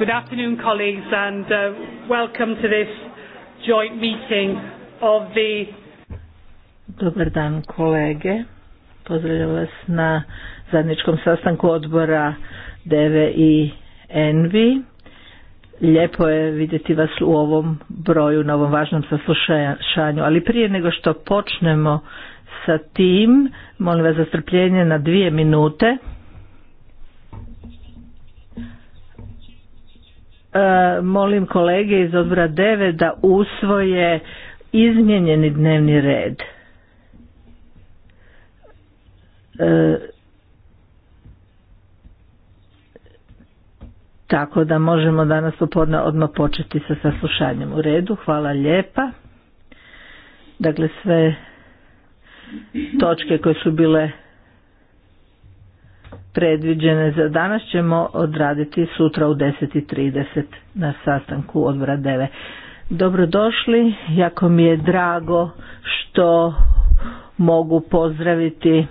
Good afternoon, colleagues, and uh, welcome to this joint meeting of the... Dobar dan, kolege. Pozdravljam vas na zajedničkom sastanku odbora DEVE i ENVI. Lijepo je vidjeti vas u ovom broju, na ovom važnom saslušanju, ali prije nego što počnemo sa tim, molim vas za strpljenje na dvije minute molim kolege iz odbora 9 da usvoje izmijenjeni dnevni red. E, tako da možemo danas popodne odmah početi sa saslušanjem u redu. Hvala lijepa. Dakle, sve točke koje su bile predviđene za danas ćemo odraditi sutra u 10.30 na sastanku odbora 9. Dobrodošli, jako mi je drago što mogu pozdraviti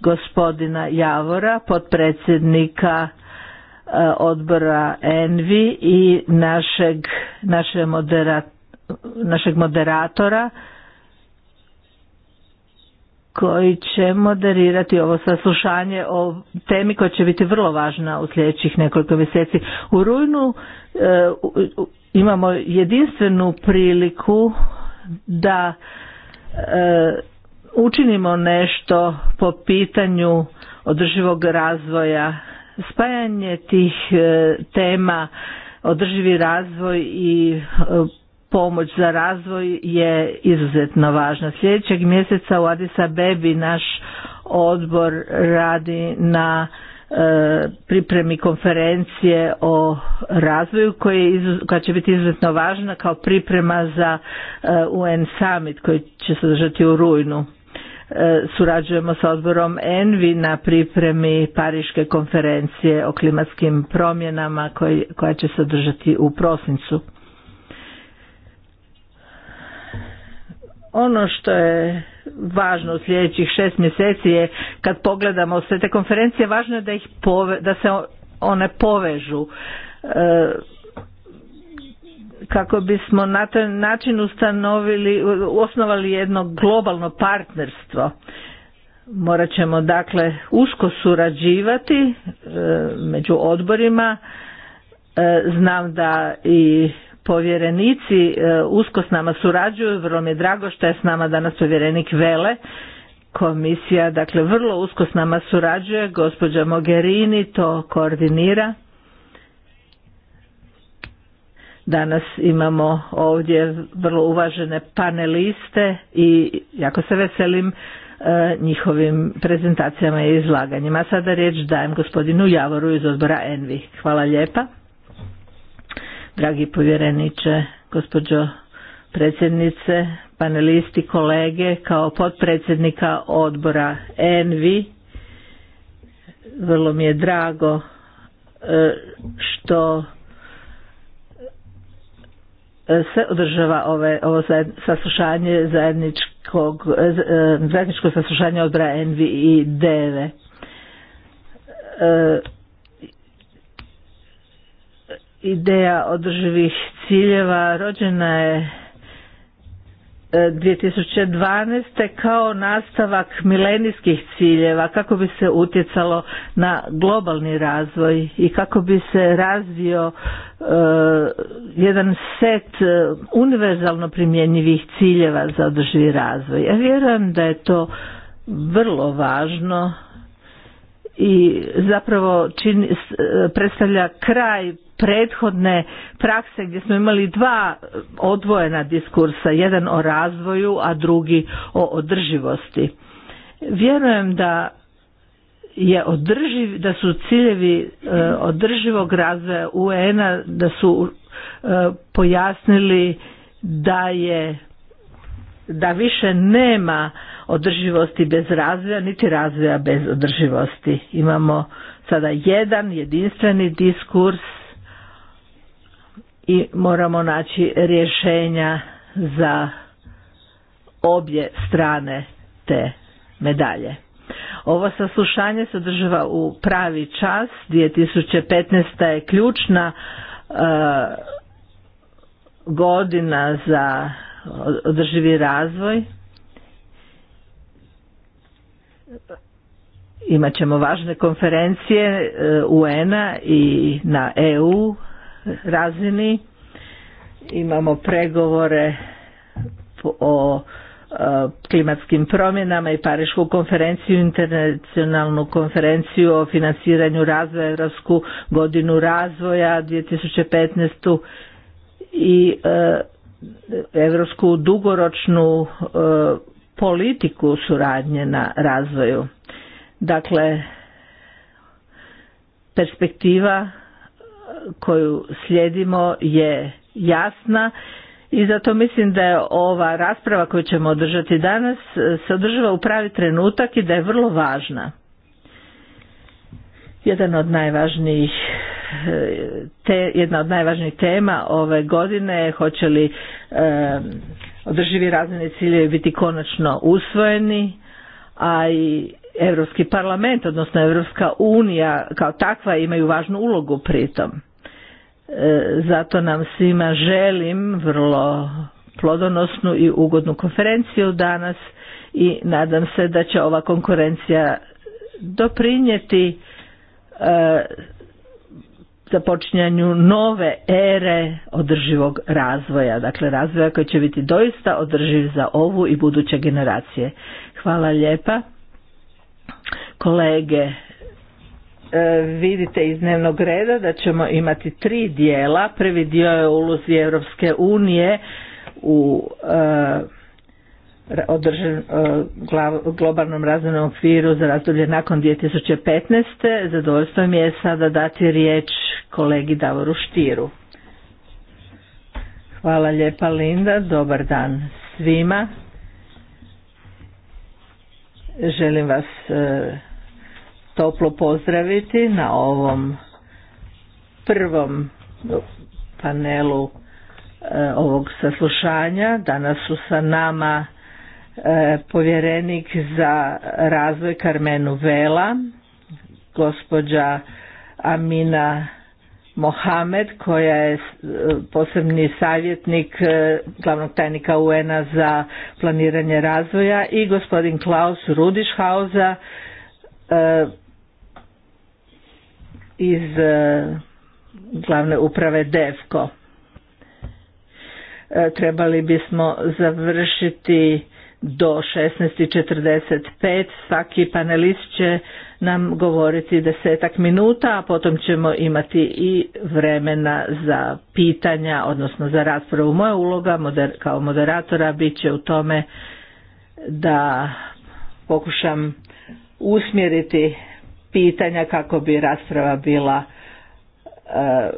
gospodina Javora, potpredsjednika e, odbora Envi i našeg, našeg moderatora koji će moderirati ovo saslušanje o temi koja će biti vrlo važna u sljedećih nekoliko mjeseci. U rujnu eh, imamo jedinstvenu priliku da eh, učinimo nešto po pitanju održivog razvoja, spajanje tih eh, tema održivi razvoj i pomoć za razvoj je izuzetno važna. Sljedećeg mjeseca u Adisa Bebi naš odbor radi na e, pripremi konferencije o razvoju koja će biti izuzetno važna kao priprema za e, UN summit koji će se držati u rujnu. E, surađujemo sa odborom ENVI na pripremi Pariške konferencije o klimatskim promjenama koja će se održati u prosincu. Ono što je važno u sljedećih šest mjeseci je kad pogledamo sve te konferencije, važno je da, ih da se one povežu e, kako bismo na taj način ustanovili, osnovali jedno globalno partnerstvo. Morat ćemo dakle usko surađivati e, među odborima. E, znam da i povjerenici e, usko s nama surađuju, vrlo mi je drago što je s nama danas povjerenik Vele. Komisija, dakle, vrlo usko s nama surađuje, gospođa Mogherini to koordinira. Danas imamo ovdje vrlo uvažene paneliste i jako se veselim e, njihovim prezentacijama i izlaganjima. sada riječ dajem gospodinu Javoru iz odbora Envi. Hvala lijepa dragi povjereniče, gospođo predsjednice, panelisti, kolege, kao potpredsjednika odbora ENVI. Vrlo mi je drago e, što e, se održava ove, ovo saslušanje zajedničkog, e, zajedničko saslušanje odbora ENVI i DEVE ideja održivih ciljeva rođena je 2012. E, kao nastavak milenijskih ciljeva kako bi se utjecalo na globalni razvoj i kako bi se razvio e, jedan set e, univerzalno primjenjivih ciljeva za održivi razvoj. Ja vjerujem da je to vrlo važno i zapravo čini, e, predstavlja kraj prethodne prakse gdje smo imali dva odvojena diskursa, jedan o razvoju, a drugi o održivosti. Vjerujem da je održiv, da su ciljevi e, održivog razvoja UN-a da su e, pojasnili da je da više nema održivosti bez razvoja, niti razvoja bez održivosti. Imamo sada jedan jedinstveni diskurs i moramo naći rješenja za obje strane te medalje. Ovo saslušanje se održava u pravi čas, 2015. je ključna e, godina za održivi razvoj imat ćemo važne konferencije e, UN-a i na EU razini. Imamo pregovore o e, klimatskim promjenama i Parišku konferenciju, internacionalnu konferenciju o financiranju razvoja Evropsku godinu razvoja 2015. i e, Evropsku dugoročnu politiku suradnje na razvoju. Dakle, perspektiva e, koju slijedimo je jasna i zato mislim da je ova rasprava koju ćemo održati danas e, se održava u pravi trenutak i da je vrlo važna. Jedan od najvažnijih e, te, jedna od najvažnijih tema ove godine je hoće li e, održivi razvojni ciljevi biti konačno usvojeni, a i Europski parlament, odnosno Europska unija kao takva imaju važnu ulogu pritom. E, zato nam svima želim vrlo plodonosnu i ugodnu konferenciju danas i nadam se da će ova konkurencija doprinijeti e, započinjanju nove ere održivog razvoja, dakle razvoja koji će biti doista održiv za ovu i buduće generacije. Hvala lijepa. Kolege, e, vidite iz dnevnog reda da ćemo imati tri dijela. Prvi dio je ulozi Europske unije u e, održen e, globalnom razvojnom okviru za razdoblje nakon 2015. Zadovoljstvo mi je sada dati riječ kolegi Davoru Štiru. Hvala lijepa Linda, dobar dan svima. Želim vas e, toplo pozdraviti na ovom prvom panelu e, ovog saslušanja. Danas su sa nama E, povjerenik za razvoj Karmenu Vela, gospođa Amina Mohamed koja je e, posebni savjetnik e, glavnog tajnika UN-a za planiranje razvoja i gospodin Klaus Rudišhauza iz glavne uprave DEVCO. Trebali bismo završiti do 16.45. Svaki panelist će nam govoriti desetak minuta, a potom ćemo imati i vremena za pitanja, odnosno za raspravu. Moja uloga kao moderatora bit će u tome da pokušam usmjeriti pitanja kako bi rasprava bila e,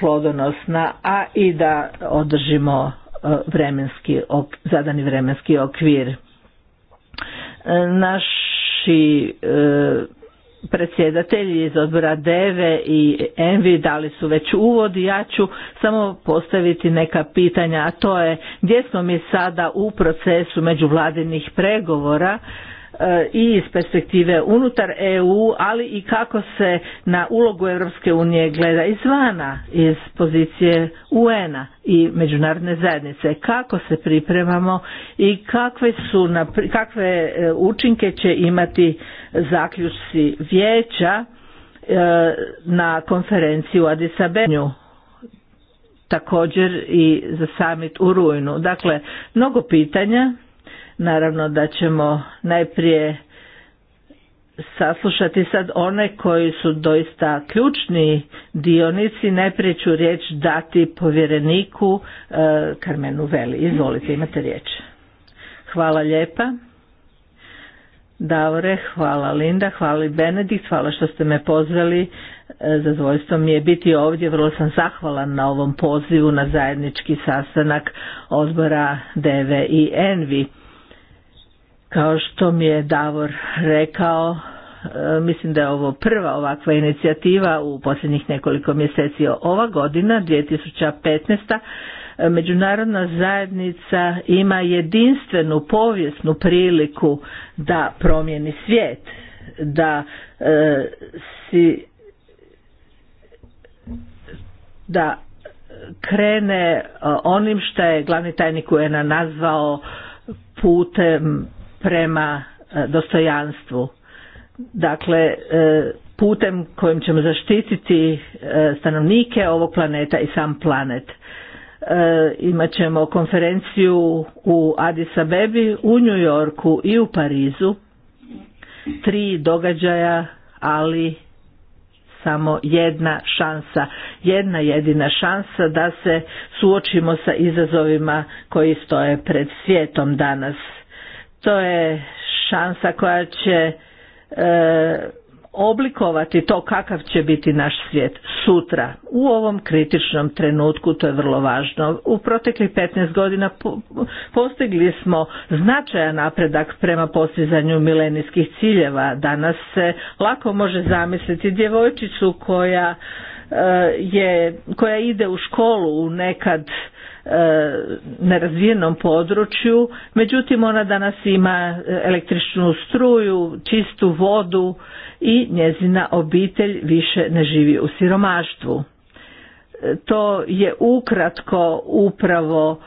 plodonosna, a i da održimo E, vremenski, zadani vremenski okvir. E, naši e, predsjedatelji iz odbora Deve i Envi dali su već uvod i ja ću samo postaviti neka pitanja, a to je gdje smo mi sada u procesu međuvladinih pregovora Eh, i iz perspektive unutar EU, ali i kako se na ulogu Europske unije gleda izvana, iz pozicije UN-a i međunarodne zajednice, kako se pripremamo i kakve, su, kakve eh, učinke će imati zaključci vijeća eh, na konferenciju u Addis također i za summit u rujnu. Dakle, mnogo pitanja Naravno da ćemo najprije saslušati sad one koji su doista ključni dionici. Najprije ću riječ dati povjereniku e, Karmenu Veli. Izvolite, imate riječ. Hvala lijepa. Davore, hvala Linda, hvala i Benedikt, hvala što ste me pozvali. E, zadovoljstvo mi je biti ovdje, vrlo sam zahvalan na ovom pozivu na zajednički sastanak odbora DV i Envi. Kao što mi je Davor rekao, e, mislim da je ovo prva ovakva inicijativa u posljednjih nekoliko mjeseci. Ova godina, 2015. E, međunarodna zajednica ima jedinstvenu povijesnu priliku da promijeni svijet, da e, si da krene onim što je glavni tajnik UNA nazvao putem prema e, dostojanstvu. Dakle, e, putem kojim ćemo zaštititi e, stanovnike ovog planeta i sam planet. Imat ćemo konferenciju u Addis Abebi, u New Yorku i u Parizu. Tri događaja, ali samo jedna šansa, jedna jedina šansa da se suočimo sa izazovima koji stoje pred svijetom danas to je šansa koja će e, oblikovati to kakav će biti naš svijet sutra. U ovom kritičnom trenutku to je vrlo važno. U proteklih 15 godina postigli smo značajan napredak prema postizanju milenijskih ciljeva. Danas se lako može zamisliti djevojčicu koja e, je koja ide u školu u nekad E, nerazvijenom području, međutim ona danas ima e, električnu struju, čistu vodu i njezina obitelj više ne živi u siromaštvu. E, to je ukratko upravo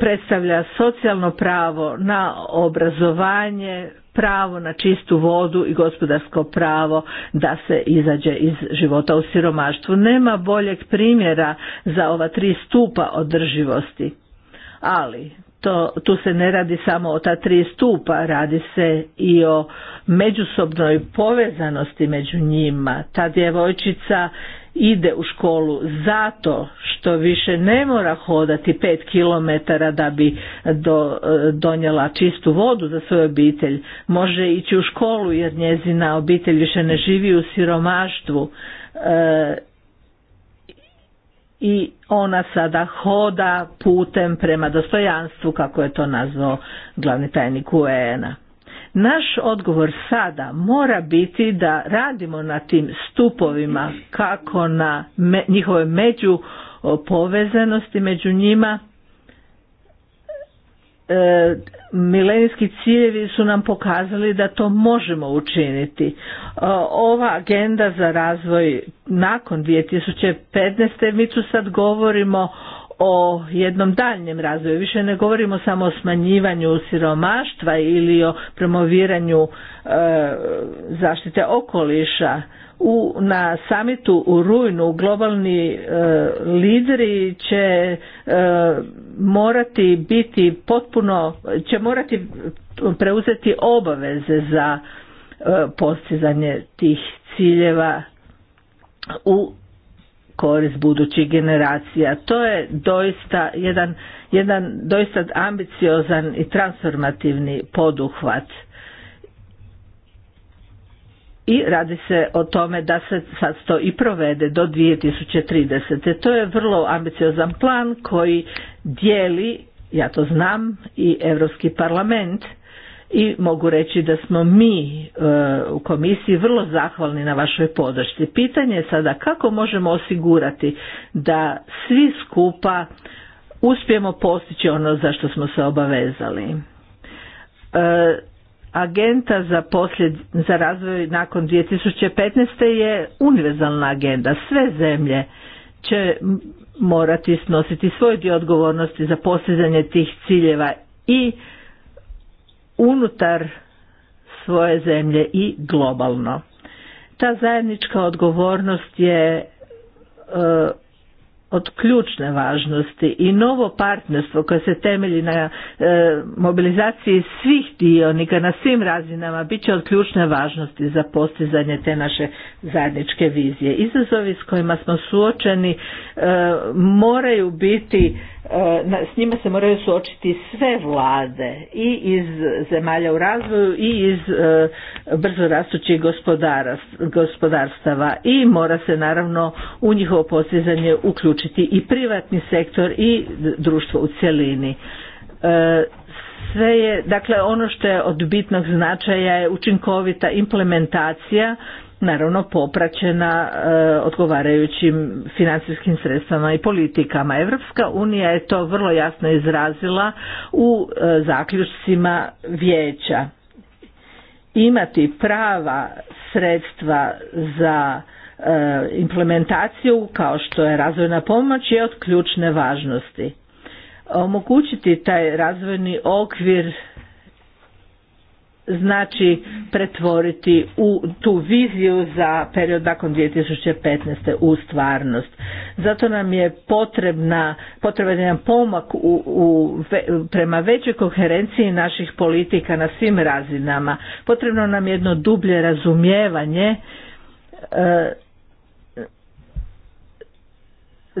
predstavlja socijalno pravo na obrazovanje, pravo na čistu vodu i gospodarsko pravo da se izađe iz života u siromaštvu. Nema boljeg primjera za ova tri stupa održivosti. Ali to, tu se ne radi samo o ta tri stupa, radi se i o međusobnoj povezanosti među njima. Ta djevojčica ide u školu zato što više ne mora hodati pet kilometara da bi do, e, donijela čistu vodu za svoju obitelj, može ići u školu jer njezina obitelj više ne živi u siromaštvu e, i ona sada hoda putem prema dostojanstvu kako je to nazvao glavni tajnik un e naš odgovor sada mora biti da radimo na tim stupovima kako na me, njihove među povezanosti među njima e, milenijski ciljevi su nam pokazali da to možemo učiniti. E, ova agenda za razvoj nakon 2015. mi tu sad govorimo o jednom daljnjem razvoju. Više ne govorimo samo o smanjivanju siromaštva ili o promoviranju e, zaštite okoliša. U, na samitu u Rujnu globalni e, lideri će e, morati biti potpuno, će morati preuzeti obaveze za e, postizanje tih ciljeva u korist budućih generacija. To je doista jedan, jedan doista ambiciozan i transformativni poduhvat. I radi se o tome da se sad to i provede do 2030. To je vrlo ambiciozan plan koji dijeli, ja to znam, i Europski parlament – i mogu reći da smo mi e, u komisiji vrlo zahvalni na vašoj podršci. Pitanje je sada kako možemo osigurati da svi skupa uspijemo postići ono za što smo se obavezali. E, agenda za, posljed, za razvoj nakon 2015. je univerzalna agenda. Sve zemlje će morati snositi svoj dio odgovornosti za postizanje tih ciljeva i unutar svoje zemlje i globalno. Ta zajednička odgovornost je e, od ključne važnosti i novo partnerstvo koje se temelji na e, mobilizaciji svih dionika na svim razinama bit će od ključne važnosti za postizanje te naše zajedničke vizije. Izazovi s kojima smo suočeni e, moraju biti E, s njima se moraju suočiti sve vlade i iz zemalja u razvoju i iz e, brzo rastućih gospodarstava i mora se naravno u njihovo postizanje uključiti i privatni sektor i društvo u cjelini e, sve je dakle ono što je od bitnog značaja je učinkovita implementacija naravno popraćena e, odgovarajućim financijskim sredstvama i politikama. Evropska unija je to vrlo jasno izrazila u e, zaključcima vijeća. Imati prava sredstva za e, implementaciju kao što je razvojna pomoć je od ključne važnosti. Omogućiti taj razvojni okvir znači pretvoriti u tu viziju za period nakon 2015. u stvarnost. Zato nam je potrebna, potreban jedan pomak u, prema većoj koherenciji naših politika na svim razinama. Potrebno nam je jedno dublje razumijevanje e,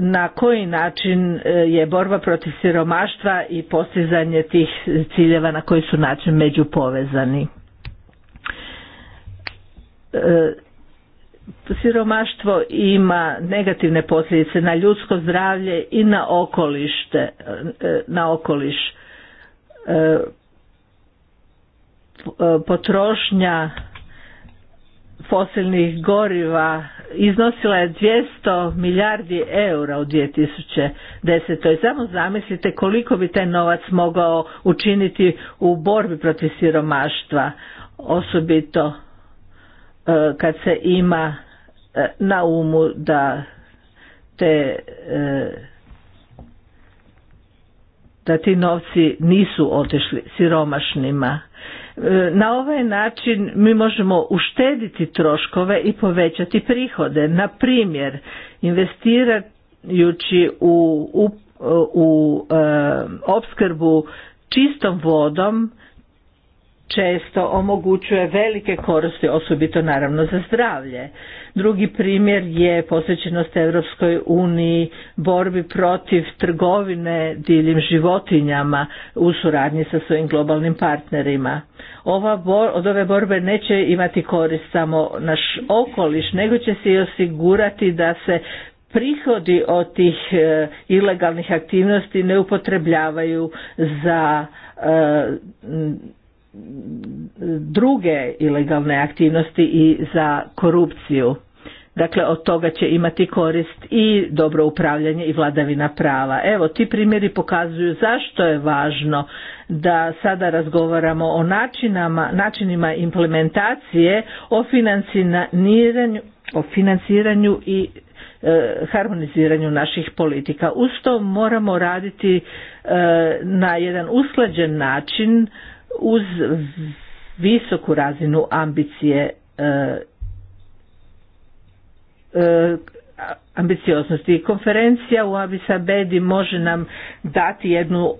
na koji način e, je borba protiv siromaštva i postizanje tih ciljeva na koji su način međupovezani. E, siromaštvo ima negativne posljedice na ljudsko zdravlje i na okolište, e, na okoliš. Potrošnja fosilnih goriva iznosila je 200 milijardi eura u 2010. Samo zamislite koliko bi taj novac mogao učiniti u borbi protiv siromaštva, osobito e, kad se ima e, na umu da te e, da ti novci nisu otišli siromašnima na ovaj način mi možemo uštediti troškove i povećati prihode. Na primjer, investirajući u, u, u e, opskrbu čistom vodom često omogućuje velike koristi, osobito naravno za zdravlje. Drugi primjer je posvećenost Europskoj uniji borbi protiv trgovine divljim životinjama u suradnji sa svojim globalnim partnerima. Ova od ove borbe neće imati korist samo naš okoliš, nego će se i osigurati da se prihodi od tih e, ilegalnih aktivnosti ne upotrebljavaju za e, druge ilegalne aktivnosti i za korupciju. Dakle, od toga će imati korist i dobro upravljanje i vladavina prava. Evo, ti primjeri pokazuju zašto je važno da sada razgovaramo o načinama, načinima implementacije, o financiranju, o financiranju i e, harmoniziranju naših politika. Uz to moramo raditi e, na jedan usklađen način uz visoku razinu ambicije e, e, ambicioznosti. Konferencija u Abisabedi može nam dati jednu e,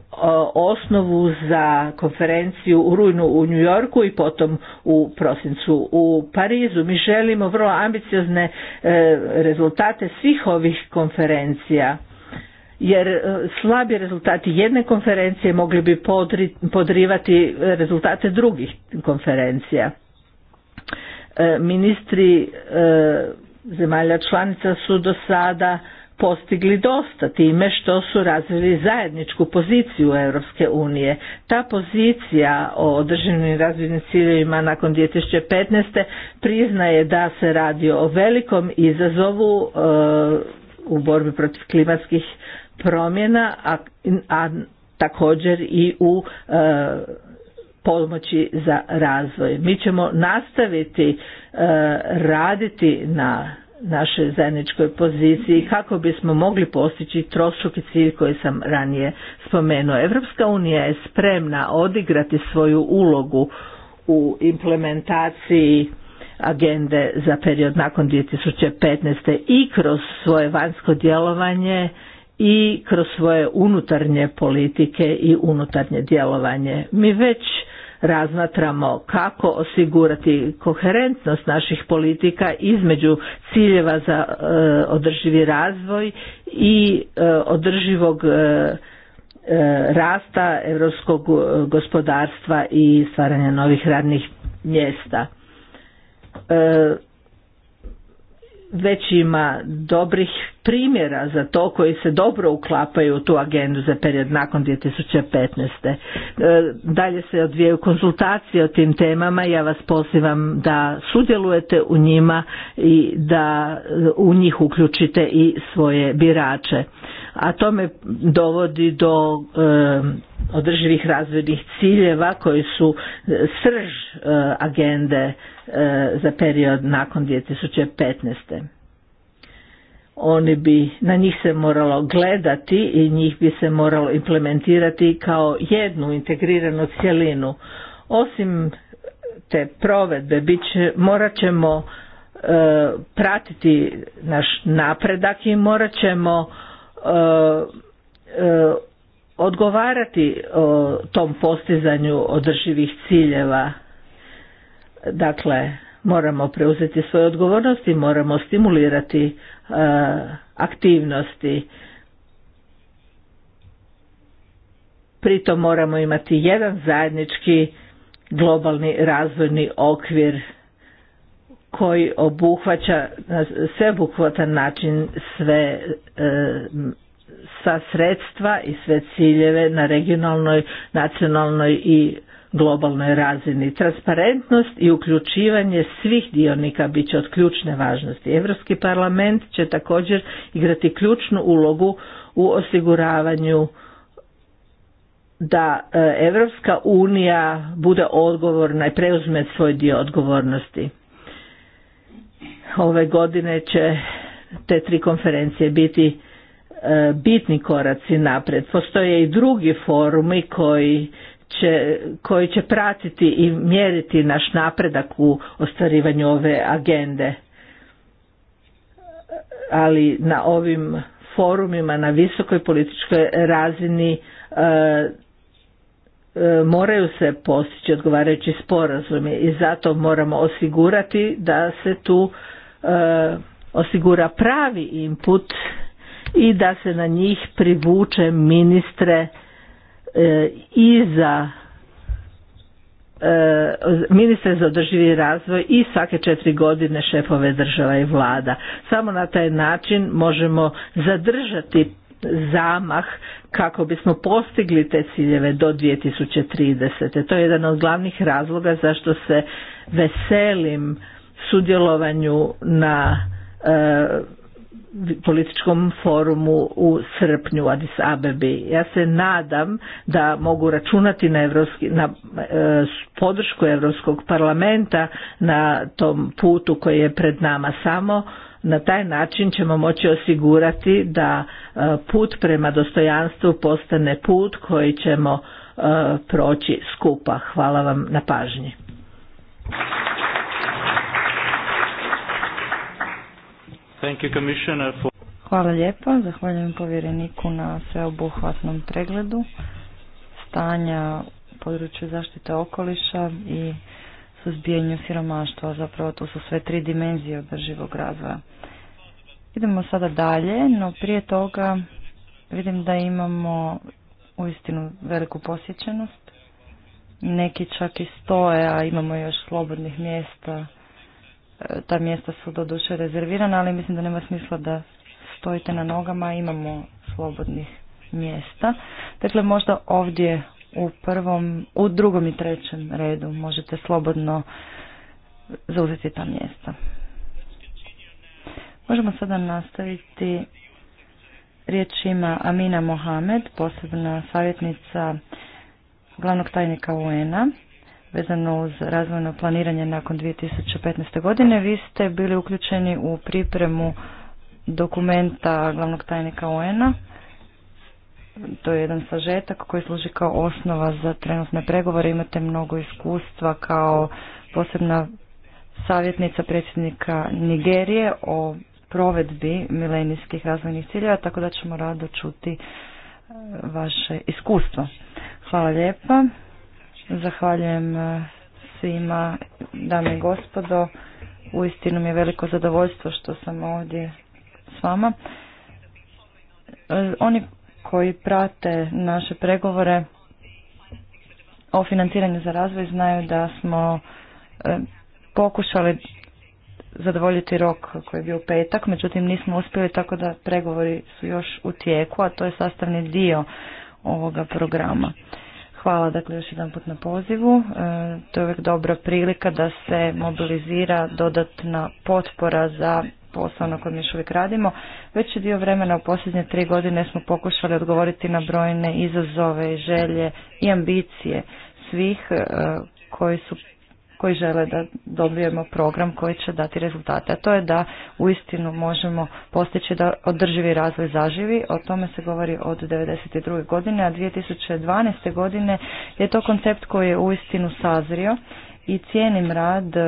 osnovu za konferenciju u rujnu u New Yorku i potom u prosincu u Parizu. Mi želimo vrlo ambiciozne rezultate svih ovih konferencija jer e, slabi rezultati jedne konferencije mogli bi podrivati rezultate drugih konferencija. E, ministri e, zemalja članica su do sada postigli dosta time što su razvili zajedničku poziciju Europske unije. Ta pozicija o održivnim razvijenim ciljevima nakon 2015. priznaje da se radi o velikom izazovu u borbi protiv klimatskih promjena, a, a također i u e, pomoći za razvoj. Mi ćemo nastaviti e, raditi na našoj zajedničkoj poziciji kako bismo mogli postići trostruki cilj koji sam ranije spomenuo. Europska unija je spremna odigrati svoju ulogu u implementaciji agende za period nakon 2015. i kroz svoje vanjsko djelovanje i kroz svoje unutarnje politike i unutarnje djelovanje. Mi već razmatramo kako osigurati koherentnost naših politika između ciljeva za e, održivi razvoj i e, održivog e, rasta europskog gospodarstva i stvaranja novih radnih mjesta već ima dobrih primjera za to koji se dobro uklapaju u tu agendu za period nakon 2015. E, dalje se odvijaju konzultacije o tim temama, ja vas pozivam da sudjelujete u njima i da e, u njih uključite i svoje birače. A to me dovodi do e, održivih razvojnih ciljeva koji su srž agende E, za period nakon 2015. Oni bi, na njih se moralo gledati i njih bi se moralo implementirati kao jednu integriranu cjelinu. Osim te provedbe bit će, morat ćemo e, pratiti naš napredak i morat ćemo e, odgovarati o tom postizanju održivih ciljeva Dakle, moramo preuzeti svoje odgovornosti, moramo stimulirati e, aktivnosti. Pritom moramo imati jedan zajednički globalni razvojni okvir koji obuhvaća na sveobuhvatan način sve e, sredstva i sve ciljeve na regionalnoj, nacionalnoj i globalnoj razini. Transparentnost i uključivanje svih dionika bit će od ključne važnosti. Europski parlament će također igrati ključnu ulogu u osiguravanju da Europska unija bude odgovorna i preuzme svoj dio odgovornosti. Ove godine će te tri konferencije biti e, bitni koraci napred. Postoje i drugi forumi koji će, koji će pratiti i mjeriti naš napredak u ostvarivanju ove agende. Ali na ovim forumima na visokoj političkoj razini e, e, moraju se postići odgovarajući sporazumi i zato moramo osigurati da se tu e, osigura pravi input i da se na njih privuče ministre E, i e, za ministar za održivi razvoj i svake četiri godine šefove država i vlada. Samo na taj način možemo zadržati zamah kako bismo postigli te ciljeve do 2030. To je jedan od glavnih razloga zašto se veselim sudjelovanju na e, političkom forumu u srpnju Addis Ja se nadam da mogu računati na, evropski, na e, podršku Europskog parlamenta na tom putu koji je pred nama samo. Na taj način ćemo moći osigurati da e, put prema dostojanstvu postane put koji ćemo e, proći skupa. Hvala vam na pažnji. Hvala lijepa, zahvaljujem povjereniku na sveobuhvatnom pregledu stanja u području zaštite okoliša i suzbijanju siromaštva. Zapravo to su sve tri dimenzije održivog razvoja. Idemo sada dalje, no prije toga vidim da imamo uistinu veliku posjećenost. Neki čak i stoje, a imamo još slobodnih mjesta ta mjesta su doduše rezervirana, ali mislim da nema smisla da stojite na nogama, imamo slobodnih mjesta. Dakle, možda ovdje u prvom, u drugom i trećem redu možete slobodno zauzeti ta mjesta. Možemo sada nastaviti riječ Amina Mohamed, posebna savjetnica glavnog tajnika UN-a vezano uz razvojno planiranje nakon 2015. godine. Vi ste bili uključeni u pripremu dokumenta glavnog tajnika UN-a. To je jedan sažetak koji služi kao osnova za trenutne pregovore. Imate mnogo iskustva kao posebna savjetnica predsjednika Nigerije o provedbi milenijskih razvojnih ciljeva, tako da ćemo rado čuti e, vaše iskustvo. Hvala lijepa. Zahvaljujem e, svima, dame i gospodo. Uistinu mi je veliko zadovoljstvo što sam ovdje s vama. E, oni koji prate naše pregovore o financiranju za razvoj znaju da smo e, pokušali zadovoljiti rok koji je bio petak, međutim nismo uspjeli tako da pregovori su još u tijeku, a to je sastavni dio ovoga programa. Hvala dakle još jedan put na pozivu. E, to je uvijek dobra prilika da se mobilizira dodatna potpora za posao na kojem još uvijek radimo. Već dio vremena u posljednje tri godine smo pokušali odgovoriti na brojne izazove i želje i ambicije svih e, koji su koji žele da dobijemo program koji će dati rezultate. A to je da uistinu možemo postići da održivi razvoj zaživi. O tome se govori od 1992. godine, a 2012. godine je to koncept koji je uistinu sazrio i cijenim rad e,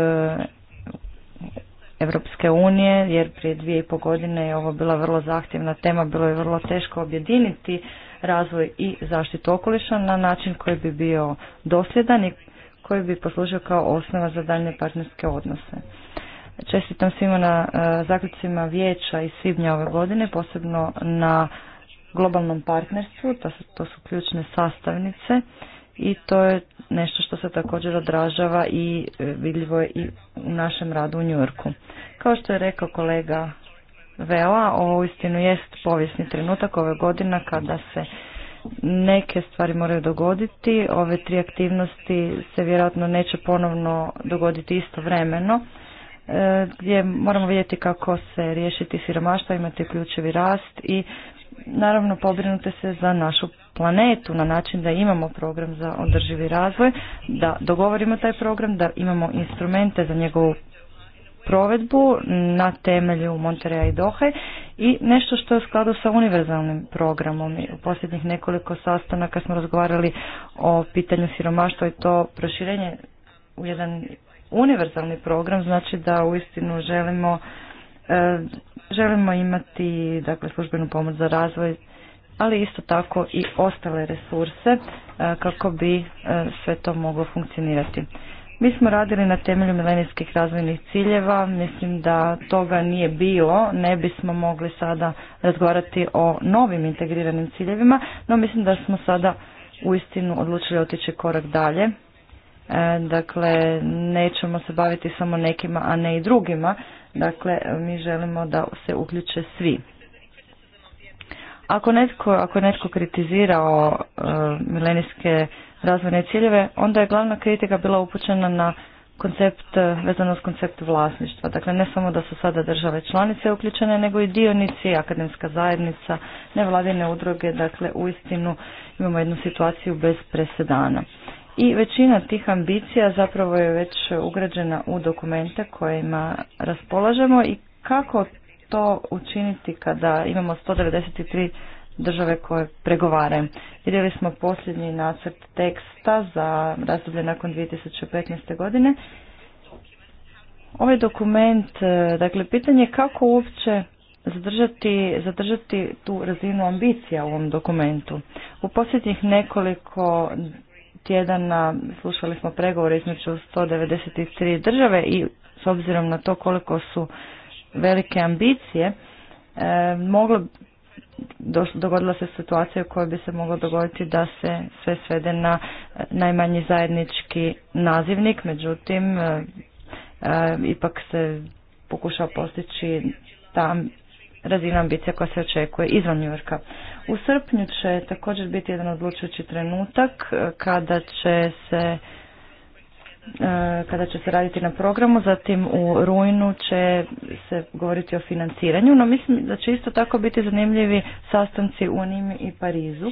Evropske unije, jer prije dvije i po godine je ovo bila vrlo zahtjevna tema, bilo je vrlo teško objediniti razvoj i zaštitu okoliša na način koji bi bio dosljedan i koji bi poslužio kao osnova za daljne partnerske odnose. Čestitam svima na e, zaključcima vijeća i svibnja ove godine, posebno na globalnom partnerstvu, to su, to su ključne sastavnice i to je nešto što se također odražava i e, vidljivo je i u našem radu u Njurku. Kao što je rekao kolega Vela, ovo istinu jest povijesni trenutak ove godine kada se neke stvari moraju dogoditi. Ove tri aktivnosti se vjerojatno neće ponovno dogoditi istovremeno e, gdje moramo vidjeti kako se riješiti siromaštva, imati ključevi rast i naravno pobrinuti se za našu planetu na način da imamo program za održivi razvoj, da dogovorimo taj program, da imamo instrumente za njegovu provedbu na temelju Monterea i Dohe i nešto što je u skladu sa univerzalnim programom. U posljednjih nekoliko sastanaka smo razgovarali o pitanju siromaštva i to proširenje u jedan univerzalni program znači da uistinu želimo e, želimo imati dakle službenu pomoć za razvoj ali isto tako i ostale resurse e, kako bi e, sve to moglo funkcionirati. Mi smo radili na temelju milenijskih razvojnih ciljeva, mislim da toga nije bilo, ne bismo mogli sada razgovarati o novim integriranim ciljevima, no mislim da smo sada uistinu odlučili otići korak dalje. E, dakle, nećemo se baviti samo nekima, a ne i drugima. Dakle, mi želimo da se uključe svi. Ako netko, ako netko kritizirao e, milenijske razvojne ciljeve, onda je glavna kritika bila upućena na koncept, eh, vezano s koncept vlasništva. Dakle, ne samo da su sada države članice uključene, nego i dionici, akademska zajednica, nevladine udruge, dakle, uistinu imamo jednu situaciju bez presedana. I većina tih ambicija zapravo je već ugrađena u dokumente kojima raspolažemo i kako to učiniti kada imamo 193 države koje pregovaraju. Vidjeli smo posljednji nacrt teksta za razdoblje nakon 2015. godine. Ovaj dokument, e, dakle, pitanje kako uopće zadržati, zadržati tu razinu ambicija u ovom dokumentu. U posljednjih nekoliko tjedana slušali smo pregovore između 193 države i s obzirom na to koliko su velike ambicije, e, moglo dogodila se situacija u kojoj bi se moglo dogoditi da se sve svede na eh, najmanji zajednički nazivnik, međutim eh, eh, ipak se pokušao postići ta razina ambicija koja se očekuje izvan Njurka. U srpnju će također biti jedan odlučujući trenutak kada će se E, kada će se raditi na programu, zatim u rujnu će se govoriti o financiranju, no mislim da će isto tako biti zanimljivi sastanci u Nimi i Parizu.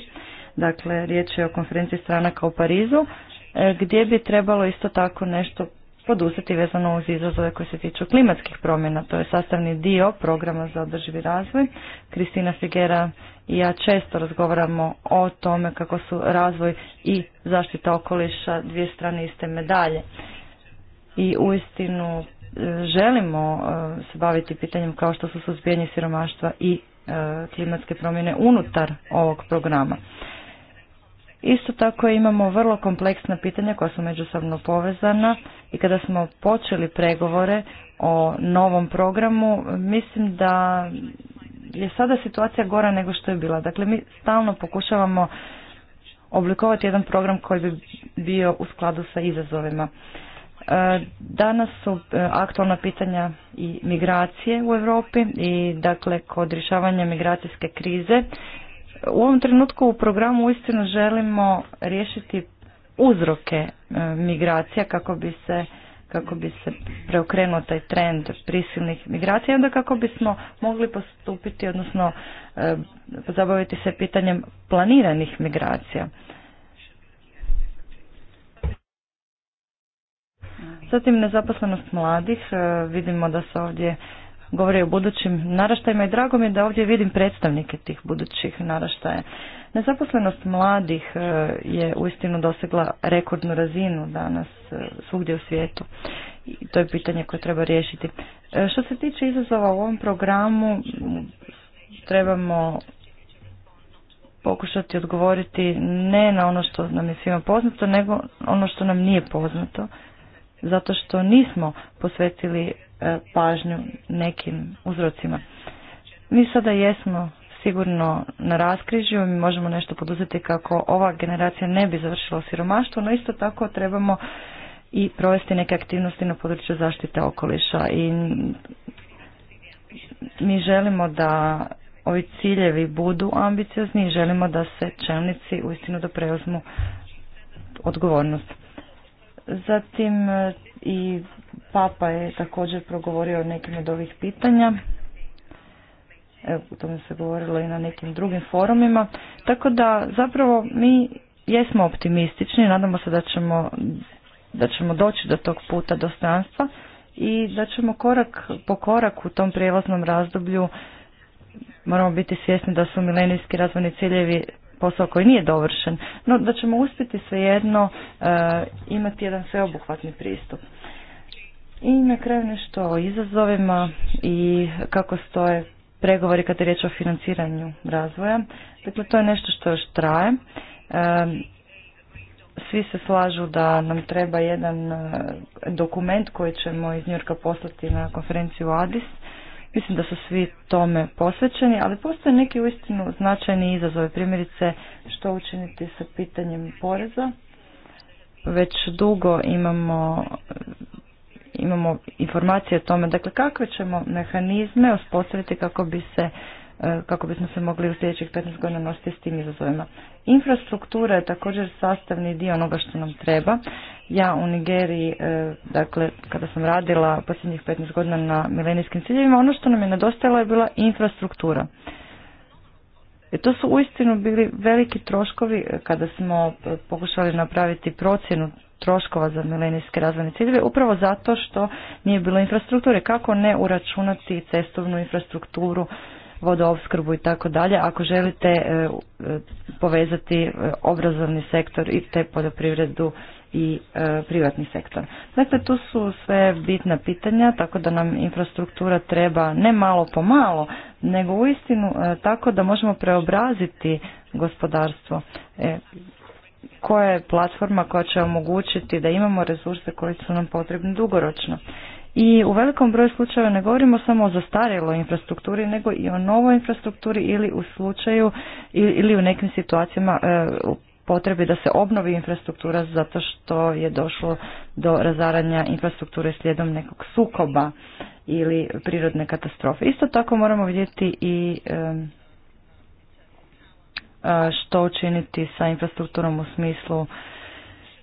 Dakle, riječ je o konferenciji stranaka u Parizu, e, gdje bi trebalo isto tako nešto poduzeti vezano uz izazove koje se tiču klimatskih promjena. To je sastavni dio programa za održivi razvoj. Kristina Figera i ja često razgovaramo o tome kako su razvoj i zaštita okoliša dvije strane iste medalje. I uistinu e, želimo e, se baviti pitanjem kao što su suzbijanje siromaštva i e, klimatske promjene unutar ovog programa. Isto tako imamo vrlo kompleksna pitanja koja su međusobno povezana i kada smo počeli pregovore o novom programu, mislim da je sada situacija gora nego što je bila. Dakle, mi stalno pokušavamo oblikovati jedan program koji bi bio u skladu sa izazovima. E, danas su e, aktualna pitanja i migracije u Europi i dakle kod rješavanja migracijske krize u ovom trenutku u programu uistinu želimo riješiti uzroke e, migracija kako bi se kako bi se preokrenuo taj trend prisilnih migracija, onda kako bismo mogli postupiti, odnosno e, zabaviti se pitanjem planiranih migracija. Zatim nezaposlenost mladih, e, vidimo da se ovdje govori o budućim naraštajima i drago mi je da ovdje vidim predstavnike tih budućih naraštaja. Nezaposlenost mladih e, je uistinu dosegla rekordnu razinu danas e, svugdje u svijetu. I to je pitanje koje treba riješiti. E, što se tiče izazova u ovom programu, trebamo pokušati odgovoriti ne na ono što nam je svima poznato, nego ono što nam nije poznato, zato što nismo posvetili E, pažnju nekim uzrocima. Mi sada jesmo sigurno na raskrižju, i možemo nešto poduzeti kako ova generacija ne bi završila u siromaštvu, no isto tako trebamo i provesti neke aktivnosti na području zaštite okoliša i mi želimo da ovi ciljevi budu ambiciozni i želimo da se čelnici uistinu da preuzmu odgovornost. Zatim i Papa je također progovorio o nekim od ovih pitanja. Evo, o tome se govorilo i na nekim drugim forumima. Tako da zapravo mi jesmo optimistični, nadamo se da ćemo, da ćemo doći do tog puta dostojanstva i da ćemo korak po korak u tom prijelaznom razdoblju moramo biti svjesni da su milenijski razvojni ciljevi posao koji nije dovršen, no da ćemo uspjeti svejedno e, imati jedan sveobuhvatni pristup. I na kraju nešto o izazovima i kako stoje pregovori kada je riječ o financiranju razvoja. Dakle, to je nešto što još traje. E, svi se slažu da nam treba jedan e, dokument koji ćemo iz Njurka poslati na konferenciju ADIS Mislim da su svi tome posvećeni, ali postoje neki uistinu značajni izazovi. Primjerice, što učiniti sa pitanjem poreza. Već dugo imamo imamo informacije o tome, dakle kakve ćemo mehanizme uspostaviti kako bi se kako bismo se mogli u sljedećih 15 godina nositi s tim izazovima. Infrastruktura je također sastavni dio onoga što nam treba. Ja u Nigeriji, e, dakle, kada sam radila posljednjih 15 godina na milenijskim ciljevima, ono što nam je nedostajalo je bila infrastruktura. I e, to su uistinu bili veliki troškovi e, kada smo pokušali napraviti procjenu troškova za milenijske razvojne ciljeve, upravo zato što nije bilo infrastrukture. Kako ne uračunati cestovnu infrastrukturu, vodoopskrbu i tako dalje, ako želite e, e, povezati e, obrazovni sektor i te poljoprivredu i privatni sektor. Dakle, tu su sve bitna pitanja, tako da nam infrastruktura treba ne malo po malo, nego uistinu tako da možemo preobraziti gospodarstvo. koja je platforma koja će omogućiti da imamo resurse koji su nam potrebni dugoročno i u velikom broju slučajeva ne govorimo samo o zastarjeloj infrastrukturi, nego i o novoj infrastrukturi ili u slučaju ili u nekim situacijama e, u potrebi da se obnovi infrastruktura zato što je došlo do razaranja infrastrukture slijedom nekog sukoba ili prirodne katastrofe. Isto tako moramo vidjeti i e, e, što učiniti sa infrastrukturom u smislu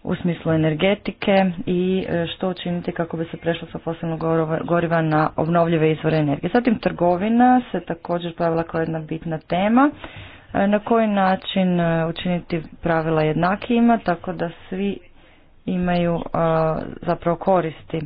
u smislu energetike i e, što učiniti kako bi se prešlo sa fosilnog goriva na obnovljive izvore energije. Zatim trgovina se također pravila kao jedna bitna tema. E, na koji način e, učiniti pravila jednakijima tako da svi imaju zapravo koristi.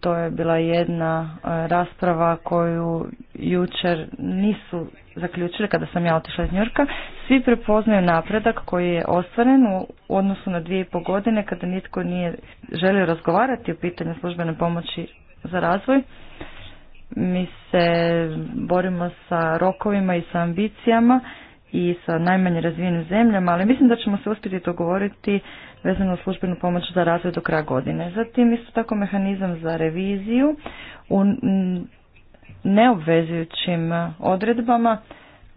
To je bila jedna rasprava koju jučer nisu zaključili kada sam ja otišla iz Njurka, svi prepoznaju napredak koji je ostvaren u odnosu na dvije i po godine kada nitko nije želio razgovarati o pitanju službene pomoći za razvoj. Mi se borimo sa rokovima i sa ambicijama i sa najmanje razvijenim zemljama, ali mislim da ćemo se uspjeti dogovoriti vezano službenu pomoć za razvoj do kraja godine. Zatim isto tako mehanizam za reviziju. U neobvezujućim odredbama.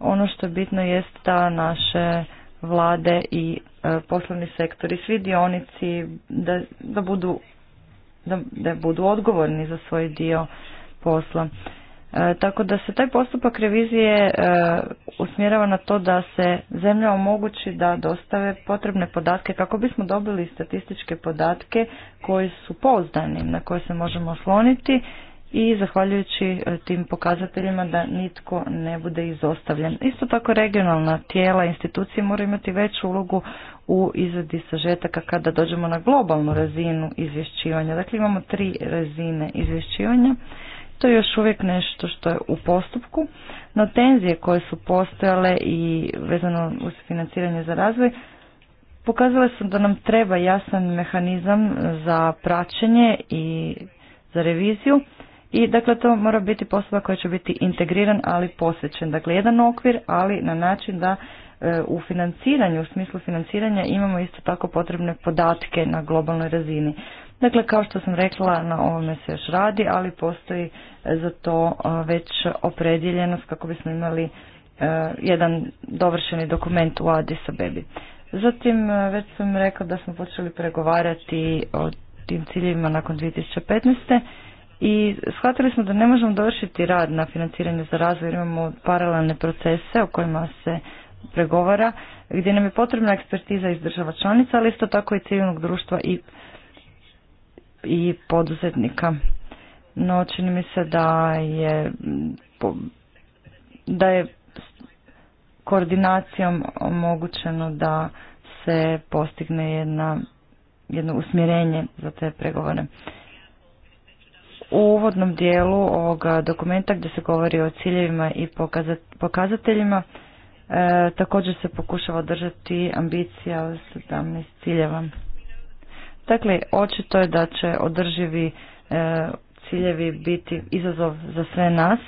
Ono što je bitno jest da naše vlade i e, poslovni sektor i svi dionici da, da, budu, da, da budu odgovorni za svoj dio posla. E, tako da se taj postupak revizije e, usmjerava na to da se zemlja omogući da dostave potrebne podatke kako bismo dobili statističke podatke koji su pouzdani, na koje se možemo osloniti i zahvaljujući e, tim pokazateljima da nitko ne bude izostavljen. Isto tako regionalna tijela, institucije moraju imati veću ulogu u izradi sažetaka kada dođemo na globalnu razinu izvješćivanja. Dakle, imamo tri razine izvješćivanja. To je još uvijek nešto što je u postupku, no tenzije koje su postojale i vezano uz financiranje za razvoj pokazale su da nam treba jasan mehanizam za praćenje i za reviziju i dakle to mora biti posao koji će biti integriran ali posvećen. Dakle jedan okvir ali na način da e, u financiranju, u smislu financiranja imamo isto tako potrebne podatke na globalnoj razini. Dakle kao što sam rekla na ovome se još radi ali postoji e, za to e, već opredjeljenost kako bismo imali jedan dovršeni dokument u Addis Bebi. Zatim već sam rekla da smo počeli pregovarati o tim ciljevima nakon 2015 i shvatili smo da ne možemo dovršiti rad na financiranju za razvoj, imamo paralelne procese o kojima se pregovara, gdje nam je potrebna ekspertiza iz država članica, ali isto tako i civilnog društva i, i poduzetnika. No, čini mi se da je, da je koordinacijom omogućeno da se postigne jedna, jedno usmjerenje za te pregovore u uvodnom dijelu ovoga dokumenta gdje se govori o ciljevima i pokazateljima e, također se pokušava držati ambicija od 17 ciljeva. Dakle, očito je da će održivi e, ciljevi biti izazov za sve nas,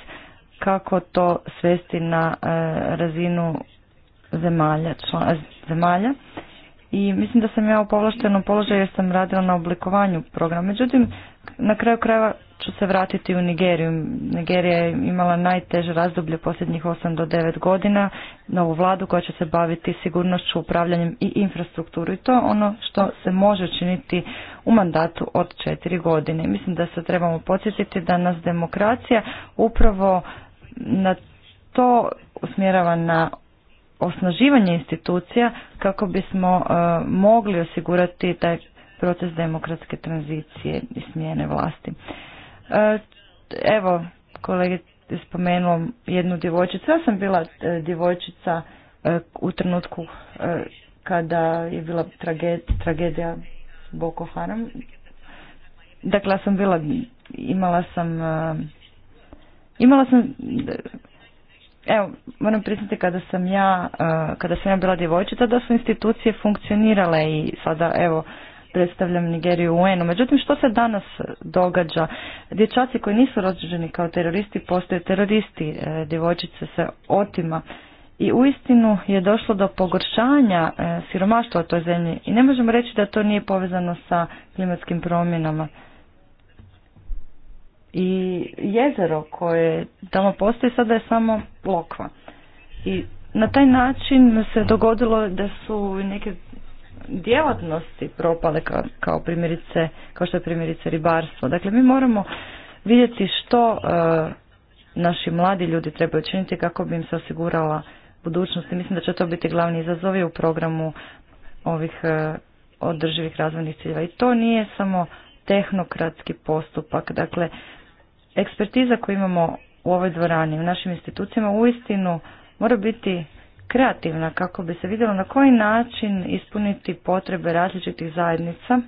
kako to svesti na e, razinu zemalja, zemalja. I mislim da sam ja u povlaštenom položaju jer sam radila na oblikovanju programa. Međutim, na kraju krajeva ću se vratiti u Nigeriju. Nigerija je imala najteže razdoblje posljednjih 8 do 9 godina, novu vladu koja će se baviti sigurnošću, upravljanjem i infrastrukturu i to ono što se može činiti u mandatu od 4 godine. Mislim da se trebamo podsjetiti da nas demokracija upravo na to usmjerava na osnaživanje institucija kako bismo e, mogli osigurati taj proces demokratske tranzicije i smjene vlasti. E, evo, kolege spomenuo jednu djevojčicu. Ja sam bila e, djevojčica e, u trenutku kada je bila tragedija Boko Haram. Dakle, ja sam bila, imala sam, imala sam, evo, moram priznati kada sam ja, kada sam ja bila djevojčica, da su institucije funkcionirale i sada, evo, predstavljam Nigeriju u UN-u. Međutim, što se danas događa? Dječaci koji nisu rođeni kao teroristi postaju teroristi, e, djevojčice se otima i uistinu je došlo do pogoršanja e, siromaštva u toj zemlji i ne možemo reći da to nije povezano sa klimatskim promjenama. I jezero koje tamo postoji sada je samo lokva. I na taj način se dogodilo da su neke djelatnosti propale kao, kao primjerice, kao što je primjerice ribarstvo. Dakle, mi moramo vidjeti što e, naši mladi ljudi trebaju činiti kako bi im se osigurala budućnost i mislim da će to biti glavni izazov u programu ovih e, održivih razvojnih ciljeva. I to nije samo tehnokratski postupak. Dakle, ekspertiza koju imamo u ovoj dvorani, u našim institucijama, uistinu mora biti kreativna kako bi se vidjelo na koji način ispuniti potrebe različitih zajednica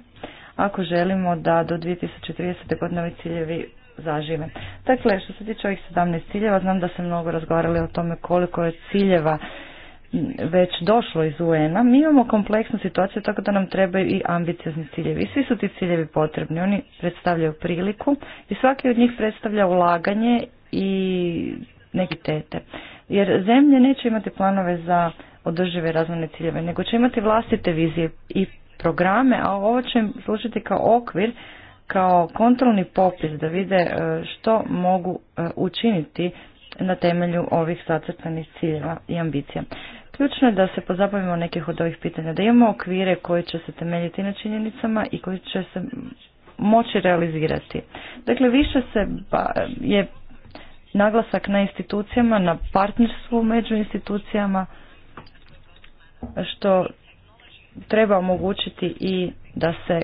ako želimo da do 2030. godine ovi ciljevi zažive. Dakle, što se tiče ovih 17 ciljeva, znam da se mnogo razgovarali o tome koliko je ciljeva već došlo iz UN-a. Mi imamo kompleksnu situaciju tako da nam trebaju i ambiciozni ciljevi. Svi su ti ciljevi potrebni, oni predstavljaju priliku i svaki od njih predstavlja ulaganje i neke tete jer zemlje neće imati planove za održive razvojne ciljeve, nego će imati vlastite vizije i programe, a ovo će im služiti kao okvir, kao kontrolni popis da vide e, što mogu e, učiniti na temelju ovih zacrtanih ciljeva i ambicija. Ključno je da se pozabavimo nekih od ovih pitanja, da imamo okvire koji će se temeljiti na činjenicama i koji će se moći realizirati. Dakle, više se ba, je naglasak na institucijama, na partnerstvu među institucijama, što treba omogućiti i da se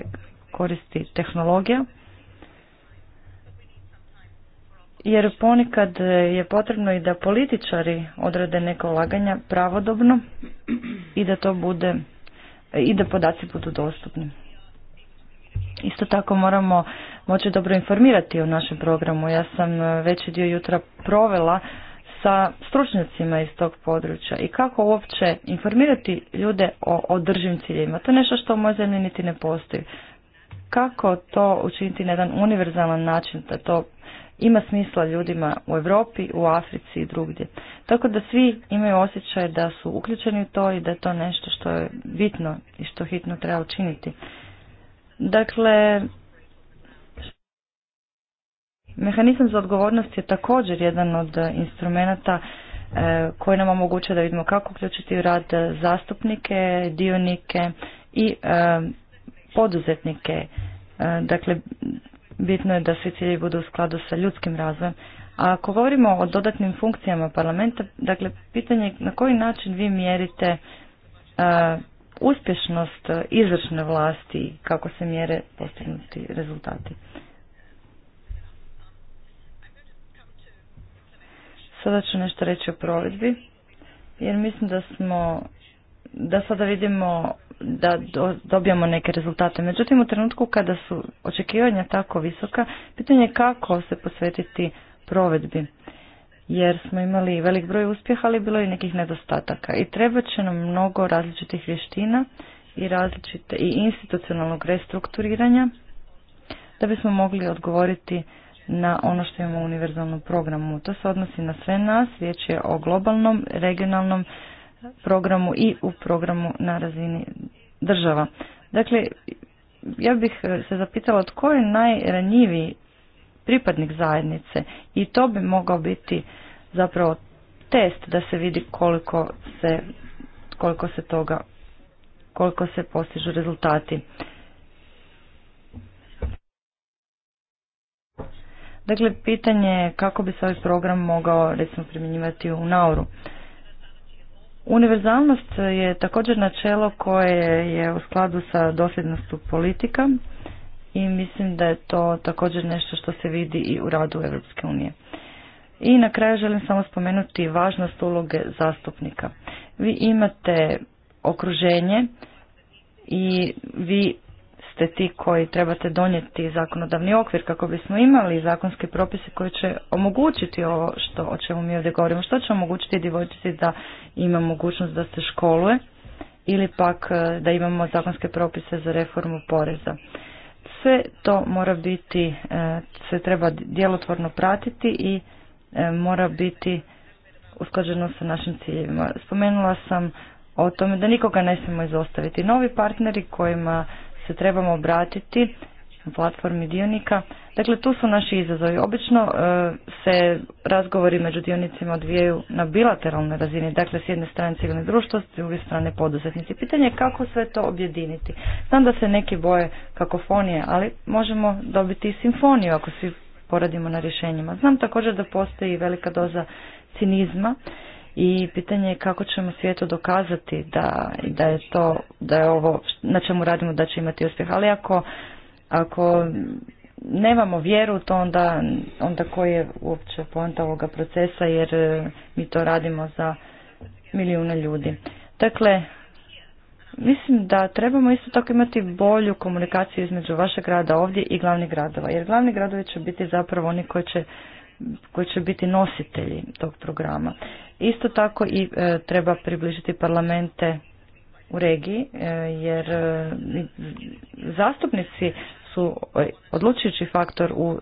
koristi tehnologija. Jer ponikad je potrebno i da političari odrade neka ulaganja pravodobno i da to bude i da podaci budu dostupni. Isto tako moramo moći dobro informirati o našem programu. Ja sam e, veći dio jutra provela sa stručnjacima iz tog područja i kako uopće informirati ljude o održivim ciljevima. To je nešto što u mojoj zemlji niti ne postoji. Kako to učiniti na jedan univerzalan način da to ima smisla ljudima u Europi, u Africi i drugdje. Tako da svi imaju osjećaj da su uključeni u to i da je to nešto što je bitno i što hitno treba učiniti. Dakle, mehanizam za odgovornost je također jedan od e, instrumenata e, koji nam omogućuje da vidimo kako uključiti u rad zastupnike, dionike i e, poduzetnike. Dakle, bitno je da svi ciljevi budu u skladu sa ljudskim razvojem. A ako govorimo o dodatnim funkcijama parlamenta, dakle, pitanje je na koji način vi mjerite uspješnost e, izvršne vlasti i kako se mjere postignuti rezultati. Sada ću nešto reći o provedbi, jer mislim da smo, da sada vidimo da dobijamo neke rezultate. Međutim, u trenutku kada su očekivanja tako visoka, pitanje je kako se posvetiti provedbi jer smo imali velik broj uspjeha, ali bilo je i nekih nedostataka. I treba će nam mnogo različitih vještina i, različite, i institucionalnog restrukturiranja da bismo mogli odgovoriti na ono što imamo u univerzalnom programu. To se odnosi na sve nas, riječ je o globalnom, regionalnom programu i u programu na razini država. Dakle, ja bih eh, se zapitala tko je najranjiviji pripadnik zajednice i to bi mogao biti zapravo test da se vidi koliko se, koliko se toga, koliko se postižu rezultati. Dakle, pitanje je kako bi se ovaj program mogao recimo primjenjivati u Nauru. Univerzalnost je također načelo koje je u skladu sa dosljednostu politika i mislim da je to također nešto što se vidi i u radu Europske unije. I na kraju želim samo spomenuti važnost uloge zastupnika. Vi imate okruženje i vi ste ti koji trebate donijeti zakonodavni okvir kako bismo imali zakonske propise koje će omogućiti ovo što, o čemu mi ovdje govorimo, što će omogućiti djevojčici da ima mogućnost da se školuje ili pak e, da imamo zakonske propise za reformu poreza. Sve to mora biti, e, se treba djelotvorno pratiti i e, mora biti usklađeno sa našim ciljevima. Spomenula sam o tome da nikoga ne smijemo izostaviti. Novi partneri kojima se trebamo obratiti platformi dionika. Dakle, tu su naši izazovi. Obično e, se razgovori među dionicima odvijaju na bilateralnoj razini, dakle s jedne strane civilne društvo, s druge strane poduzetnici. Pitanje je kako sve to objediniti. Znam da se neki boje kakofonije, ali možemo dobiti i simfoniju ako svi poradimo na rješenjima. Znam također da postoji velika doza cinizma i pitanje je kako ćemo svijetu dokazati da, da je to, da je ovo na čemu radimo da će imati uspjeh. Ali ako ako nemamo vjeru to onda, onda koji je uopće poanta ovoga procesa jer e, mi to radimo za milijune ljudi. Dakle, mislim da trebamo isto tako imati bolju komunikaciju između vašeg grada ovdje i glavnih gradova. Jer glavni gradovi će biti zapravo oni koji će, koji će biti nositelji tog programa. Isto tako i e, treba približiti parlamente u regiji, e, jer zastupnici su e, odlučujući faktor u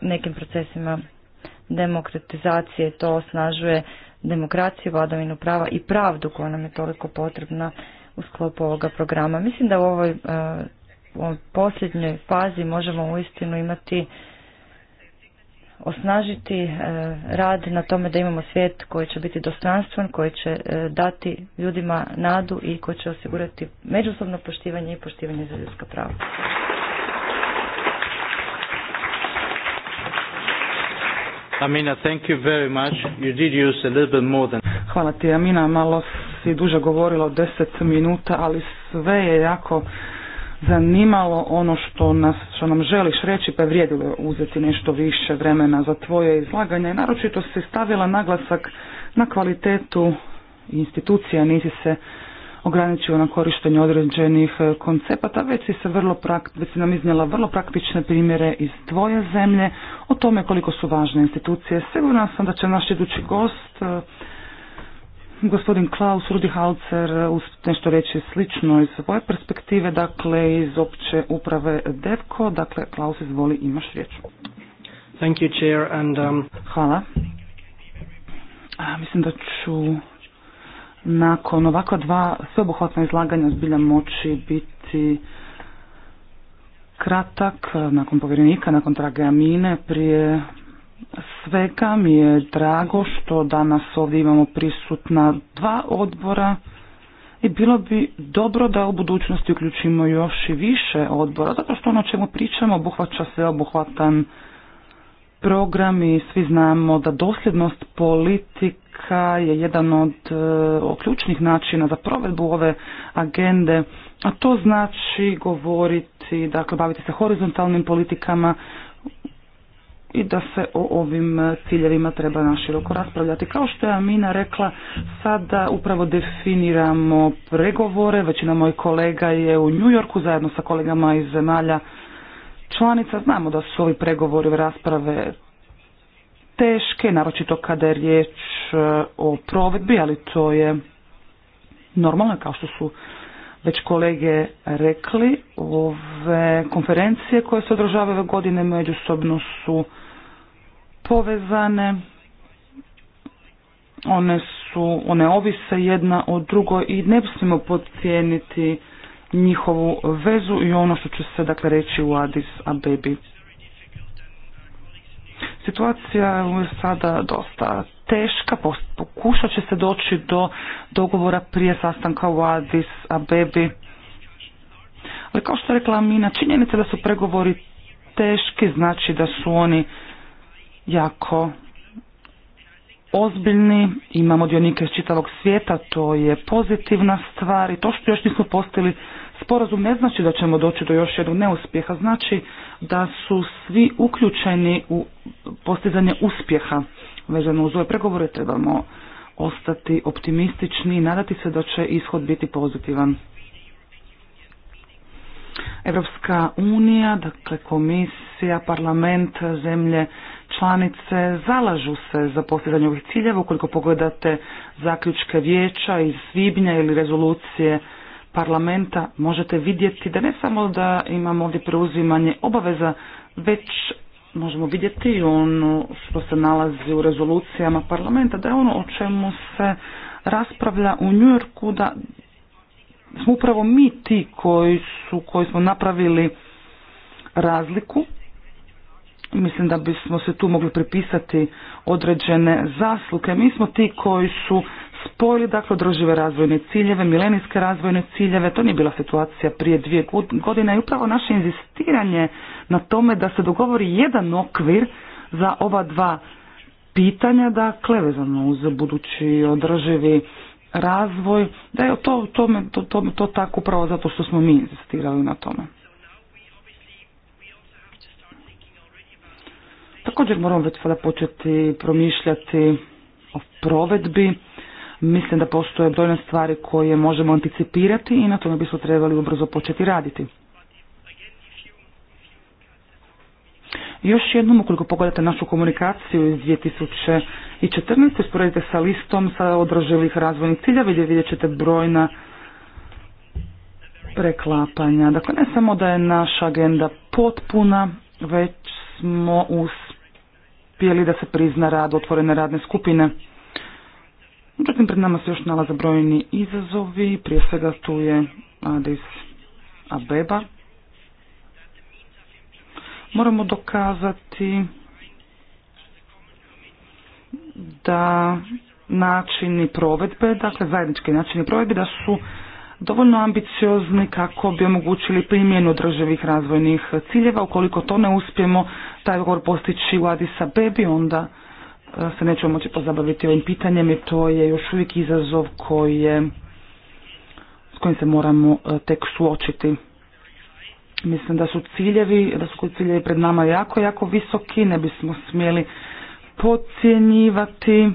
nekim procesima demokratizacije. To osnažuje demokraciju, vladavinu prava i pravdu koja nam je toliko potrebna u sklopu ovoga programa. Mislim da u ovoj, e, posljednjoj fazi možemo uistinu imati osnažiti e, rad na tome da imamo svijet koji će biti dostojanstven, koji će dati ljudima nadu i koji će osigurati međusobno poštivanje i poštivanje za ljudska prava. Amina, thank you very much. You did use a little bit more than... Hvala ti Amina, malo si duže govorila od 10 minuta, ali sve je jako zanimalo ono što, nas, što nam želiš reći, pa je vrijedilo uzeti nešto više vremena za tvoje izlaganje. I naročito si stavila naglasak na kvalitetu institucija, nisi se ograničio na korištenje određenih e, koncepata, već si se vrlo već nam iznijela vrlo praktične primjere iz tvoje zemlje o tome koliko su važne institucije. Sigurna sam da će naš idući gost e, gospodin Klaus Rudihalcer e, nešto reći slično iz svoje perspektive, dakle iz opće uprave DEVKO. Dakle, Klaus, izvoli, imaš riječ. Thank you, chair, and, um... Hvala. A, mislim da ću nakon ovako dva sveobuhvatna izlaganja zbilja moći biti kratak, nakon povjerenika, nakon trage Amine, prije svega mi je drago što danas ovdje imamo prisutna dva odbora i bilo bi dobro da u budućnosti uključimo još i više odbora, zato što ono čemu pričamo obuhvaća sveobuhvatan program i svi znamo da dosljednost politike politika je jedan od e, ključnih načina za provedbu ove agende, a to znači govoriti, dakle baviti se horizontalnim politikama i da se o ovim e, ciljevima treba naširoko raspravljati. Kao što je Amina rekla, sada upravo definiramo pregovore, većina mojih kolega je u New Yorku zajedno sa kolegama iz zemalja članica. Znamo da su ovi pregovori rasprave teške, naročito kada je riječ e, o provedbi, ali to je normalno, kao što su već kolege rekli, ove konferencije koje se održavaju godine međusobno su povezane, one su, one ovise jedna od drugoj i ne smijemo podcijeniti njihovu vezu i ono što će se dakle reći u Adis Abebi. Situacija je sada dosta teška, pokušat će se doći do dogovora prije sastanka u Adis bebi, Ali kao što je rekla Amina, činjenica da su pregovori teški znači da su oni jako ozbiljni, imamo dionike iz čitavog svijeta, to je pozitivna stvar i to što još nismo postili sporazum ne znači da ćemo doći do još jednog neuspjeha, znači da su svi uključeni u postizanje uspjeha vezano uz ove pregovore, trebamo ostati optimistični i nadati se da će ishod biti pozitivan. Evropska unija, dakle komisija, parlament, zemlje, članice zalažu se za postizanje ovih ciljeva. Ukoliko pogledate zaključke vijeća iz svibnja ili rezolucije parlamenta možete vidjeti da ne samo da imamo ovdje preuzimanje obaveza, već možemo vidjeti i ono što se nalazi u rezolucijama parlamenta, da je ono o čemu se raspravlja u Njujorku, da smo upravo mi ti koji, su, koji smo napravili razliku. Mislim da bismo se tu mogli pripisati određene zasluke. Mi smo ti koji su spojili dakle održive razvojne ciljeve, milenijske razvojne ciljeve, to nije bila situacija prije dvije godine i upravo naše inzistiranje na tome da se dogovori jedan okvir za ova dva pitanja, dakle, vezano uz budući održivi razvoj, da je to, to, to, to tako upravo zato što smo mi inzistirali na tome. Također moramo već sada početi promišljati o provedbi Mislim da postoje brojne stvari koje možemo anticipirati i na tome bismo trebali ubrzo početi raditi. Još jednom, ukoliko pogledate našu komunikaciju iz 2014. usporedite sa listom sa odraživih razvojnih cilja, vidjet ćete brojna preklapanja. Dakle, ne samo da je naša agenda potpuna, već smo uspjeli da se prizna rad otvorene radne skupine. Međutim, pred nama se još nalaze brojni izazovi, prije svega tu je Adis Abeba. Moramo dokazati da načini provedbe, dakle zajednički načini provedbe, da su dovoljno ambiciozni kako bi omogućili primjenu održivih razvojnih ciljeva. Ukoliko to ne uspijemo, taj govor postići u Adisa Bebi, onda se nećemo moći pozabaviti ovim pitanjem i to je još uvijek izazov koji je, s kojim se moramo e, tek suočiti. Mislim da su ciljevi, da su ciljevi pred nama jako, jako visoki, ne bismo smjeli podcjenjivati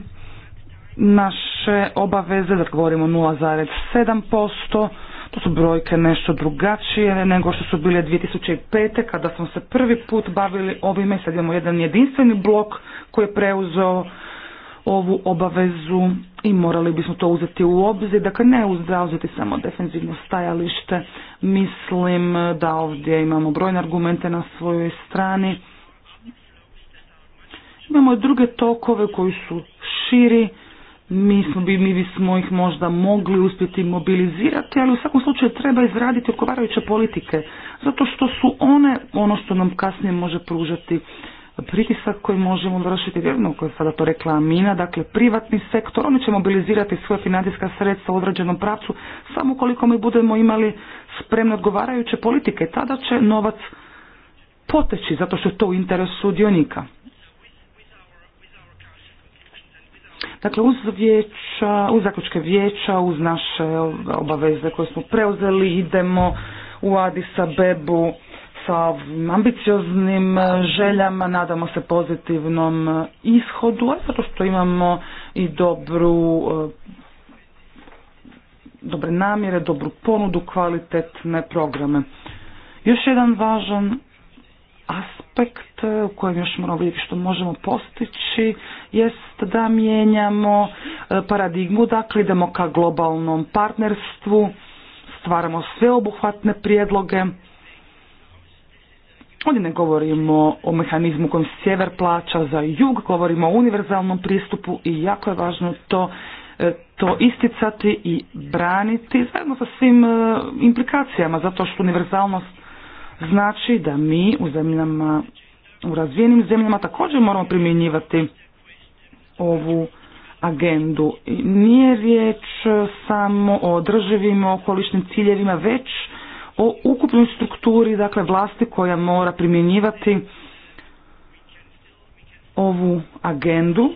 naše obaveze, da govorimo 0,7%, to su brojke nešto drugačije nego što su bile 2005. kada smo se prvi put bavili ovime. Sad imamo jedan jedinstveni blok koji je preuzeo ovu obavezu i morali bismo to uzeti u obzir. Dakle, ne uzeti samo defensivno stajalište. Mislim da ovdje imamo brojne argumente na svojoj strani. Imamo i druge tokove koji su širi mi, smo, mi bismo ih možda mogli uspjeti mobilizirati, ali u svakom slučaju treba izraditi odgovarajuće politike, zato što su one ono što nam kasnije može pružati pritisak koji možemo vršiti vjerno, koje je sada to rekla Amina, dakle privatni sektor, oni će mobilizirati svoje financijska sredstva u određenom pravcu samo koliko mi budemo imali spremne odgovarajuće politike, tada će novac poteći zato što je to u interesu dionika. Dakle, uz vijeća, uz zaključke vijeća, uz naše obaveze koje smo preuzeli, idemo u Adisa Bebu sa ambicioznim željama, nadamo se pozitivnom ishodu, a zato što imamo i dobru e, dobre namjere, dobru ponudu, kvalitetne programe. Još jedan važan aspekt aspekt u kojem još moramo vidjeti što možemo postići jest da mijenjamo e, paradigmu, dakle idemo ka globalnom partnerstvu, stvaramo sveobuhvatne prijedloge. Ovdje ne govorimo o mehanizmu kojim sjever plaća za jug, govorimo o univerzalnom pristupu i jako je važno to e, to isticati i braniti zajedno sa svim e, implikacijama zato što univerzalnost znači da mi u zemljama, u razvijenim zemljama također moramo primjenjivati ovu agendu. Nije riječ samo o državim okolišnim ciljevima, već o ukupnoj strukturi dakle vlasti koja mora primjenjivati ovu agendu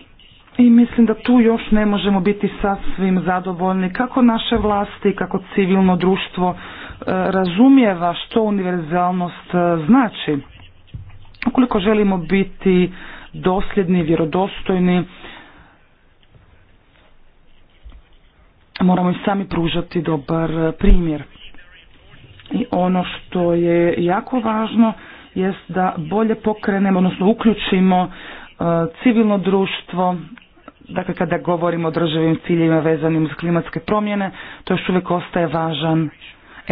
i mislim da tu još ne možemo biti sasvim zadovoljni kako naše vlasti, kako civilno društvo razumijeva što univerzalnost e, znači. Ukoliko želimo biti dosljedni, vjerodostojni, moramo i sami pružati dobar primjer. I ono što je jako važno jest da bolje pokrenemo, odnosno uključimo e, civilno društvo, dakle kada govorimo o državnim ciljima vezanim uz klimatske promjene, to još uvijek ostaje važan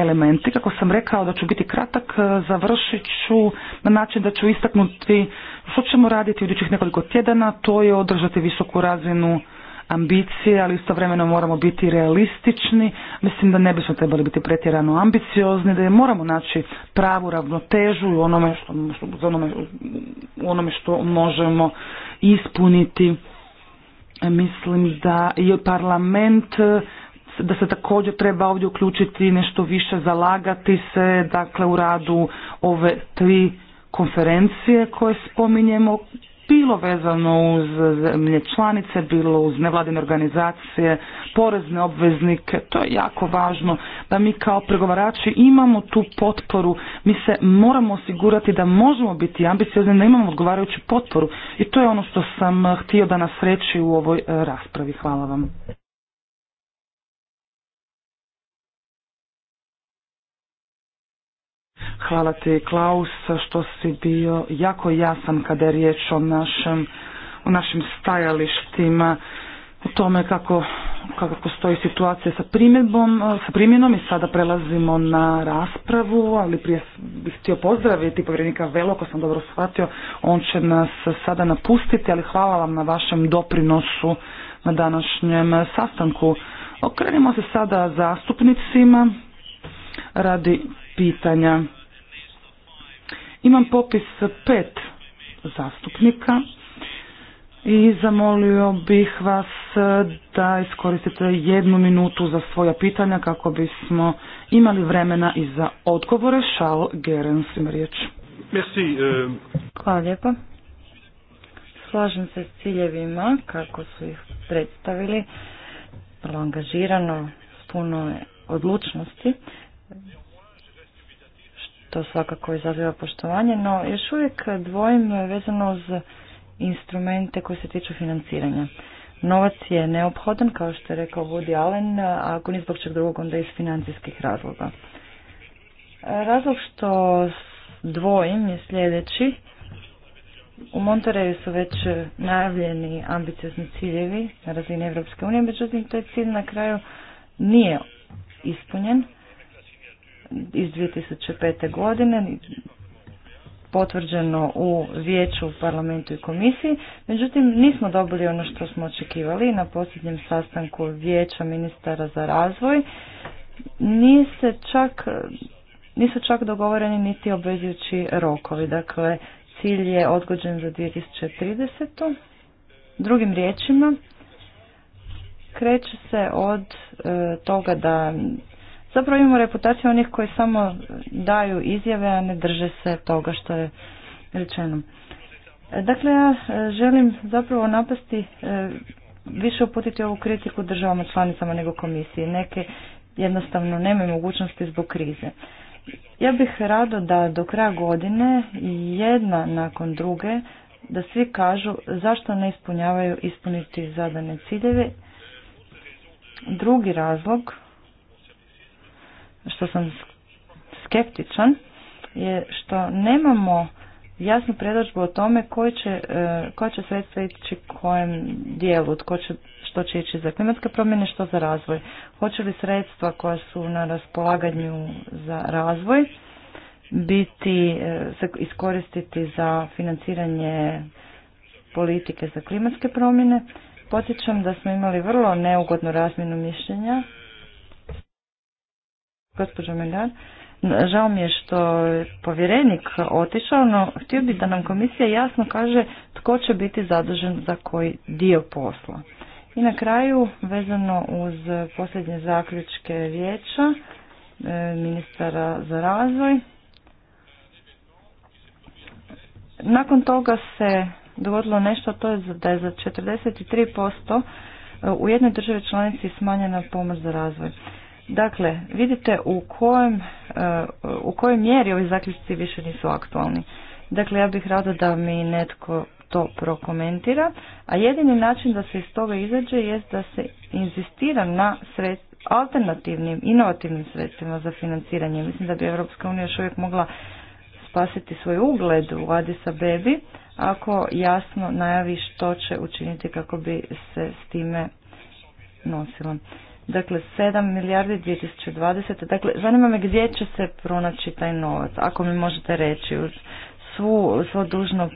elementi. Kako sam rekao da ću biti kratak, e, završit ću na način da ću istaknuti što ćemo raditi u idućih nekoliko tjedana, to je održati visoku razinu ambicije, ali istovremeno moramo biti realistični. Mislim da ne bismo trebali biti pretjerano ambiciozni, da je moramo naći pravu ravnotežu u onome što, u onome, u onome što možemo ispuniti. Mislim da je parlament da se također treba ovdje uključiti nešto više zalagati se dakle u radu ove tri konferencije koje spominjemo bilo vezano uz zemlje članice, bilo uz nevladine organizacije, porezne obveznike. To je jako važno da mi kao pregovarači imamo tu potporu. Mi se moramo osigurati da možemo biti ambiciozni, da imamo odgovarajuću potporu. I to je ono što sam htio danas reći u ovoj e, raspravi. Hvala vam. Hvala ti Klaus što si bio jako jasan kada je riječ o našem, o našim stajalištima, o tome kako, kako stoji situacija sa primjedbom, sa primjenom i sada prelazimo na raspravu, ali prije bih htio pozdraviti povjerenika Velo, ako sam dobro shvatio, on će nas sada napustiti, ali hvala vam na vašem doprinosu na današnjem sastanku. Okrenimo se sada zastupnicima radi pitanja. Imam popis pet zastupnika i zamolio bih vas da iskoristite jednu minutu za svoja pitanja kako bismo imali vremena i za odgovore. Šal Gerens ima riječ. E, Hvala lijepa. Slažem se s ciljevima kako su ih predstavili. Vrlo angažirano, s puno odlučnosti to svakako izaziva poštovanje, no još uvijek dvojim vezano uz instrumente koji se tiču financiranja. Novac je neophodan, kao što je rekao Woody Allen, a ako ni zbog čeg drugog, onda iz financijskih razloga. Razlog što dvojim je sljedeći. U montereju su već najavljeni ambiciozni ciljevi na razini Europske unije, međutim taj cilj na kraju nije ispunjen iz 2005. godine potvrđeno u vijeću, parlamentu i komisiji. Međutim, nismo dobili ono što smo očekivali na posljednjem sastanku vijeća ministara za razvoj. Nije čak, nisu čak dogovoreni niti obvezujući rokovi. Dakle, cilj je odgođen za 2030. Drugim riječima, kreće se od e, toga da Zapravo imamo reputaciju onih koji samo daju izjave, a ne drže se toga što je rečeno. E, dakle, ja e, želim zapravo napasti, e, više uputiti ovu kritiku državama članicama nego komisije. Neke jednostavno nemaju mogućnosti zbog krize. Ja bih rado da do kraja godine jedna nakon druge da svi kažu zašto ne ispunjavaju ispuniti zadane ciljeve. Drugi razlog što sam skeptičan je što nemamo jasnu predložbu o tome koji će, e, koja će sredstva ići kojem dijelu, tko će, što će ići za klimatske promjene, što za razvoj. Hoće li sredstva koja su na raspolaganju za razvoj biti, e, se iskoristiti za financiranje politike za klimatske promjene. Podsjećam da smo imali vrlo neugodnu razmjenu mišljenja Gospođo Meljar, žao mi je što je povjerenik otišao, no htio bih da nam komisija jasno kaže tko će biti zadužen za koji dio posla. I na kraju, vezano uz posljednje zaključke vijeća e, ministara za razvoj, nakon toga se dogodilo nešto, to je da je za 43% u jednoj državi članici smanjena pomoć za razvoj. Dakle, vidite u kojem, eh, u kojoj mjeri ovi zaključci više nisu aktualni. Dakle, ja bih rada da mi netko to prokomentira, a jedini način da se iz toga izađe jest da se inzistira na sred, alternativnim, inovativnim sredstvima za financiranje. Mislim da bi Europska unija još uvijek mogla spasiti svoj ugled u Adisa Bebi ako jasno najavi što će učiniti kako bi se s time nosila dakle 7 milijardi 2020. Dakle, zanima me gdje će se pronaći taj novac, ako mi možete reći uz svu, svo dužno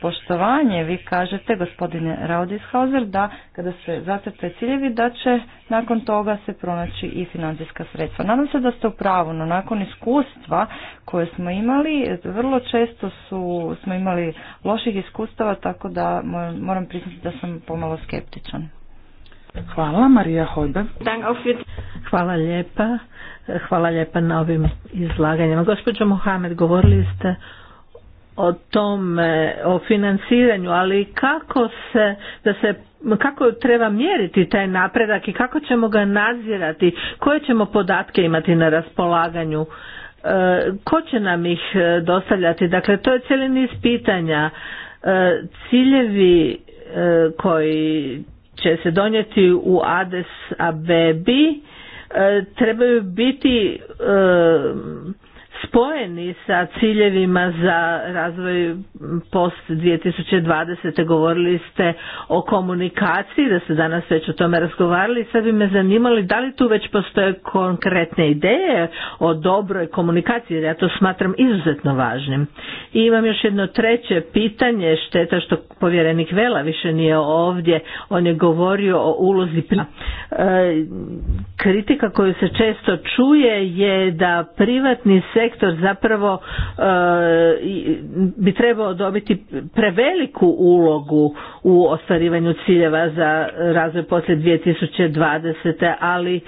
poštovanje, vi kažete gospodine Raudishauser da kada se zacrte ciljevi da će nakon toga se pronaći i financijska sredstva. Nadam se da ste u pravu, no nakon iskustva koje smo imali, vrlo često su, smo imali loših iskustava, tako da moram priznati da sam pomalo skeptičan. Hvala, Marija Hojbe. Hvala lijepa. Hvala lijepa na ovim izlaganjima. Gospođo Mohamed, govorili ste o tom, o financiranju, ali kako se, da se, kako treba mjeriti taj napredak i kako ćemo ga nadzirati, koje ćemo podatke imati na raspolaganju, e, ko će nam ih e, dostavljati, dakle to je cijeli niz pitanja, e, ciljevi koji će se donijeti u Ades Abebi e, trebaju biti e, spojeni sa ciljevima za razvoj post 2020. Govorili ste o komunikaciji, da ste danas već o tome razgovarali. Sad bi me zanimali da li tu već postoje konkretne ideje o dobroj komunikaciji, jer ja to smatram izuzetno važnim. I imam još jedno treće pitanje, šteta što povjerenik Vela više nije ovdje, on je govorio o ulozi e, kritika koju se često čuje je da privatni sektor sektor zapravo e, bi trebao dobiti preveliku ulogu u ostvarivanju ciljeva za razvoj poslije 2020. ali e,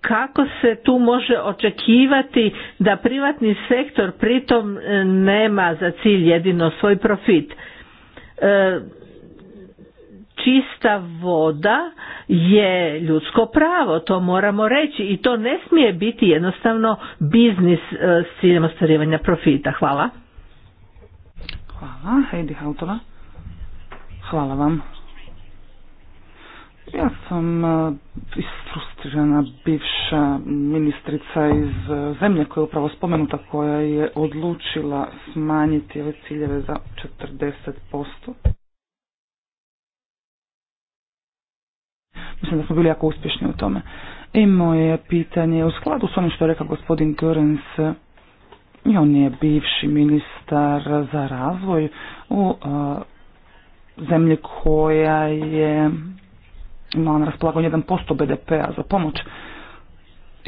kako se tu može očekivati da privatni sektor pritom e, nema za cilj jedino svoj profit čista voda je ljudsko pravo, to moramo reći i to ne smije biti jednostavno biznis e, s ciljem ostvarivanja profita. Hvala. Hvala, Heidi Hautola. Hvala vam. Ja sam e, isfrustrirana bivša ministrica iz e, zemlje koja je upravo spomenuta, koja je odlučila smanjiti ove ciljeve za 40%. Mislim da smo bili jako uspješni u tome. I moje pitanje u skladu s onim što je rekao gospodin Görens, i on je bivši ministar za razvoj u zemlji koja je imala na raspolaganju 1% BDP-a za pomoć.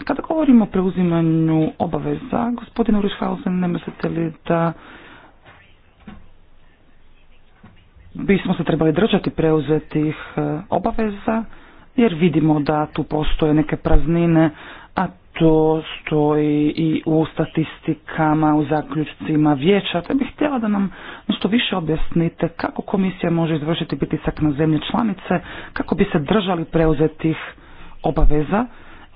kada govorimo o preuzimanju obaveza, gospodin Urišhausen, ne mislite li da bismo se trebali držati preuzetih obaveza jer vidimo da tu postoje neke praznine, a to stoji i u statistikama, u zaključcima vijeća, te bih htjela da nam nešto više objasnite kako komisija može izvršiti pritisak na zemlje članice, kako bi se držali preuzetih obaveza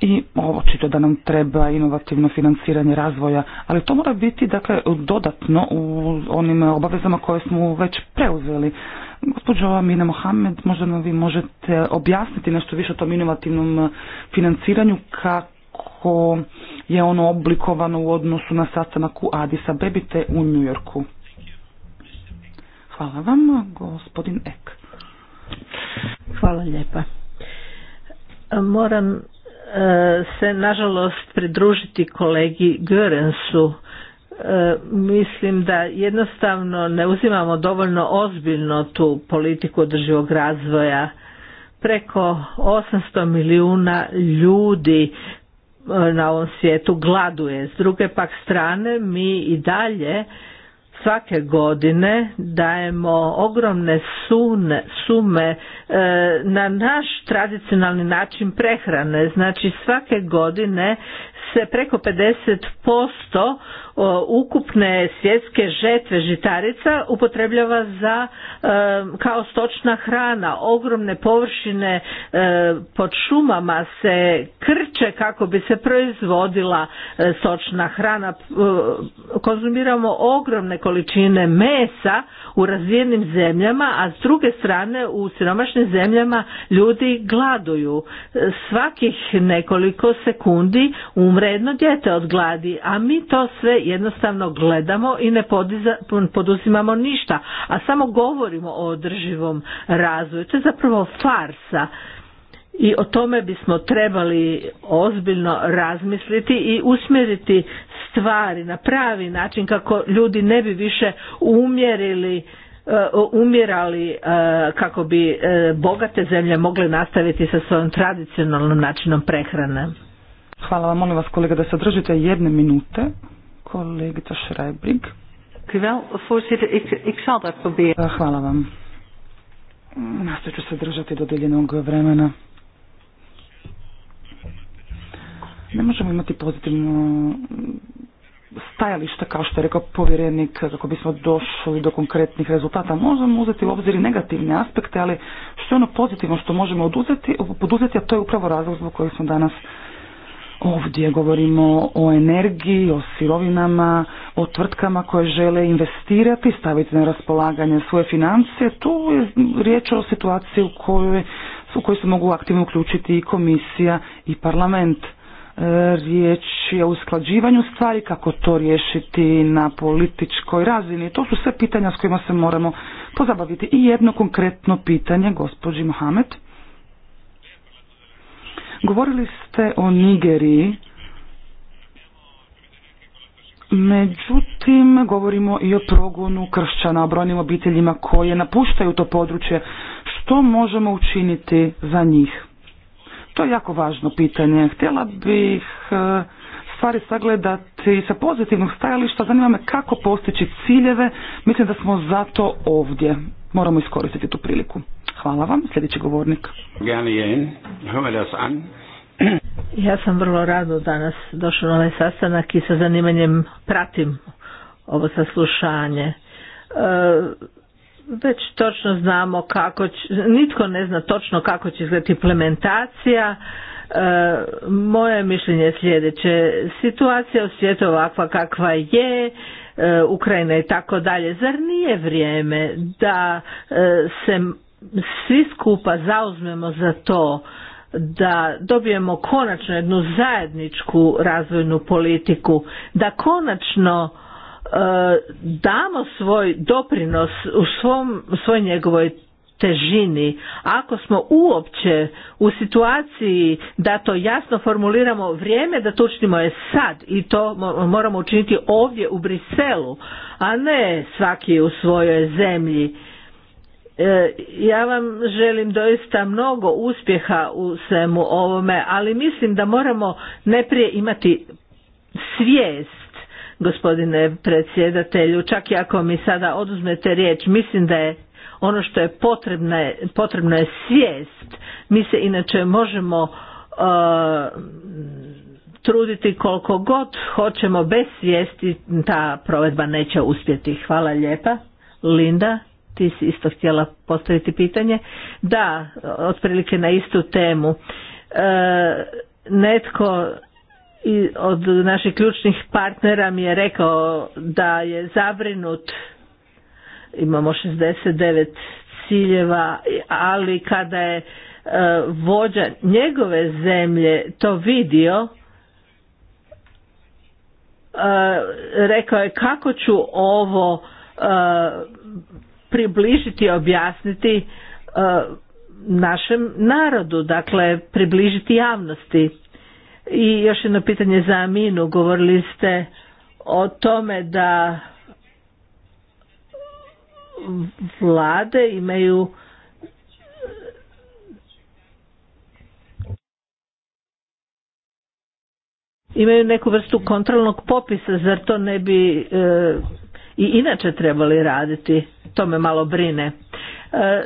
i očito da nam treba inovativno financiranje razvoja, ali to mora biti dakle dodatno u onim obavezama koje smo već preuzeli. Gospođo Amina Mohamed, možda nam vi možete objasniti nešto više o tom inovativnom e, financiranju, kako je ono oblikovano u odnosu na sastanak u Adisa Bebite u Yorku? Hvala vam, gospodin Ek. Hvala lijepa. Moram e, se nažalost pridružiti kolegi Görensu mislim da jednostavno ne uzimamo dovoljno ozbiljno tu politiku održivog razvoja. Preko 800 milijuna ljudi e, na ovom svijetu gladuje. S druge pak strane mi i dalje svake godine dajemo ogromne sune, sume e, na naš tradicionalni način prehrane. Znači svake godine se preko 50% ukupne svjetske žetve žitarica upotrebljava za e, kao stočna hrana. Ogromne površine e, pod šumama se krče kako bi se proizvodila e, stočna hrana. Konzumiramo ogromne količine mesa, u razvijenim zemljama, a s druge strane u siromašnim zemljama ljudi gladuju. Svakih nekoliko sekundi umre jedno dijete od gladi, a mi to sve jednostavno gledamo i ne poduzimamo ništa, a samo govorimo o održivom razvoju. To je zapravo farsa i o tome bismo trebali ozbiljno razmisliti i usmjeriti stvari na pravi način kako ljudi ne bi više umjerili e, umirali e, kako bi e, bogate zemlje mogle nastaviti sa svojom tradicionalnom načinom prehrane. Hvala vam, molim vas kolega da se držite jedne minute. Kolegica Šrajbrig. Eh, hvala vam. Nastavit ću se držati do deljenog vremena. Ne možemo imati pozitivno stajališta, kao što je rekao povjerenik, kako bismo došli do konkretnih rezultata. Možemo uzeti u obzir i negativne aspekte, ali što je ono pozitivno što možemo oduzeti, poduzeti, a to je upravo razlog zbog kojeg smo danas ovdje. Govorimo o energiji, o sirovinama, o tvrtkama koje žele investirati, staviti na raspolaganje svoje financije. Tu je riječ o situaciji u kojoj, u kojoj se mogu aktivno uključiti i komisija i parlament riječ je o usklađivanju stvari, kako to riješiti na političkoj razini. To su sve pitanja s kojima se moramo pozabaviti. I jedno konkretno pitanje, gospođi Mohamed. Govorili ste o Nigeriji, međutim govorimo i o progonu kršćana, o brojnim obiteljima koje napuštaju to područje. Što možemo učiniti za njih? To je jako važno pitanje. Htjela bih e, stvari sagledati sa pozitivnog stajališta. Zanima me kako postići ciljeve. Mislim da smo zato ovdje. Moramo iskoristiti tu priliku. Hvala vam. Sljedeći govornik. Ja sam vrlo rado danas došao na ovaj sastanak i sa zanimanjem pratim ovo saslušanje. E, već točno znamo kako će, nitko ne zna točno kako će izgledati implementacija. E, moje mišljenje je sljedeće. Situacija u svijetu ovakva kakva je, e, Ukrajina i tako dalje, zar nije vrijeme da e, se svi skupa zauzmemo za to da dobijemo konačno jednu zajedničku razvojnu politiku, da konačno E, damo svoj doprinos u svom, svoj njegovoj težini. Ako smo uopće u situaciji da to jasno formuliramo, vrijeme da to je sad i to moramo učiniti ovdje u Briselu, a ne svaki u svojoj zemlji. E, ja vam želim doista mnogo uspjeha u svemu ovome, ali mislim da moramo neprije imati svijest gospodine predsjedatelju. Čak i ako mi sada oduzmete riječ, mislim da je ono što je potrebno, je, potrebno je svijest. Mi se inače možemo uh, truditi koliko god hoćemo bez svijesti, ta provedba neće uspjeti. Hvala lijepa. Linda, ti si isto htjela postaviti pitanje. Da, otprilike na istu temu. E, netko i od naših ključnih partnera mi je rekao da je zabrinut imamo 69 ciljeva ali kada je e, vođa njegove zemlje to vidio e, rekao je kako ću ovo e, približiti objasniti našem narodu dakle približiti javnosti i još jedno pitanje za Aminu. Govorili ste o tome da vlade imaju imaju neku vrstu kontrolnog popisa, zar to ne bi e, i inače trebali raditi? To me malo brine. E,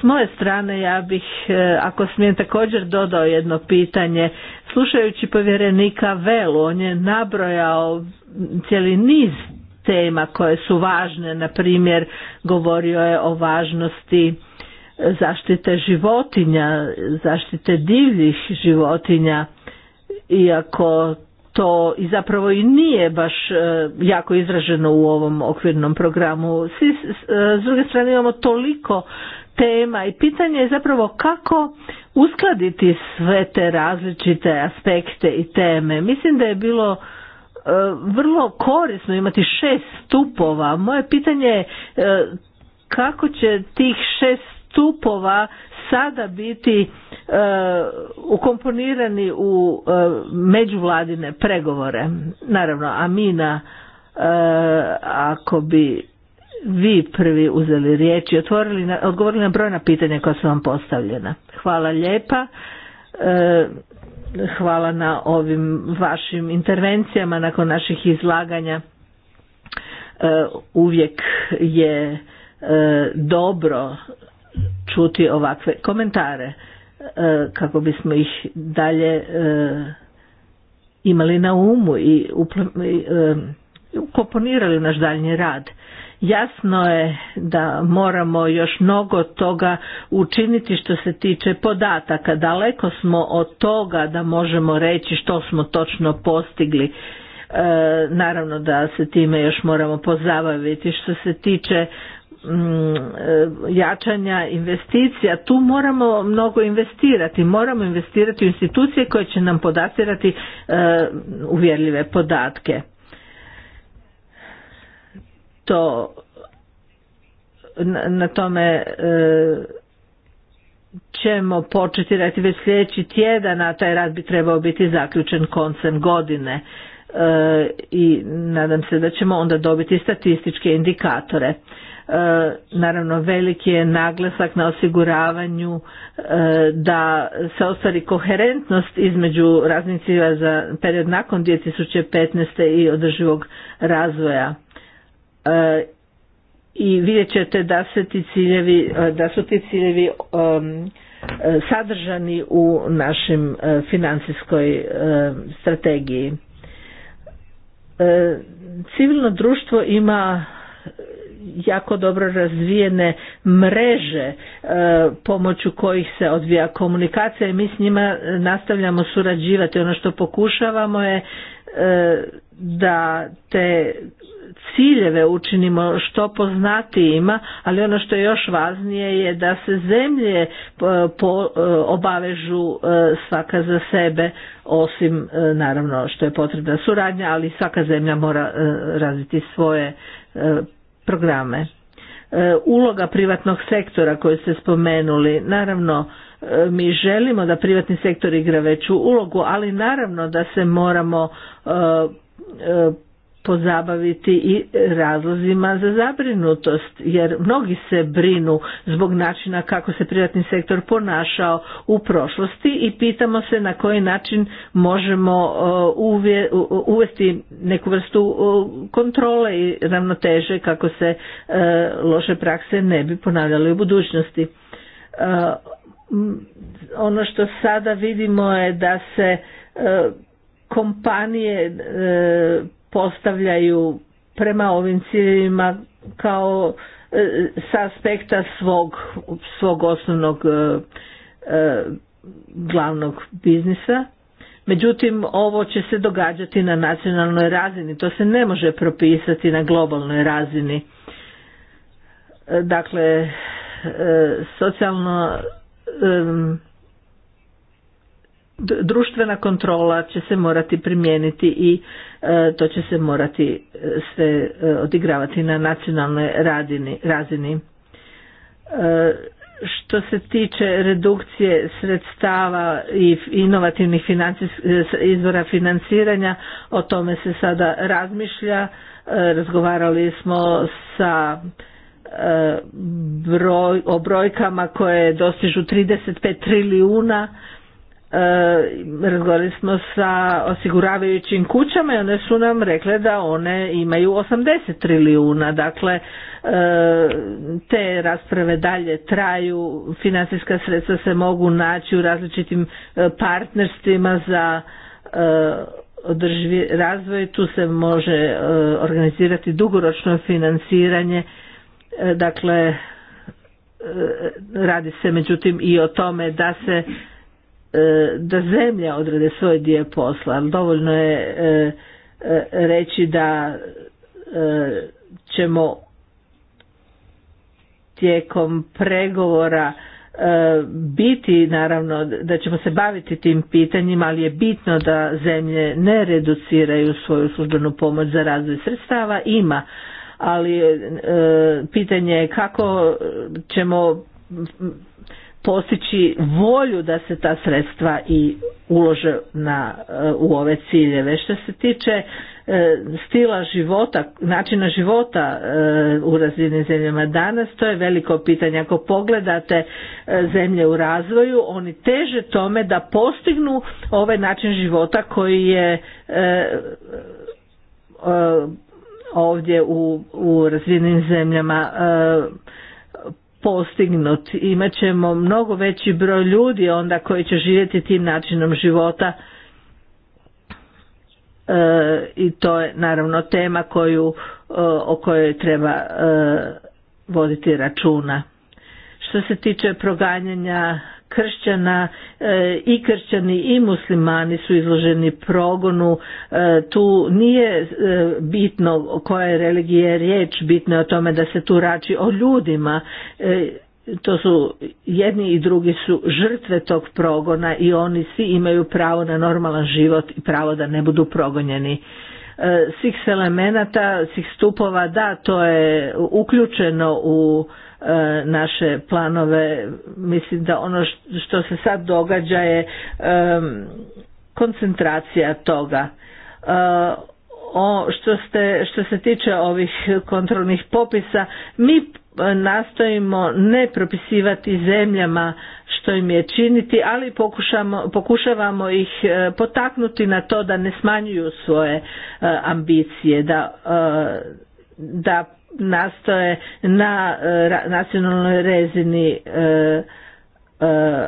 s moje strane ja bih, e, ako smijem također dodao jedno pitanje, Slušajući povjerenika Velu, on je nabrojao cijeli niz tema koje su važne, na primjer govorio je o važnosti zaštite životinja, zaštite divljih životinja, iako to i zapravo i nije baš e, jako izraženo u ovom okvirnom programu. E, s druge strane imamo toliko tema i pitanje je zapravo kako uskladiti sve te različite aspekte i teme. Mislim da je bilo e, vrlo korisno imati šest stupova. Moje pitanje je e, kako će tih šest stupova sada biti e, ukomponirani u međuvladine pregovore. Naravno, Amina ako bi vi prvi uzeli riječ i otvorili odgovorili na brojna pitanja koja su vam postavljena. Hvala lijepa. E, hvala na ovim vašim intervencijama nakon naših izlaganja. E, uvijek je e, dobro čuti ovakve komentare kako bismo ih dalje imali na umu i, upl i naš daljnji rad. Jasno je da moramo još mnogo toga učiniti što se tiče podataka. Daleko smo od toga da možemo reći što smo točno postigli. E, naravno da se time još moramo pozabaviti. Što se tiče mm, e, jačanja investicija, tu moramo mnogo investirati. Moramo investirati u institucije koje će nam podatirati e, uvjerljive podatke to na tome e, ćemo početi raditi već sljedeći tjedan, a taj rad bi trebao biti zaključen koncem godine e, i nadam se da ćemo onda dobiti statističke indikatore. E, naravno veliki je naglasak na osiguravanju da se ostvari koherentnost između raznicima za period nakon 2015. i održivog razvoja i vidjet ćete da se ti ciljevi, e, da su ti ciljevi um, e, sadržani u našim e, financijskoj strategiji. Civilno društvo ima jako dobro razvijene mreže pomoću kojih se odvija komunikacija i mi s njima nastavljamo surađivati. Ono što pokušavamo je da te ciljeve učinimo što poznatijima, ali ono što je još važnije je da se zemlje e, e, obavežu e, svaka za sebe, osim naravno što je potrebna suradnja, ali svaka zemlja mora razviti svoje programe. Uloga privatnog sektora koju ste spomenuli, naravno mi želimo da privatni sektor igra veću ulogu, ali naravno da se moramo pozabaviti i razlozima za zabrinutost jer mnogi se brinu zbog načina kako se privatni sektor ponašao u prošlosti i pitamo se na koji način možemo uvesti neku vrstu kontrole i ravnoteže kako se e, loše prakse ne bi ponavljale u budućnosti. E, ono što sada vidimo je da se e, kompanije postavljaju prema ovim ciljevima kao e, sa aspekta svog, svog osnovnog e, e, glavnog biznisa. Međutim, ovo će se događati na nacionalnoj razini, to se ne može propisati na globalnoj razini. Dakle, socijalno društvena kontrola će se morati primijeniti i E, to će se morati e, sve e, odigravati na nacionalnoj razini. Što se tiče redukcije sredstava i inovativnih izvora financiranja, o tome se sada razmišlja. Razgovarali smo sa broj, o brojkama koje dostižu 35 trilijuna E, razgovarali smo sa osiguravajućim kućama i one su nam rekle da one imaju 80 trilijuna. Dakle, e, te rasprave dalje traju, financijska sredstva se mogu naći u različitim e, partnerstvima za održivi razvoj, tu se može organizirati dugoročno financiranje, dakle, radi se međutim i o tome da se E, da zemlja odrede svoj dio posla. Dovoljno je e, e, reći da ćemo tijekom pregovora biti naravno da ćemo se baviti tim pitanjima, ali je bitno da zemlje ne reduciraju svoju službenu pomoć za razvoj sredstava ima, ali pitanje je kako ćemo postići volju da se ta sredstva i ulože na, e, u ove ciljeve. Što se tiče e, stila života, načina života e, u razvijenim zemljama danas, to je veliko pitanje. Ako pogledate zemlje u razvoju, oni teže tome da postignu ovaj način života koji je ovdje u, u razvijenim zemljama postignut. Imat ćemo mnogo veći broj ljudi onda koji će živjeti tim načinom života e, i to je naravno tema koju, e, o kojoj treba e, voditi računa. Što se tiče proganjanja kršćana e, i kršćani i muslimani su izloženi progonu. E, tu nije e, bitno koja je religija riječ, bitno je o tome da se tu rači o ljudima to su jedni i drugi su žrtve tog progona i oni svi imaju pravo na normalan život i pravo da ne budu progonjeni svih elemenata, svih stupova, da, to je uključeno u E, naše planove. Mislim da ono što se sad događa je e, koncentracija toga. E, o što, ste, što se tiče ovih kontrolnih popisa, mi nastojimo ne propisivati zemljama što im je činiti, ali pokušavamo ih potaknuti na to da ne smanjuju svoje ambicije, da, da nastoje na e, nacionalnoj rezini e, e,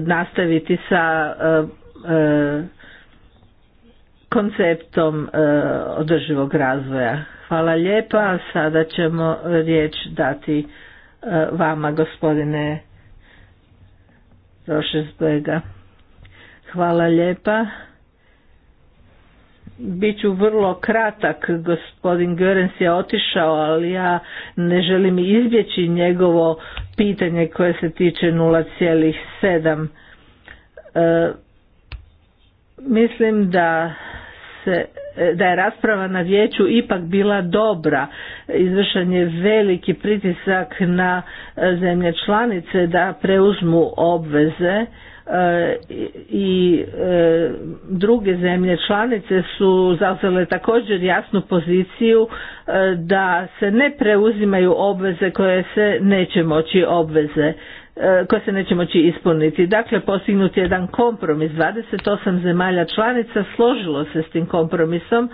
nastaviti sa konceptom održivog razvoja. Hvala lijepa, sada ćemo riječ dati vama gospodine Rošesbega. Hvala lijepa. Bit ću vrlo kratak, gospodin Görens je otišao, ali ja ne želim izbjeći njegovo pitanje koje se tiče 0,7. E, mislim da se da je rasprava na vijeću ipak bila dobra. Izvršen je veliki pritisak na e, zemlje članice da preuzmu obveze i e, druge zemlje članice su zauzele također jasnu poziciju e, da se ne preuzimaju obveze koje se neće moći obveze e, koje se neće moći ispuniti. Dakle, postignut je jedan kompromis. 28 zemalja članica složilo se s tim kompromisom,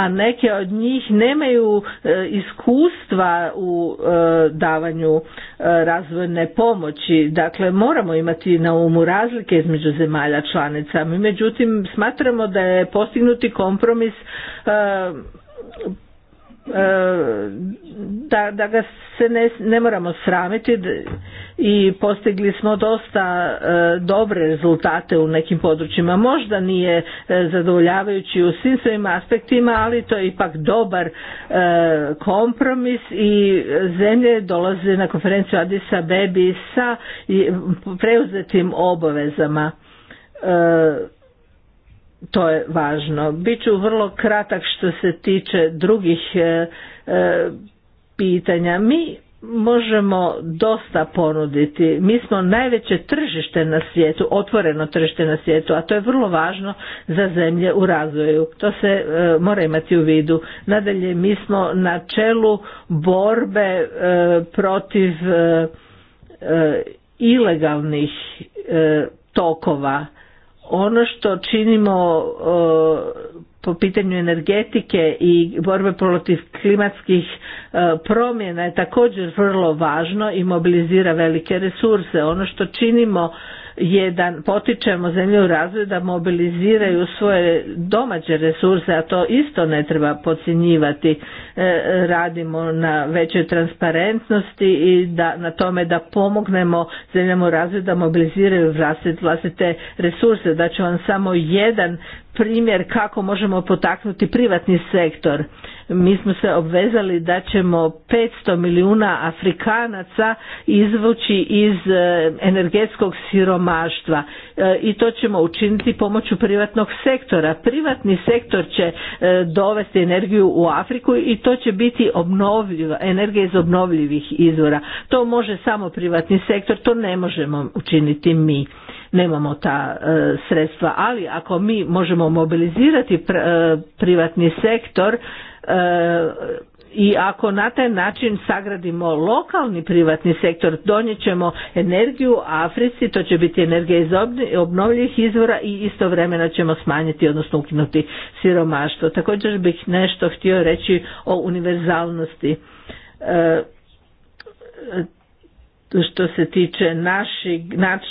a neke od njih nemaju e, iskustva u e, davanju e, razvojne pomoći. Dakle, moramo imati na umu razlike između zemalja članica. međutim smatramo da je postignuti kompromis E, da, da ga se ne, moramo sramiti i postigli smo dosta e, dobre rezultate u nekim područjima. Možda nije e, zadovoljavajući u svim svojim aspektima, ali to je ipak dobar kompromis i zemlje dolaze na konferenciju Adisa Bebi sa preuzetim obavezama to je važno. Biću vrlo kratak što se tiče drugih e, e, pitanja. Mi možemo dosta ponuditi. Mi smo najveće tržište na svijetu, otvoreno tržište na svijetu, a to je vrlo važno za zemlje u razvoju. To se e, mora imati u vidu. Nadalje, mi smo na čelu borbe protiv ilegalnih tokova ono što činimo po pitanju energetike i borbe protiv klimatskih e, promjena je također vrlo važno i mobilizira velike resurse. Ono što činimo jedan potičemo zemlje u razvoju da mobiliziraju svoje domaće resurse, a to isto ne treba podcjenjivati. E, radimo na većoj transparentnosti i da na tome da pomognemo zemljama u razvoju da mobiliziraju vlastite resurse. Da ću vam samo jedan primjer kako možemo potaknuti privatni sektor mi smo se obvezali da ćemo 500 milijuna Afrikanaca izvući iz e, energetskog siromaštva e, i to ćemo učiniti pomoću privatnog sektora. Privatni sektor će e, dovesti energiju u Afriku i to će biti obnovljiva, energija iz obnovljivih izvora. To može samo privatni sektor, to ne možemo učiniti mi nemamo ta sredstva ali ako mi možemo mobilizirati privatni sektor E, i ako na taj način sagradimo lokalni privatni sektor, donijet ćemo energiju Africi, to će biti energija iz obnovljivih izvora i istovremeno ćemo smanjiti, odnosno ukinuti siromaštvo. Također bih nešto htio reći o univerzalnosti e, što se tiče našeg,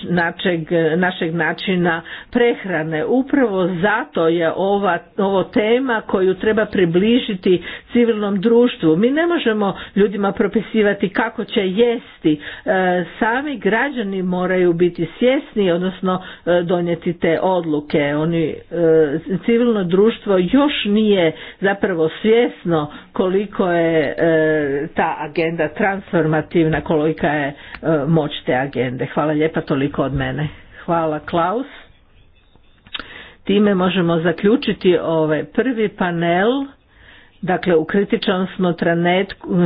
načeg, našeg načina prehrane. Upravo zato je ova, ovo tema koju treba približiti civilnom društvu. Mi ne možemo ljudima propisivati kako će jesti. E, sami građani moraju biti svjesni, odnosno e, donijeti te odluke. Oni, e, civilno društvo još nije zapravo svjesno koliko je ta agenda transformativna, kolika je E, moć te agende. Hvala lijepa toliko od mene. Hvala Klaus. Time možemo zaključiti ovaj prvi panel. Dakle, u kritičnom smo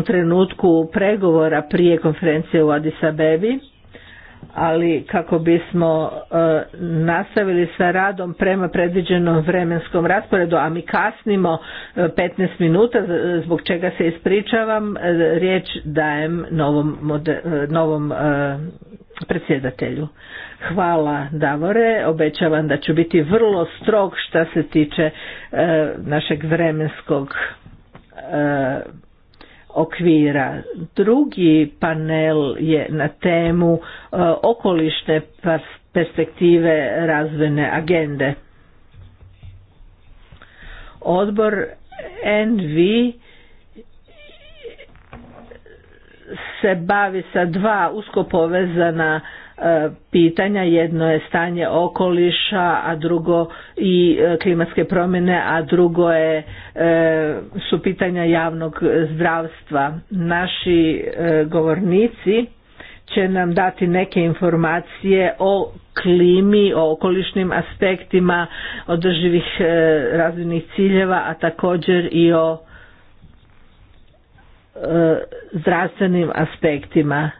trenutku pregovora prije konferencije u Addis ali kako bismo e, nastavili sa radom prema predviđenom vremenskom rasporedu, a mi kasnimo 15 e, minuta, zbog čega se ispričavam, e, riječ dajem novom, novom predsjedatelju. Hvala Davore, obećavam da ću biti vrlo strog što se tiče našeg vremenskog okvira. Drugi panel je na temu e, okolišne perspektive razvojne agende. Odbor NV se bavi sa dva usko povezana pitanja. Jedno je stanje okoliša, a drugo i e, klimatske promjene, a drugo je e, su pitanja javnog zdravstva. Naši e, govornici će nam dati neke informacije o klimi, o okolišnim aspektima održivih razvojnih ciljeva, a također i o zdravstvenim aspektima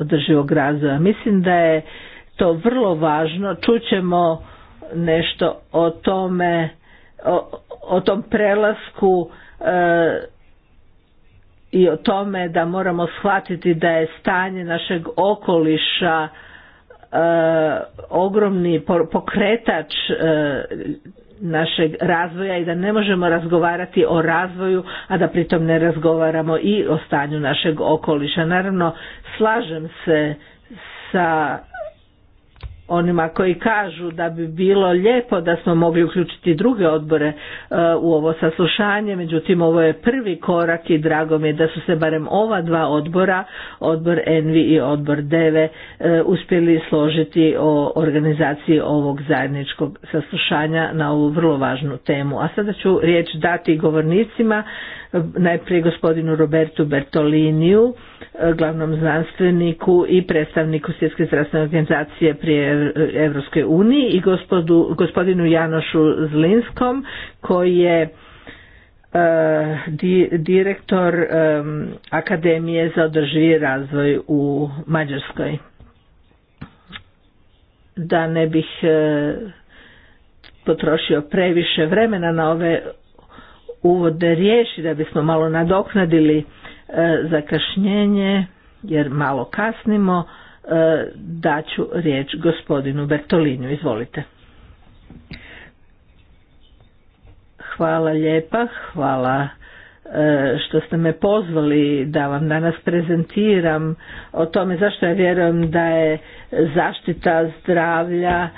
održivog razvoja. Mislim da je to vrlo važno. Čućemo nešto o tome, o, tom prelasku e, i o tome da moramo shvatiti da je stanje našeg okoliša e, ogromni pokretač e, našeg razvoja i da ne možemo razgovarati o razvoju, a da pritom ne razgovaramo i o stanju našeg okoliša. Naravno, slažem se sa onima koji kažu da bi bilo lijepo da smo mogli uključiti druge odbore e, u ovo saslušanje, međutim ovo je prvi korak i drago mi je da su se barem ova dva odbora, odbor Envi i odbor Deve, e, uspjeli složiti o organizaciji ovog zajedničkog saslušanja na ovu vrlo važnu temu. A sada ću riječ dati govornicima najprije gospodinu Robertu Bertoliniju, e, glavnom znanstveniku i predstavniku Svjetske zdravstvene organizacije prije Evropske uniji i gospodinu Janošu Zlinskom koji je e, direktor e, Akademije za održivi razvoj u Mađarskoj. Da ne bih potrošio previše vremena na ove uvod riješi da bismo malo nadoknadili e, zakašnjenje jer malo kasnimo e, daću riječ gospodinu Bertolinju. Izvolite. Hvala lijepa, hvala E, što ste me pozvali da vam danas prezentiram o tome zašto ja vjerujem da je zaštita zdravlja e,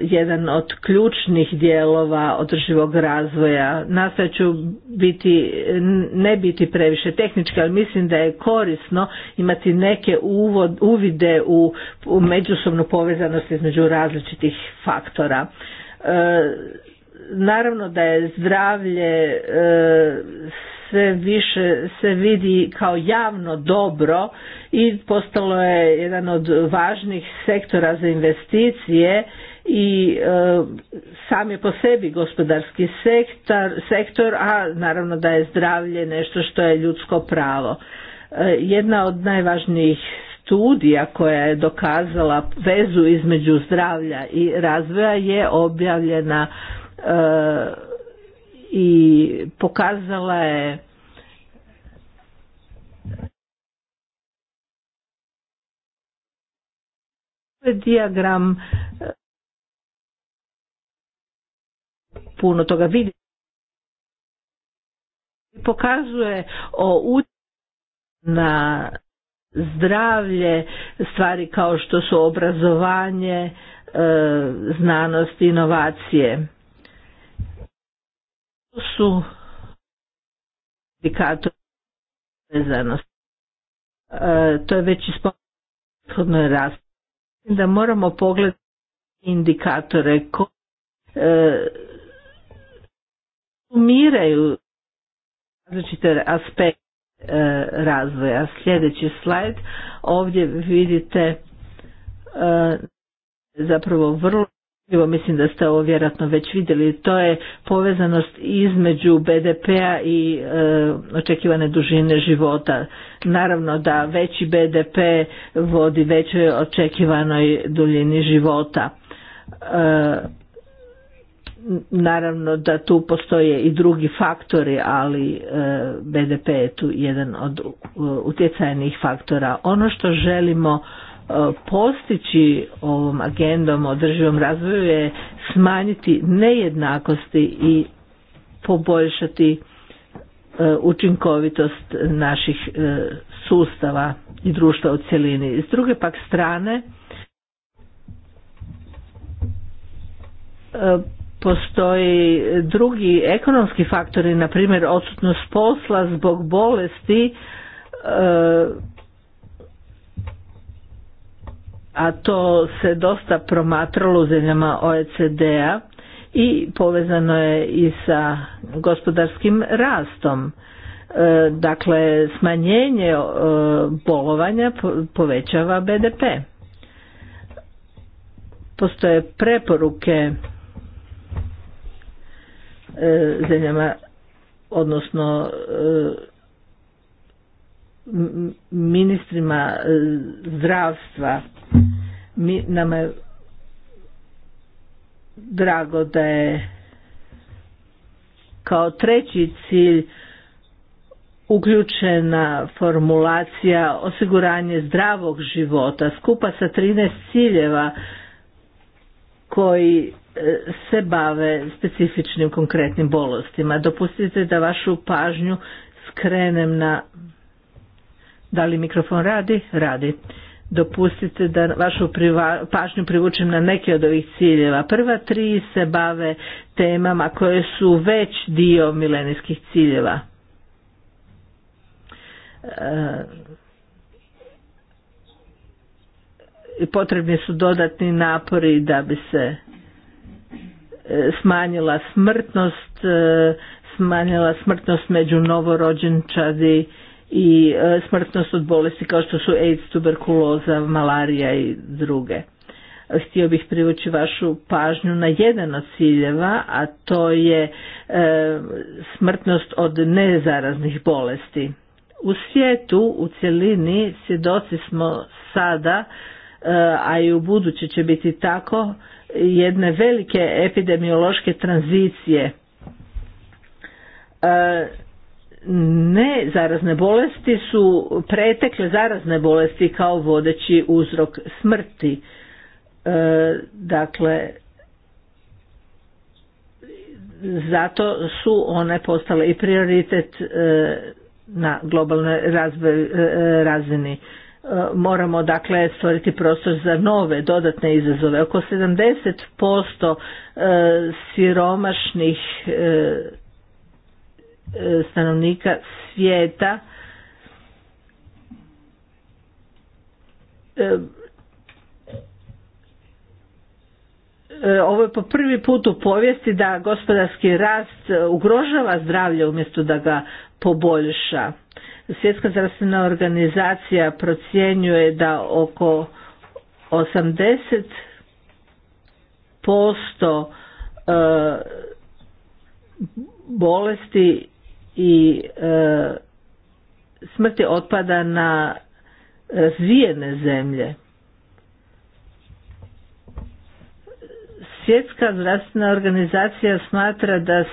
jedan od ključnih dijelova održivog razvoja. Nastojat ću biti, ne biti previše tehnički, ali mislim da je korisno imati neke uvod, uvide u, u međusobnu povezanost između različitih faktora e, naravno da je zdravlje e, sve više se vidi kao javno dobro i postalo je jedan od važnih sektora za investicije i e, sam je po sebi gospodarski sektor, sektor a naravno da je zdravlje nešto što je ljudsko pravo. E, jedna od najvažnijih studija koja je dokazala vezu između zdravlja i razvoja je objavljena E, i pokazala je dijagram e, puno toga vidi pokazuje o na zdravlje stvari kao što su obrazovanje e, znanost inovacije su indikatori vezanosti. E, to je već ispodno rast Da moramo pogledati indikatore koji e, sumiraju različite aspekte e, razvoja. Sljedeći slajd, ovdje vidite e, zapravo vrlo Evo, mislim da ste ovo vjerojatno već vidjeli. To je povezanost između BDP-a i e, očekivane dužine života. Naravno da veći BDP vodi većoj očekivanoj duljini života. E, naravno da tu postoje i drugi faktori, ali e, BDP je tu jedan od e, utjecajnih faktora. Ono što želimo postići ovom agendom o održivom razvoju je smanjiti nejednakosti i poboljšati e, učinkovitost naših e, sustava i društva u cjelini. S druge pak strane e, postoji drugi ekonomski faktori, na primjer odsutnost posla zbog bolesti a to se dosta promatralo u zemljama OECD-a i povezano je i sa gospodarskim rastom. E, dakle, smanjenje e, bolovanja povećava BDP. Postoje preporuke e, zemljama, odnosno ministrima zdravstva mi, nama je drago da je kao treći cilj uključena formulacija osiguranje zdravog života skupa sa 13 ciljeva koji e, se bave specifičnim konkretnim bolestima. Dopustite da vašu pažnju skrenem na... Da li mikrofon radi? Radi dopustite da vašu pažnju privučem na neke od ovih ciljeva. Prva tri se bave temama koje su već dio milenijskih ciljeva. E, potrebni su dodatni napori da bi se e, smanjila smrtnost, e, smanjila smrtnost među novorođenčadi i e, smrtnost od bolesti kao što su AIDS, tuberkuloza, malarija i druge. Htio bih privući vašu pažnju na jedan od ciljeva, a to je e, smrtnost od nezaraznih bolesti. U svijetu, u cjelini, svjedoci smo sada, e, a i u buduće će biti tako, jedne velike epidemiološke tranzicije ne zarazne bolesti su pretekle zarazne bolesti kao vodeći uzrok smrti. E, dakle, zato su one postale i prioritet e, na globalnoj razvoj e, razini. Moramo dakle stvoriti prostor za nove dodatne izazove. Oko 70% siromašnih E, stanovnika svijeta e, e, ovo je po prvi put u povijesti da gospodarski rast ugrožava zdravlje umjesto da ga poboljša. Svjetska zdravstvena organizacija procjenjuje da oko 80 posto bolesti i e, smrti otpada na e, razvijene zemlje. Svjetska zdravstvena organizacija smatra da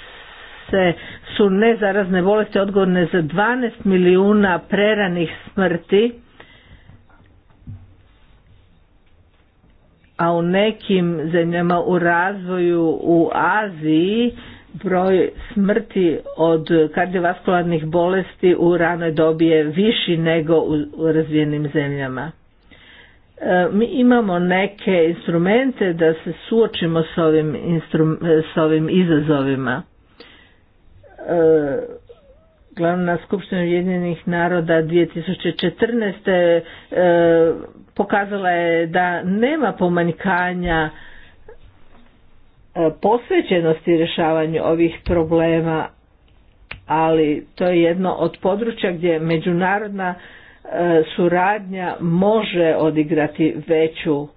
se su nezarazne bolesti odgovorne za 12 milijuna preranih smrti, a u nekim zemljama u razvoju u Aziji broj smrti od kardiovaskularnih bolesti u ranoj dobi je viši nego u razvijenim zemljama. E, mi imamo neke instrumente da se suočimo s ovim, e, s ovim izazovima. E, Glavna skupština Ujedinjenih naroda 2014. pokazala je da nema pomanjkanja E, posvećenosti rješavanju ovih problema, ali to je jedno od područja gdje međunarodna e, suradnja može odigrati veću,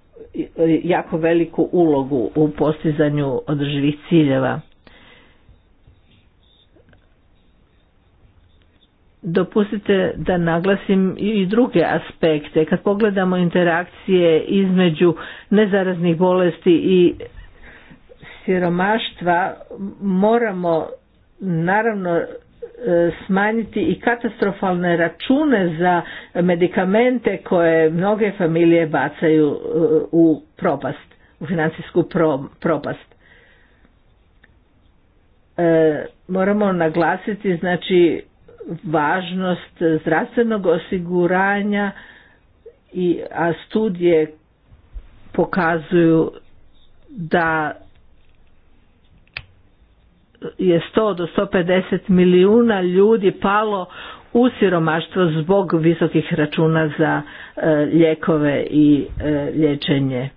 jako veliku ulogu u postizanju održivih ciljeva. Dopustite da naglasim i druge aspekte. Kad pogledamo interakcije između nezaraznih bolesti i siromaštva moramo naravno e, smanjiti i katastrofalne račune za medikamente koje mnoge familije bacaju e, u propast, u financijsku propast. E, moramo naglasiti znači važnost zdravstvenog osiguranja i a studije pokazuju da je 100 do 150 milijuna ljudi palo u siromaštvo zbog visokih računa za e, lijekove i e, liječenje.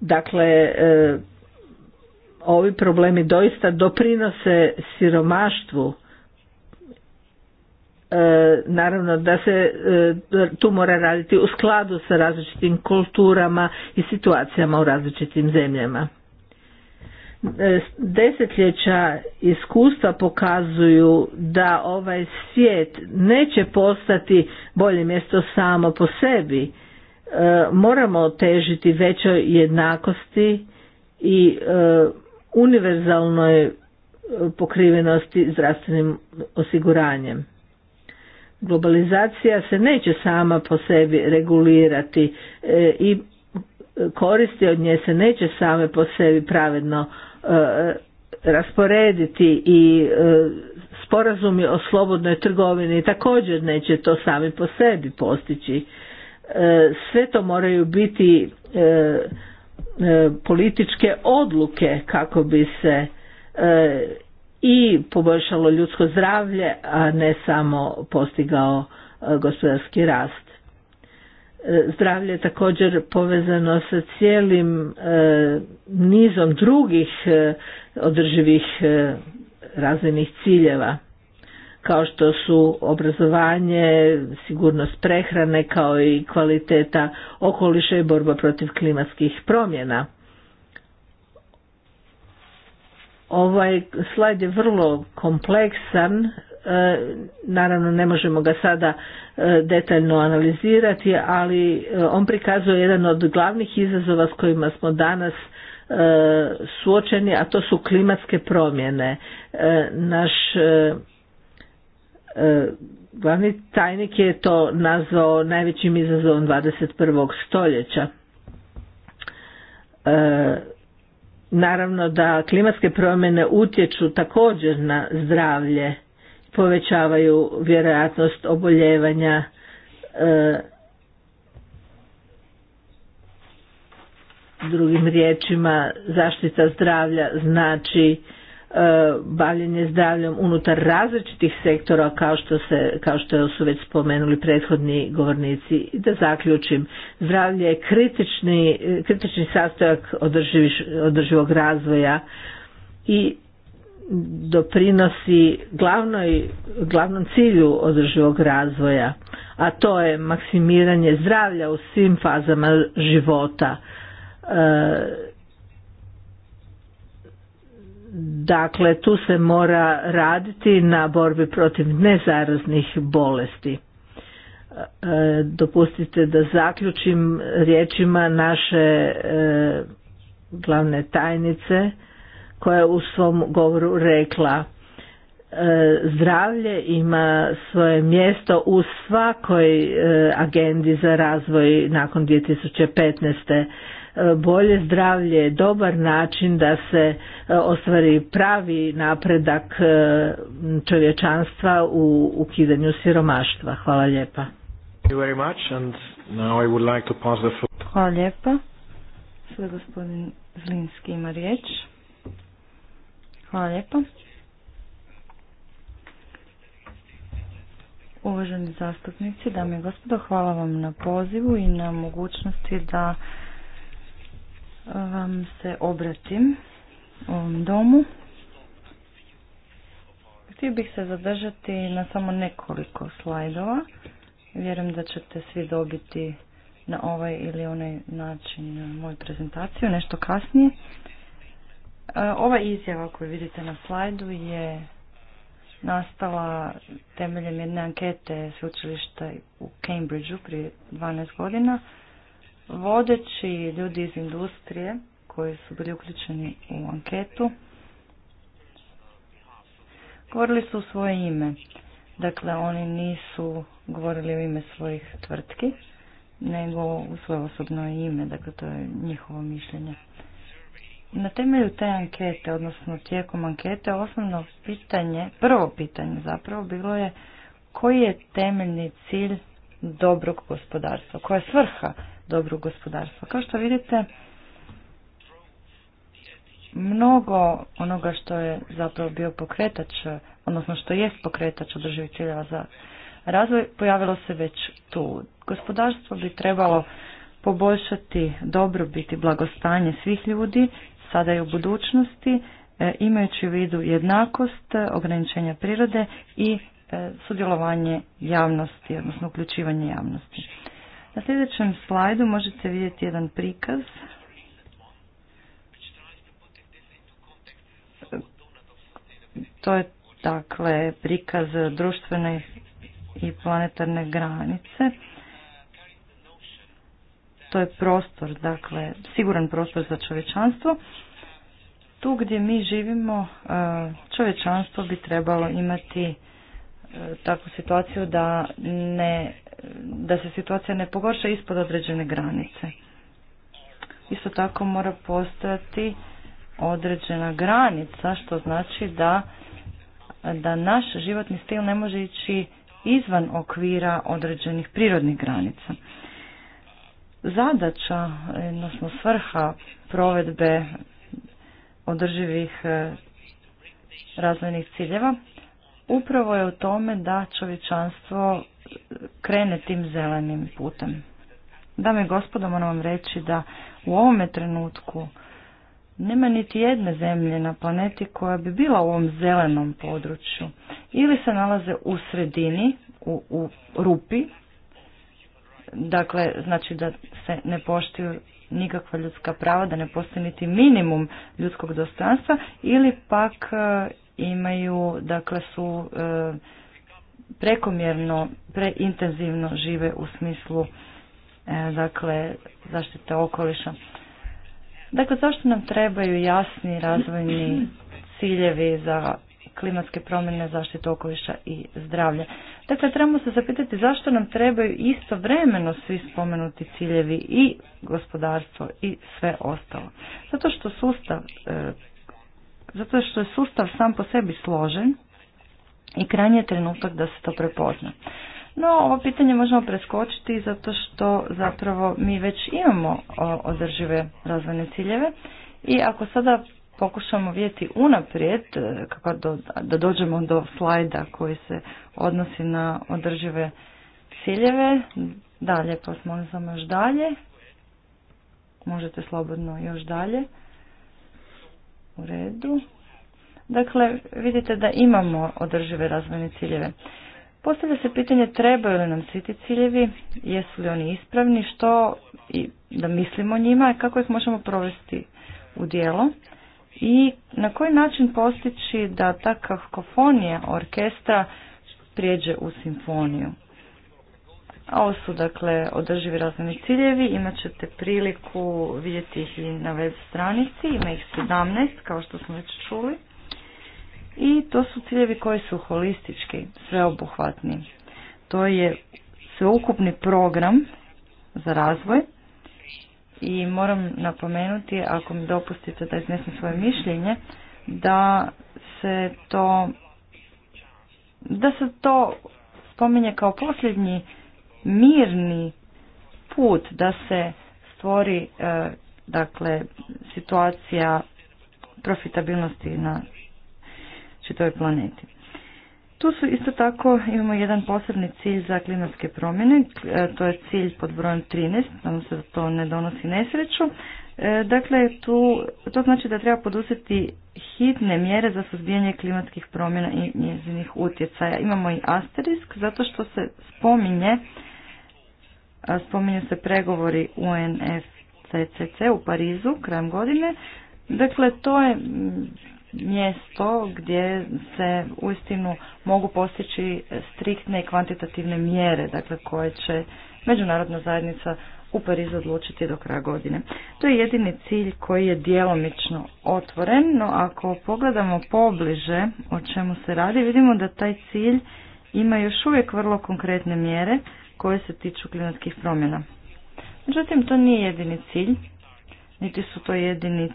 Dakle, e, ovi problemi doista doprinose siromaštvu E, naravno da se e, tu mora raditi u skladu sa različitim kulturama i situacijama u različitim zemljama. E, desetljeća iskustva pokazuju da ovaj svijet neće postati bolje mjesto samo po sebi. Moramo težiti većoj jednakosti i univerzalnoj pokrivenosti zdravstvenim osiguranjem globalizacija se neće sama po sebi regulirati e, i koristi od nje se neće same po sebi pravedno e, rasporediti i e, sporazumi o slobodnoj trgovini također neće to sami po sebi postići. Sve to moraju biti političke odluke kako bi se i poboljšalo ljudsko zdravlje, a ne samo postigao e, gospodarski rast. E, zdravlje je također povezano sa cijelim e, nizom drugih održivih razvojnih ciljeva kao što su obrazovanje, sigurnost prehrane kao i kvaliteta okoliša i borba protiv klimatskih promjena. Ovaj slajd je vrlo kompleksan, e, naravno ne možemo ga sada e, detaljno analizirati, ali e, on prikazuje jedan od glavnih izazova s kojima smo danas suočeni, a to su klimatske promjene. Naš glavni tajnik je to nazvao najvećim izazovom 21. stoljeća. Naravno da klimatske promjene utječu također na zdravlje, povećavaju vjerojatnost oboljevanja e, drugim riječima zaštita zdravlja znači E, bavljenje zdravljem unutar različitih sektora kao što, se, kao što su već spomenuli prethodni govornici. I da zaključim, zdravlje je kritični, e, kritični sastojak održivog razvoja i doprinosi glavnoj, glavnom cilju održivog razvoja, a to je maksimiranje zdravlja u svim fazama života. E, Dakle, tu se mora raditi na borbi protiv nezaraznih bolesti. E, dopustite da zaključim riječima naše e, glavne tajnice koja je u svom govoru rekla e, zdravlje ima svoje mjesto u svakoj agendi za razvoj nakon 2015. E, bolje zdravlje dobar način da se e, ostvari pravi napredak e, čovječanstva u ukidanju siromaštva. Hvala lijepa. Hvala lijepa. Sve, gospodin Zlinski ima riječ. Hvala lijepa. Uvaženi zastupnici, dame i gospodo, hvala vam na pozivu i na mogućnosti da vam se obratim u ovom domu. Htio bih se zadržati na samo nekoliko slajdova. Vjerujem da ćete svi dobiti na ovaj ili onaj način moju prezentaciju nešto kasnije. E, ova izjava koju vidite na slajdu je nastala temeljem jedne ankete sveučilišta u Cambridgeu prije 12 godina Vodeći ljudi iz industrije koji su bili uključeni u anketu govorili su u svoje ime. Dakle, oni nisu govorili u ime svojih tvrtki, nego u svoje osobno ime, dakle to je njihovo mišljenje. Na temelju te ankete, odnosno tijekom ankete, osnovno pitanje, prvo pitanje zapravo bilo je koji je temeljni cilj dobrog gospodarstva, koja je svrha dobru gospodarstva. Kao što vidite, mnogo onoga što je zapravo bio pokretač, odnosno što je pokretač održivih ciljeva za razvoj, pojavilo se već tu. Gospodarstvo bi trebalo poboljšati dobrobit i blagostanje svih ljudi, sada i u budućnosti, e, imajući u vidu jednakost, e, ograničenja prirode i e, sudjelovanje javnosti, odnosno uključivanje javnosti. Na sljedećem slajdu možete vidjeti jedan prikaz to je dakle prikaz društvene i planetarne granice. To je prostor, dakle, siguran prostor za čovječanstvo. Tu gdje mi živimo, e, čovječanstvo bi trebalo imati e, takvu situaciju da ne da se situacija ne pogorša ispod određene granice. Isto tako mora postojati određena granica, što znači da, da naš životni stil ne može ići izvan okvira određenih prirodnih granica. Zadaća, odnosno svrha provedbe održivih eh, razvojnih ciljeva upravo je u tome da čovječanstvo krene tim zelenim putem. Dame i gospodo, moram vam reći da u ovome trenutku nema niti jedne zemlje na planeti koja bi bila u ovom zelenom području. Ili se nalaze u sredini, u, rupi, dakle, znači da se ne poštuju nikakva ljudska prava, da ne postoji niti minimum ljudskog dostojanstva, ili pak imaju, dakle su e, prekomjerno, preintenzivno žive u smislu e, dakle zaštite okoliša. Dakle, zašto nam trebaju jasni razvojni ciljevi za klimatske promjene, zaštitu okoliša i zdravlje. Dakle, trebamo se zapitati zašto nam trebaju istovremeno svi spomenuti ciljevi i gospodarstvo i sve ostalo. Zato što sustav e, zato što je sustav sam po sebi složen i krajnji je trenutak da se to prepozna. No, ovo pitanje možemo preskočiti zato što zapravo mi već imamo održive razvojne ciljeve i ako sada pokušamo vidjeti unaprijed, e, kako do, da dođemo do slajda koji se odnosi na održive ciljeve, dalje, pa smo samo još dalje, možete slobodno još dalje. U redu. Dakle, vidite da imamo održive razvojne ciljeve. Postavlja se pitanje trebaju li nam svi ti ciljevi, jesu li oni ispravni, što i da mislimo o njima i kako ih možemo provesti u dijelo i na koji način postići da ta kakofonija orkestra prijeđe u simfoniju. A ovo su dakle održivi razvojni ciljevi, imat ćete priliku vidjeti ih i na web stranici, ima ih 17 kao što smo već čuli. I to su ciljevi koji su holistički, sveobuhvatni. To je sveukupni program za razvoj i moram napomenuti, ako mi dopustite da iznesem svoje mišljenje, da se to da se to spominje kao posljednji mirni put da se stvori e, dakle situacija profitabilnosti na čitoj planeti. Tu su isto tako imamo jedan posebni cilj za klimatske promjene, e, to je cilj pod brojem 13, nam se da to ne donosi nesreću. E, dakle, tu, to znači da treba poduzeti hitne mjere za suzbijanje klimatskih promjena i njezinih utjecaja. Imamo i asterisk zato što se spominje spominju se pregovori UNFCCC u Parizu krajem godine. Dakle, to je mjesto gdje se uistinu mogu postići striktne i kvantitativne mjere, dakle koje će međunarodna zajednica u Parizu odlučiti do kraja godine. To je jedini cilj koji je djelomično otvoren, no ako pogledamo pobliže o čemu se radi, vidimo da taj cilj ima još uvijek vrlo konkretne mjere koje se tiču klimatskih promjena. Međutim, to nije jedini cilj, niti su to jedini,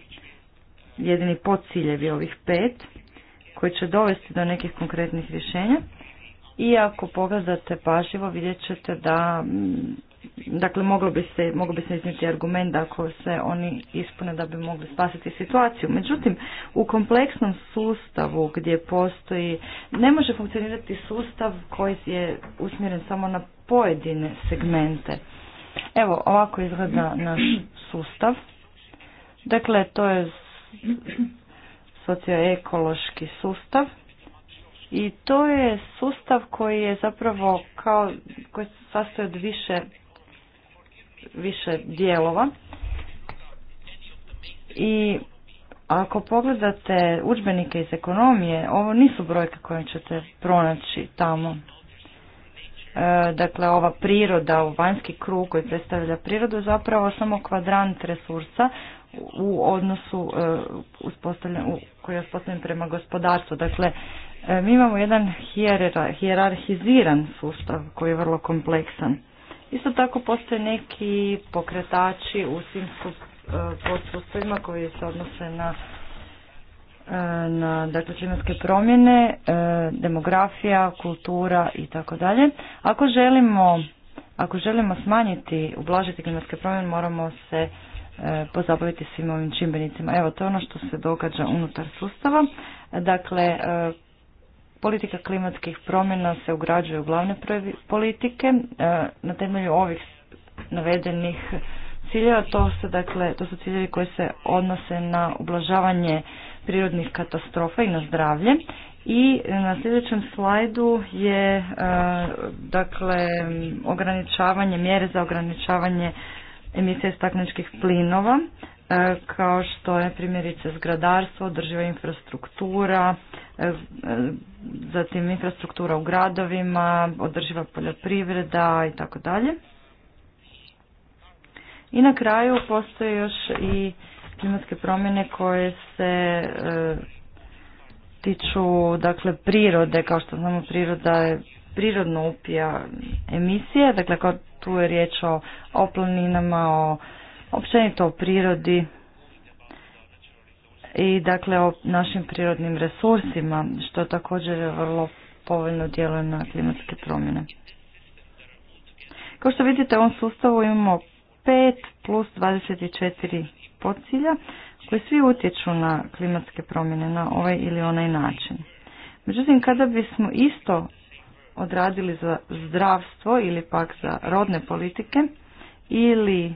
jedini podciljevi ovih pet, koji će dovesti do nekih konkretnih rješenja. I ako pogledate pažljivo, vidjet ćete da, mm, dakle, moglo bi se, moglo bi se iznijeti argument da ako se oni ispune da bi mogli spasiti situaciju. Međutim, u kompleksnom sustavu gdje postoji, ne može funkcionirati sustav koji je usmjeren samo na pojedine segmente. Evo, ovako izgleda naš sustav. Dakle, to je socioekološki sustav i to je sustav koji je zapravo kao, koji se sastoji od više, više dijelova. I ako pogledate udžbenike iz ekonomije, ovo nisu brojke koje ćete pronaći tamo. E, dakle ova priroda, u vanjski krug koji predstavlja prirodu zapravo samo kvadrant resursa u odnosu e, koji je uspostavljen prema gospodarstvu. Dakle, e, mi imamo jedan hijerarhiziran sustav koji je vrlo kompleksan. Isto tako postoje neki pokretači u svim podsustavima koji se odnose na E, na dakle, klimatske promjene, e, demografija, kultura i tako dalje. Ako želimo, ako želimo smanjiti, ublažiti klimatske promjene, moramo se e, pozabaviti svim ovim čimbenicima. Evo, to je ono što se događa unutar sustava. Dakle, politika klimatskih promjena se ugrađuje u glavne politike. Na temelju ovih navedenih ciljeva, to dakle, to su ciljevi koji se odnose na ublažavanje prirodnih katastrofa i na zdravlje. I e, na sljedećem slajdu je e, dakle ograničavanje mjere za ograničavanje emisije stakleničkih plinova e, kao što je primjerice zgradarstvo, održiva infrastruktura, zatim infrastruktura u gradovima, održiva poljoprivreda i tako dalje. I na kraju postoji još i klimatske promjene koje se e, tiču dakle prirode, kao što znamo priroda je prirodno upija emisije, dakle kao tu je riječ o, o planinama, o općenito o prirodi i dakle o našim prirodnim resursima, što također je vrlo povoljno djeluje na klimatske promjene. Kao što vidite u ovom sustavu imamo 5 plus 24 podcilja koji svi utječu na klimatske promjene na ovaj ili onaj način. Međutim, kada bismo isto odradili za zdravstvo ili pak za rodne politike ili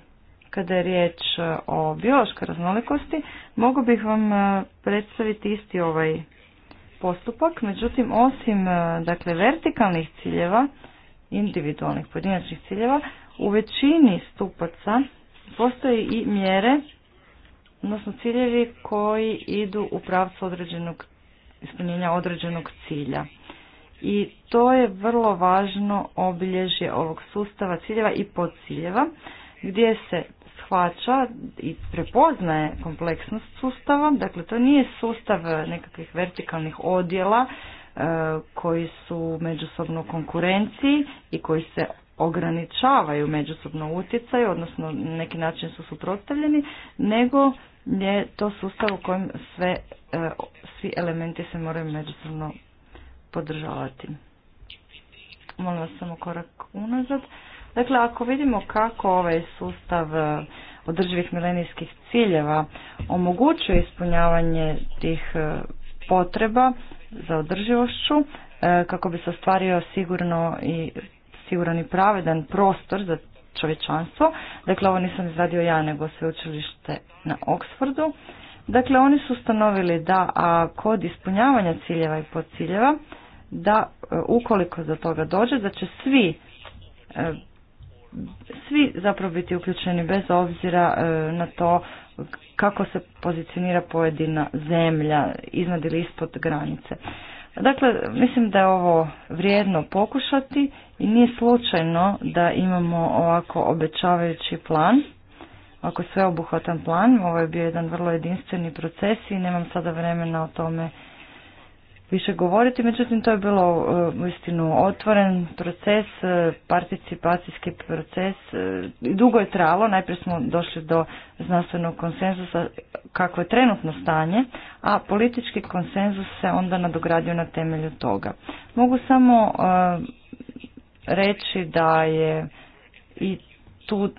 kada je riječ e, o biološkoj raznolikosti, mogu bih vam e, predstaviti isti ovaj postupak, međutim osim e, dakle vertikalnih ciljeva, individualnih pojedinačnih ciljeva, u većini stupaca postoje i mjere odnosno ciljevi koji idu u pravcu određenog ispunjenja određenog cilja. I to je vrlo važno obilježje ovog sustava ciljeva i podciljeva gdje se shvaća i prepoznaje kompleksnost sustava. Dakle, to nije sustav nekakvih vertikalnih odjela e, koji su međusobno u konkurenciji i koji se ograničavaju međusobno utjecaj, odnosno neki način su suprotstavljeni, nego je to sustav u kojem sve, e, svi elementi se moraju međusobno podržavati. Molim vas samo korak unazad. Dakle, ako vidimo kako ovaj sustav e, održivih milenijskih ciljeva omogućuje ispunjavanje tih e, potreba za održivošću, kako bi se ostvario sigurno i siguran i pravedan prostor za čovječanstvo. Dakle, ovo nisam izradio ja, nego sveučilište na Oxfordu. Dakle, oni su ustanovili da a kod ispunjavanja ciljeva i podciljeva, da e, ukoliko za toga dođe, da će svi e, svi zapravo biti uključeni bez obzira e, na to kako se pozicionira pojedina zemlja iznad ili ispod granice. Dakle, mislim da je ovo vrijedno pokušati i nije slučajno da imamo ovako obećavajući plan, ovako sveobuhvatan plan. Ovo je bio jedan vrlo jedinstveni proces i nemam sada vremena o tome više govoriti, međutim to je bilo e, istinu otvoren proces, e, participacijski proces. E, dugo je trajalo, najprije smo došli do znanstvenog konsenzusa kako je trenutno stanje, a politički konsenzus se onda nadogradio na temelju toga. Mogu samo reći da je i tu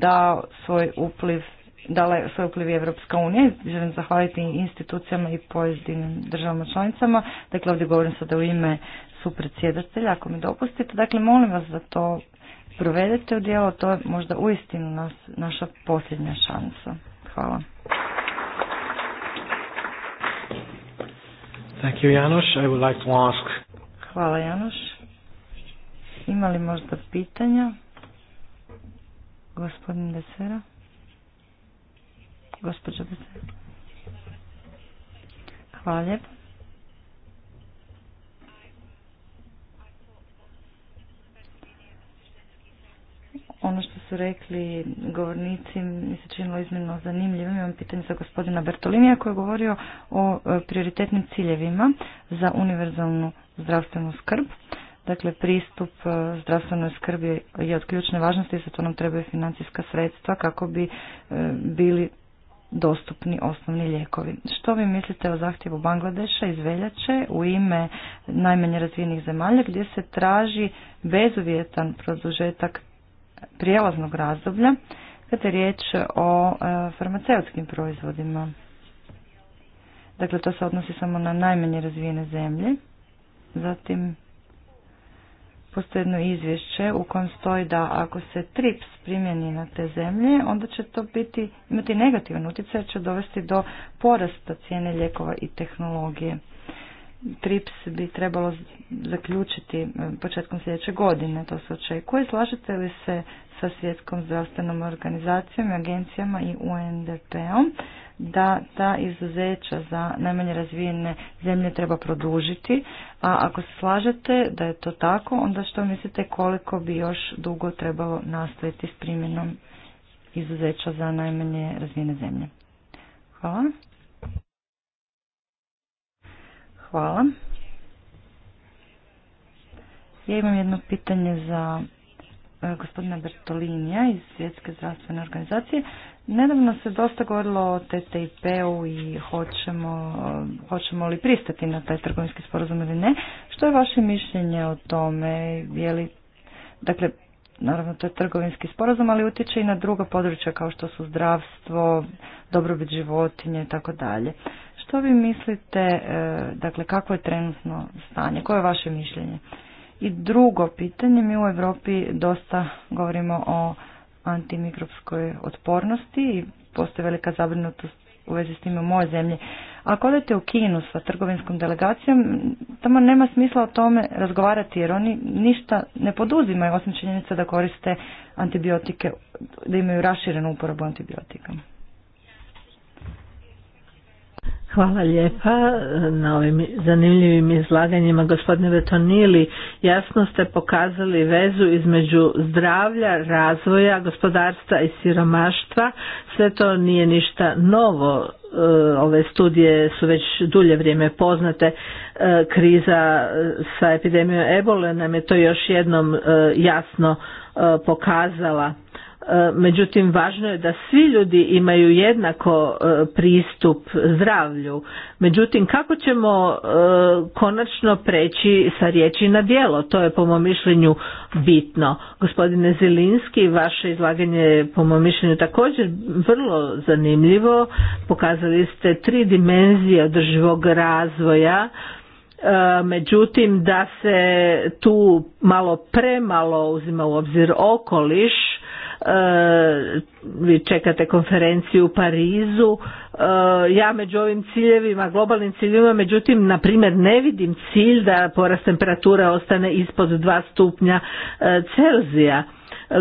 dao svoj upliv dala svoj upliv Evropska unija. Želim zahvaliti institucijama i pojedinim državama članicama. Dakle, ovdje govorim sada u ime supredsjedatelja, ako mi dopustite. Dakle, molim vas da to provedete u dijelo, to je možda uistinu nas, naša posljednja šansa. Hvala. Thank Hvala, Janoš. Ima li možda pitanja? Gospodin Desera. Gospođo Hvala Ono što su rekli govornici mi se činilo iznimno zanimljivo, Imam pitanje za gospodina Bertolinija koji je govorio o e, prioritetnim ciljevima za univerzalnu zdravstvenu skrb. Dakle, pristup e, zdravstvenoj skrbi je od ključne važnosti, i to nam trebaju financijska sredstva kako bi e, bili dostupni osnovni lijekovi. Što vi mislite o zahtjevu Bangladeša iz veljače u ime najmanje razvijenih zemalja gdje se traži bezuvjetan produžetak prijelaznog razdoblja kada je riječ o e, farmaceutskim proizvodima? Dakle, to se odnosi samo na najmanje razvijene zemlje. Zatim, Postoje jedno izvješće u kojem stoji da ako se TRIPS primjeni na te zemlje, onda će to biti, imati negativan utjecaj, će dovesti do porasta cijene lijekova i tehnologije. TRIPS bi trebalo zaključiti e, početkom sljedeće godine, to se očekuje. Slažete li se sa svjetskom zdravstvenom organizacijom i agencijama i UNDP-om da ta izuzeća za najmanje razvijene zemlje treba produžiti, a ako se slažete da je to tako, onda što mislite koliko bi još dugo trebalo nastaviti s primjenom izuzeća za najmanje razvijene zemlje? Hvala. Hvala. Ja imam jedno pitanje za E, gospodina Bertolinija iz Svjetske zdravstvene organizacije. Nedavno se dosta govorilo o TTIP-u i hoćemo, e, hoćemo li pristati na taj trgovinski sporazum ili ne. Što je vaše mišljenje o tome? Je li, dakle, naravno to je trgovinski sporazum, ali utječe i na druga područja kao što su zdravstvo, dobrobit životinje i tako dalje. Što vi mislite, e, dakle, kako je trenutno stanje? Koje je vaše mišljenje? I drugo pitanje, mi u Europi dosta govorimo o antimikropskoj otpornosti i postoji velika zabrinutost u vezi s time u moje zemlji. Ako odete u Kinu sa trgovinskom delegacijom, tamo nema smisla o tome razgovarati jer oni ništa ne poduzimaju osim činjenica da koriste antibiotike, da imaju raširenu uporabu antibiotika. Hvala lijepa na ovim zanimljivim izlaganjima gospodine Betonili. Jasno ste pokazali vezu između zdravlja, razvoja, gospodarstva i siromaštva. Sve to nije ništa novo. E, ove studije su već dulje vrijeme poznate. E, kriza e, sa epidemijom ebole nam je to još jednom jasno pokazala. E, međutim važno je da svi ljudi imaju jednako e, pristup zdravlju međutim kako ćemo e, konačno preći sa riječi na djelo to je po mom mišljenju bitno gospodine Zilinski vaše izlaganje je po mom mišljenju također vrlo zanimljivo pokazali ste tri dimenzije održivog razvoja međutim da se tu malo premalo uzima u obzir okoliš E, vi čekate konferenciju u Parizu. E, ja među ovim ciljevima, globalnim ciljevima, međutim, na primjer, ne vidim cilj da porast temperatura ostane ispod 2 stupnja e, Celzija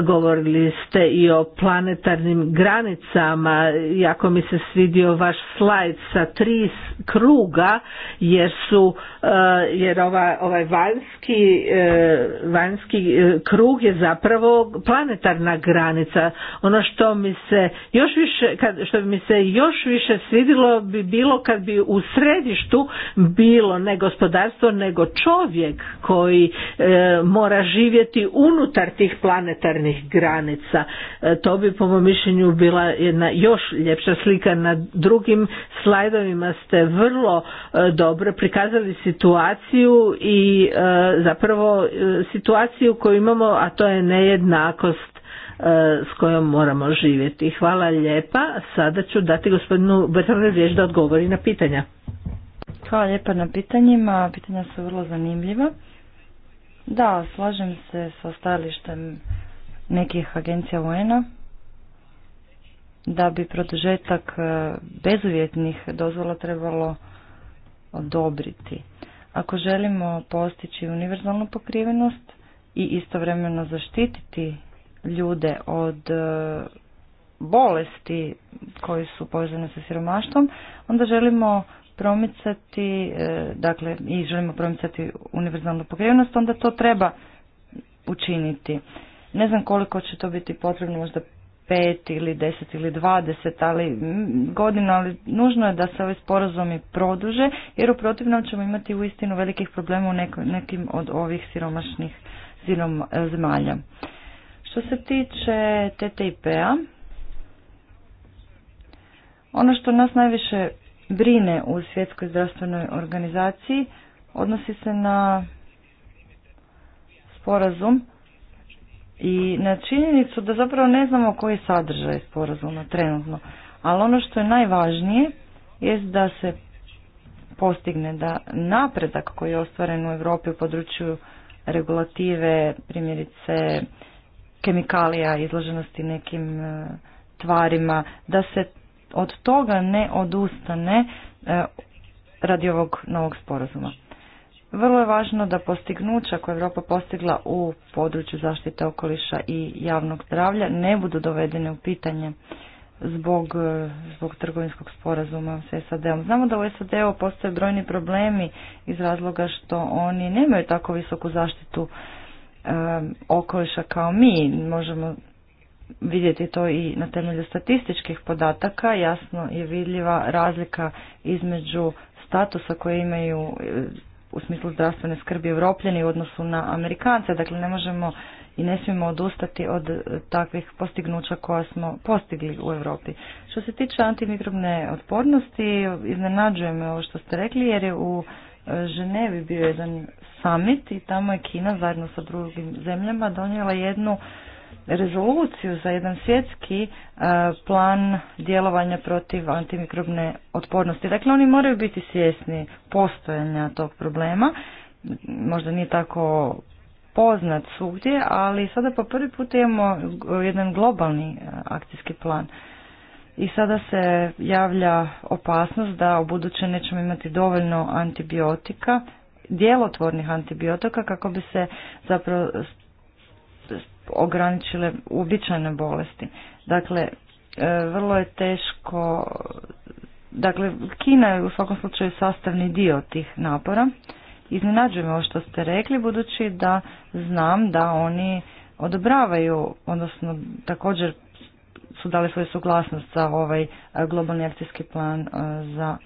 govorili ste i o planetarnim granicama, jako mi se svidio vaš slajd sa tri kruga jer su e, jer ovaj vanjski, e, vanjski e, krug je zapravo planetarna granica. Ono što mi se još više, kad, što bi mi se još više svidilo bi bilo kad bi u središtu bilo ne gospodarstvo nego čovjek koji mora živjeti unutar tih planetarnih granica. E, to bi po mom mišljenju bila jedna još ljepša slika. Na drugim slajdovima ste vrlo e, dobro prikazali situaciju i e, zapravo situaciju koju imamo, a to je nejednakost s kojom moramo živjeti. Hvala lijepa. Sada ću dati gospodinu Bertranu da odgovori na pitanja. Hvala lijepa na pitanjima. Pitanja su vrlo zanimljiva. Da, slažem se sa stajalištem nekih agencija UN-a da bi produžetak e, bezuvjetnih dozvola trebalo odobriti. Ako želimo postići univerzalnu pokrivenost i istovremeno zaštititi ljude od e, bolesti koji su povezane sa siromaštvom, onda želimo promicati, e, dakle, i želimo promicati univerzalnu pokrivenost, onda to treba učiniti. Ne znam koliko će to biti potrebno, možda pet ili deset ili dvadeset ali godina, ali nužno je da se ovi sporazumi produže jer u protivnom ćemo imati uistinu velikih problema u nekim od ovih siromašnih e, zemalja. Što se tiče TTIP-a, ono što nas najviše brine u Svjetskoj zdravstvenoj organizaciji odnosi se na sporazum i na činjenicu da zapravo ne znamo koji je sadržaj sporazuma trenutno. Ali ono što je najvažnije jest da se postigne da napredak koji je ostvaren u Europi u području regulative, primjerice kemikalija, izloženosti nekim e, tvarima, da se od toga ne odustane e, radi ovog novog sporazuma. Vrlo je važno da postignuća koja je Europa postigla u području zaštite okoliša i javnog zdravlja ne budu dovedene u pitanje zbog, e, zbog trgovinskog sporazuma s SAD-om. Znamo da u SAD-u postoje brojni problemi iz razloga što oni nemaju tako visoku zaštitu e, okoliša kao mi. Možemo vidjeti to i na temelju statističkih podataka. Jasno je vidljiva razlika između statusa koje imaju e, u smislu zdravstvene skrbi Evropljeni u odnosu na Amerikance. Dakle, ne možemo i ne smijemo odustati od e, takvih postignuća koja smo postigli u Europi. Što se tiče antimikrobne otpornosti, iznenađuje me ovo što ste rekli jer je u e, Ženevi bio jedan summit i tamo je Kina zajedno sa drugim zemljama donijela jednu rezoluciju za jedan svjetski e, plan djelovanja protiv antimikrobne otpornosti. Dakle, oni moraju biti svjesni postojanja tog problema. Možda nije tako poznat svugdje, ali sada po prvi put imamo jedan globalni e, akcijski plan. I sada se javlja opasnost da u buduće nećemo imati dovoljno antibiotika, djelotvornih antibiotika kako bi se zapravo ograničile uobičajene bolesti. Dakle, e, vrlo je teško, dakle, Kina je u svakom slučaju sastavni dio tih napora. Iznenađuje me ovo što ste rekli, budući da znam da oni odobravaju, odnosno također su dali svoju suglasnost za ovaj e, globalni akcijski plan e, za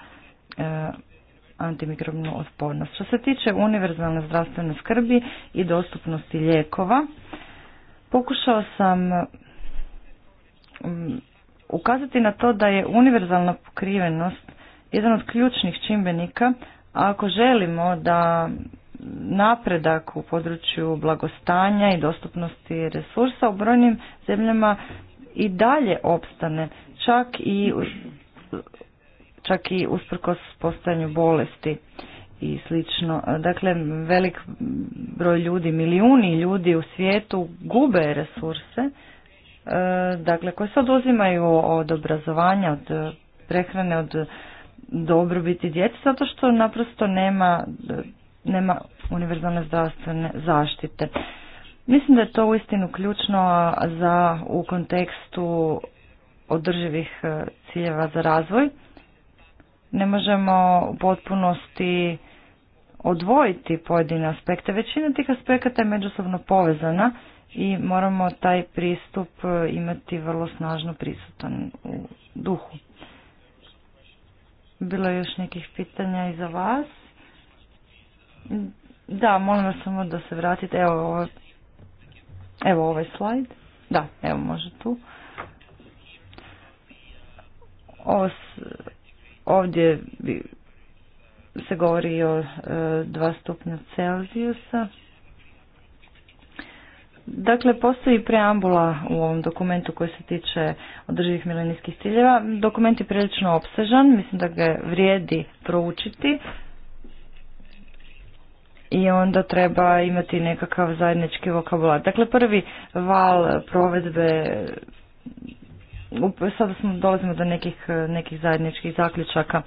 antimikrobnu otpornost. Što se tiče univerzalne zdravstvene skrbi i dostupnosti lijekova, Pokušao sam mm, ukazati na to da je univerzalna pokrivenost jedan od ključnih čimbenika ako želimo da napredak u području blagostanja i dostupnosti resursa u brojnim zemljama i dalje opstane, čak i, čak i usprkos postojanju bolesti i slično. Dakle, velik broj ljudi, milijuni ljudi u svijetu gube resurse, e, dakle, koje se oduzimaju od obrazovanja, od prehrane, od dobrobiti djece, zato što naprosto nema, nema univerzalne zdravstvene zaštite. Mislim da je to uistinu ključno za u kontekstu održivih e, ciljeva za razvoj. Ne možemo u potpunosti odvojiti pojedine aspekte. Većina tih aspekata je međusobno povezana i moramo taj pristup e, imati vrlo snažno prisutan u duhu. Bilo je još nekih pitanja i za vas. Da, molim vas samo da se vratite. Evo, evo ovaj slajd. Da, evo može tu. ovdje bi se govori o e, dva stupnja Celzijusa. Dakle, postoji preambula u ovom dokumentu koji se tiče održivih milenijskih ciljeva. Dokument je prilično opsežan, mislim da ga vrijedi proučiti i onda treba imati nekakav zajednički vokabular. Dakle, prvi val provedbe sada dolazimo do nekih, nekih zajedničkih zaključaka.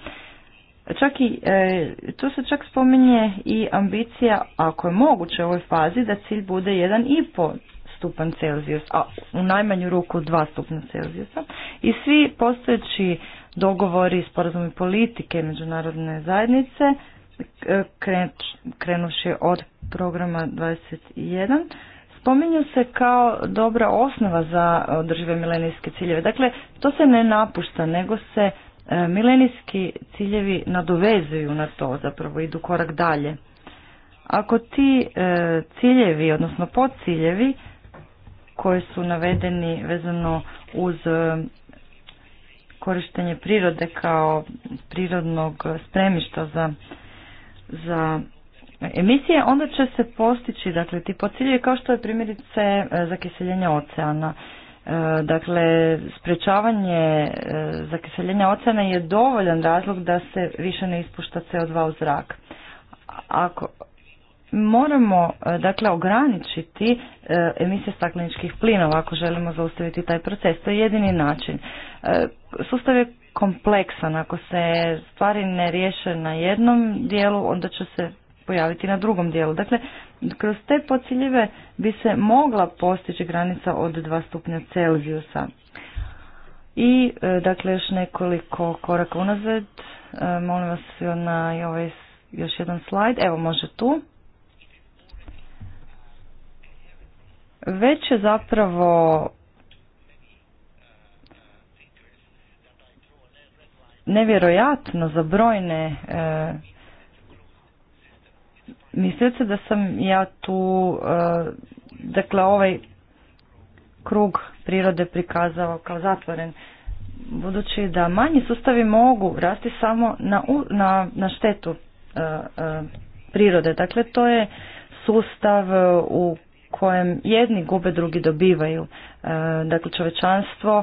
Čak i, e, tu se čak spominje i ambicija, ako je moguće u ovoj fazi, da cilj bude 1,5 stupan Celzijus, a u najmanju ruku 2 stupna Celzijusa. I svi postojeći dogovori, sporazumi politike međunarodne zajednice, e, krenuši od programa 21, spominju se kao dobra osnova za održive milenijske ciljeve. Dakle, to se ne napušta, nego se E, milenijski ciljevi nadovezuju na to, zapravo idu korak dalje. Ako ti e, ciljevi, odnosno podciljevi koji su navedeni vezano uz e, korištenje prirode kao prirodnog spremišta za, za emisije, onda će se postići dakle, ti podciljevi kao što je primjerice zakiseljenje oceana. E, dakle, sprečavanje e, zakiseljenja oceana je dovoljan razlog da se više ne ispušta CO2 u zrak. Ako moramo e, dakle ograničiti emisije stakleničkih plinova ako želimo zaustaviti taj proces, to je jedini način. Sustav je kompleksan, ako se stvari ne riješe na jednom dijelu, onda će se pojaviti na drugom dijelu. Dakle, kroz te pociljive bi se mogla postići granica od 2 stupnja Celzijusa. I, e, dakle, još nekoliko koraka unazad. E, molim vas na ovaj još jedan slajd. Evo, može tu. Već je zapravo nevjerojatno za brojne e, mislite da sam ja tu, e, dakle ovaj krug prirode prikazao kao zatvoren, budući da manji sustavi mogu rasti samo na, na, na štetu e, e, prirode. Dakle, to je sustav u kojem jedni gube, drugi dobivaju. Dakle, čovečanstvo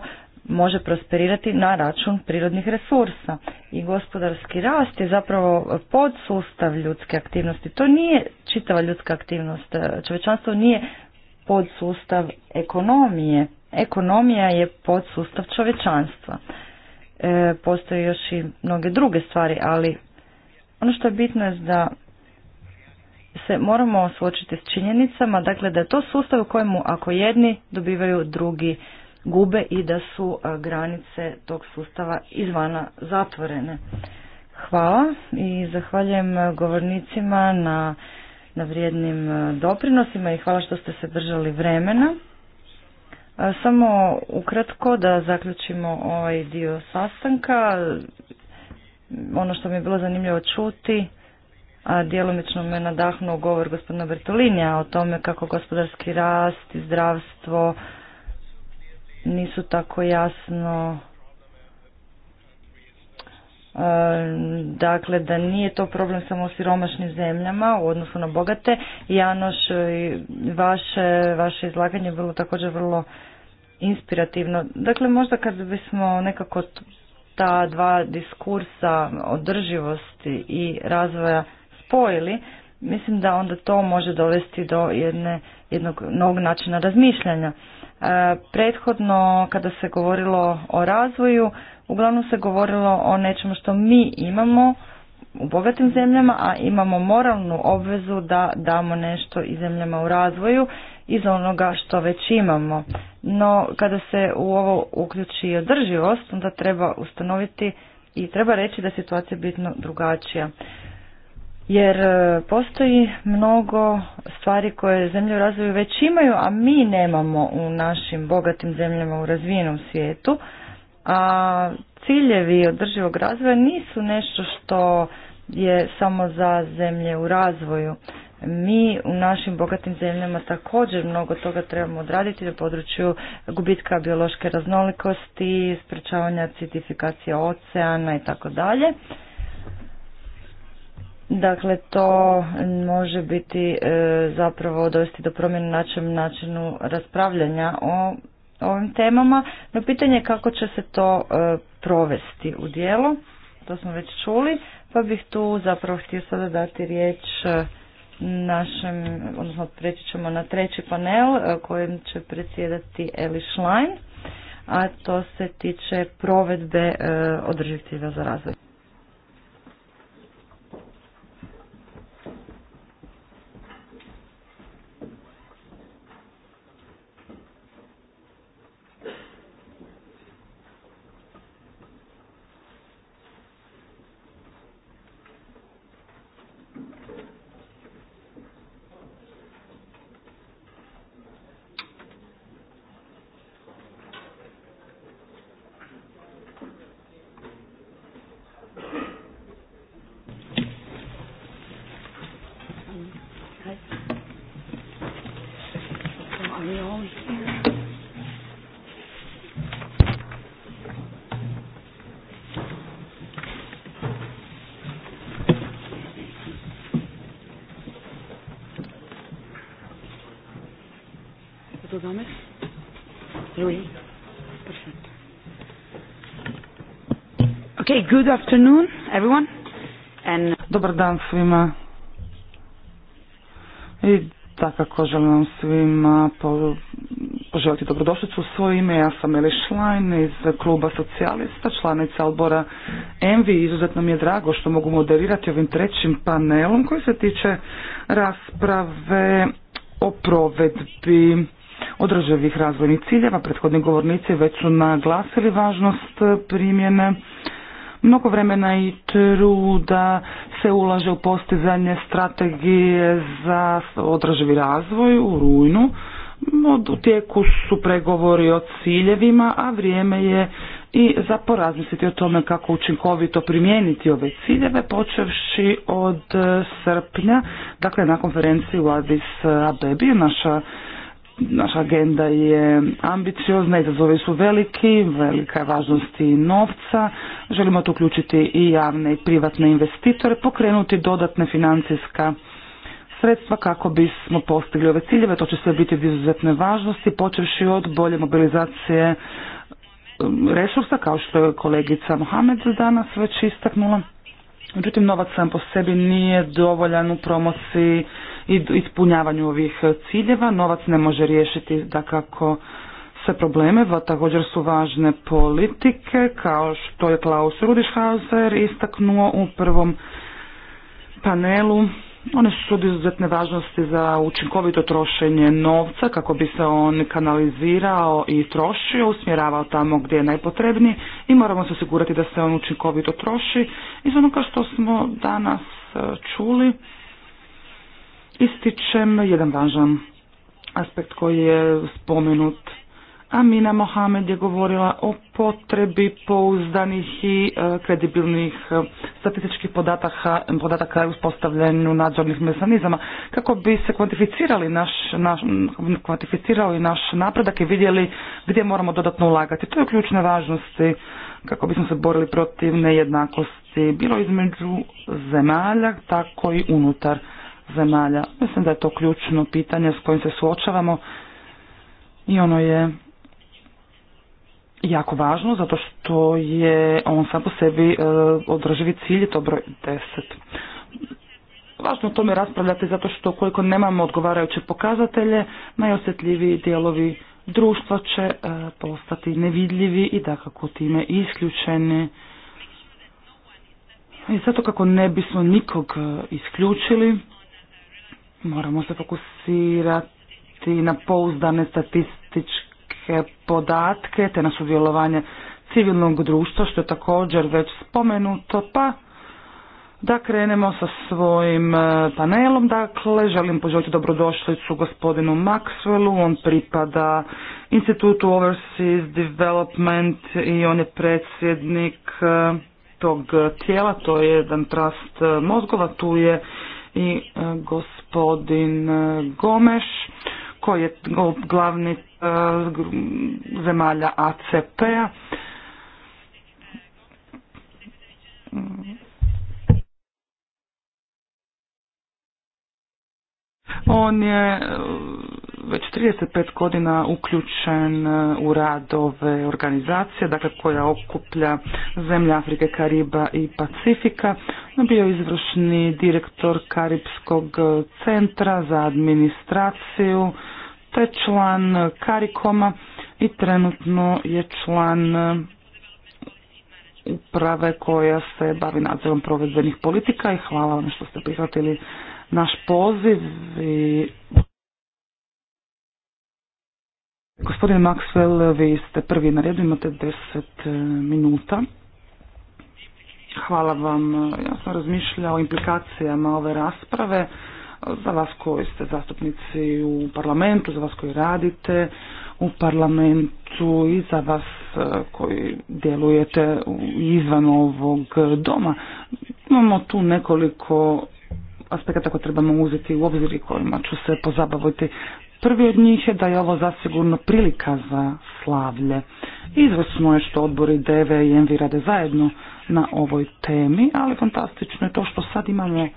može prosperirati na račun prirodnih resursa. I gospodarski rast je zapravo podsustav ljudske aktivnosti. To nije čitava ljudska aktivnost. Čovečanstvo nije podsustav ekonomije. Ekonomija je podsustav čovečanstva. E, postoje još i mnoge druge stvari, ali ono što je bitno je da se moramo suočiti s činjenicama, dakle da je to sustav u kojemu ako jedni dobivaju drugi gube i da su e, granice tog sustava izvana zatvorene. Hvala i zahvaljujem e, govornicima na, na vrijednim e, doprinosima i hvala što ste se držali vremena. Samo ukratko da zaključimo ovaj dio sastanka. Ono što mi je bilo zanimljivo čuti, a djelomično me nadahnuo govor gospodina Bertolinija o tome kako gospodarski rast i zdravstvo nisu tako jasno e, dakle da nije to problem samo u siromašnim zemljama u odnosu na bogate. Janoš, e, vaše, vaše izlaganje je bilo također vrlo inspirativno. Dakle, možda kad bismo nekako ta dva diskursa održivosti i razvoja spojili, mislim da onda to može dovesti do jedne, jednog novog načina razmišljanja. E, prethodno kada se govorilo o razvoju, uglavnom se govorilo o nečemu što mi imamo u bogatim zemljama, a imamo moralnu obvezu da damo nešto i zemljama u razvoju iz onoga što već imamo. No kada se u ovo uključi održivost, onda treba ustanoviti i treba reći da je situacija bitno drugačija jer e, postoji mnogo stvari koje zemlje u razvoju već imaju, a mi nemamo u našim bogatim zemljama u razvijenom svijetu, a ciljevi održivog razvoja nisu nešto što je samo za zemlje u razvoju. Mi u našim bogatim zemljama također mnogo toga trebamo odraditi u području gubitka biološke raznolikosti, sprečavanja acidifikacije oceana i tako dalje. Dakle, to može biti e, zapravo dovesti do promjene načem načinu raspravljanja o ovim temama, no pitanje je kako će se to e, provesti u djelo, to smo već čuli, pa bih tu zapravo htio sada dati riječ e, našem, odnosno preći ćemo na treći panel kojem će predsjedati Eli Schlein, a to se tiče provedbe e, za razvoj. Good afternoon, everyone. And... Dobar dan svima. I takako želim vam svima po, poželiti dobrodošlicu u svoje ime. Ja sam Eli iz kluba socijalista, članica odbora Envi. Izuzetno mi je drago što mogu moderirati ovim trećim panelom koji se tiče rasprave o provedbi održivih razvojnih ciljeva. Prethodni govornici već su naglasili važnost primjene Mnogo vremena i truda se ulaže u postizanje strategije za održivi razvoj u rujnu. U tijeku su pregovori o ciljevima, a vrijeme je i za porazmisliti o tome kako učinkovito primijeniti ove ciljeve, počevši od srpnja, dakle na konferenciji u Addis Abebi, naša naša agenda je ambiciozna, izazove su veliki, velika je važnost i novca. Želimo tu uključiti i javne i privatne investitore, pokrenuti dodatne financijska sredstva kako bismo postigli ove ciljeve. To će sve biti od izuzetne važnosti, počevši od bolje mobilizacije um, resursa, kao što je kolegica Mohamed danas već istaknula. Međutim, novac sam po sebi nije dovoljan u promociji i ispunjavanju ovih ciljeva. Novac ne može riješiti da kako sve probleme, također su važne politike, kao što je Klaus Rudishauser istaknuo u prvom panelu. One su od izuzetne važnosti za učinkovito trošenje novca kako bi se on kanalizirao i trošio, usmjeravao tamo gdje je najpotrebni i moramo se osigurati da se on učinkovito troši. Iz onoga što smo danas e, čuli, ističem jedan važan aspekt koji je spomenut Amina Mohamed je govorila o potrebi pouzdanih i e, kredibilnih e, statističkih podataka, podataka i uspostavljanju nadzornih mehanizama kako bi se kvantificirali naš, kvantificirali naš napredak i vidjeli gdje moramo dodatno ulagati. To je ključne važnosti kako bismo se borili protiv nejednakosti bilo između zemalja tako i unutar zemalja. Mislim da je to ključno pitanje s kojim se suočavamo i ono je jako važno zato što je on sam po sebi e, održivi cilj, to broj 10. Važno o tome raspravljati zato što koliko nemamo odgovarajuće pokazatelje, najosjetljiviji dijelovi društva će e, postati nevidljivi i dakako time isključeni. I zato kako ne bismo nikog e, isključili, moramo se fokusirati na pouzdane statističke podatke te na sudjelovanje civilnog društva što je također već spomenuto pa da krenemo sa svojim e, panelom. Dakle, želim poželjiti dobrodošlicu gospodinu Maxwellu. On pripada Institutu Overseas Development i on je predsjednik e, tog tijela. To je jedan trust e, mozgova. Tu je i gospodin Gomeš koji je glavni e, zemalja ACP-a. On je e, već 35 godina uključen e, u rad ove organizacije, dakle koja okuplja zemlje Afrike, Kariba i Pacifika. Bio je izvršni direktor Karibskog centra za administraciju, te član Karikoma i trenutno je član e, uprave koja se bavi nadzorom provedbenih politika i hvala vam što ste prihvatili naš poziv i Gospodine Maxwell, vi ste prvi na redu, imate deset e, minuta. Hvala vam. Ja sam razmišljao o implikacijama ove rasprave za vas koji ste zastupnici u parlamentu, za vas koji radite u parlamentu i za vas e, koji djelujete izvan ovog doma. Imamo tu nekoliko aspekata koje trebamo uzeti u obzir i kojima ću se pozabaviti. Prvi od njih je da je ovo zasigurno prilika za slavlje. Izvrsno je što odbori DV i Envi rade zajedno na ovoj temi, ali fantastično je to što sad imamo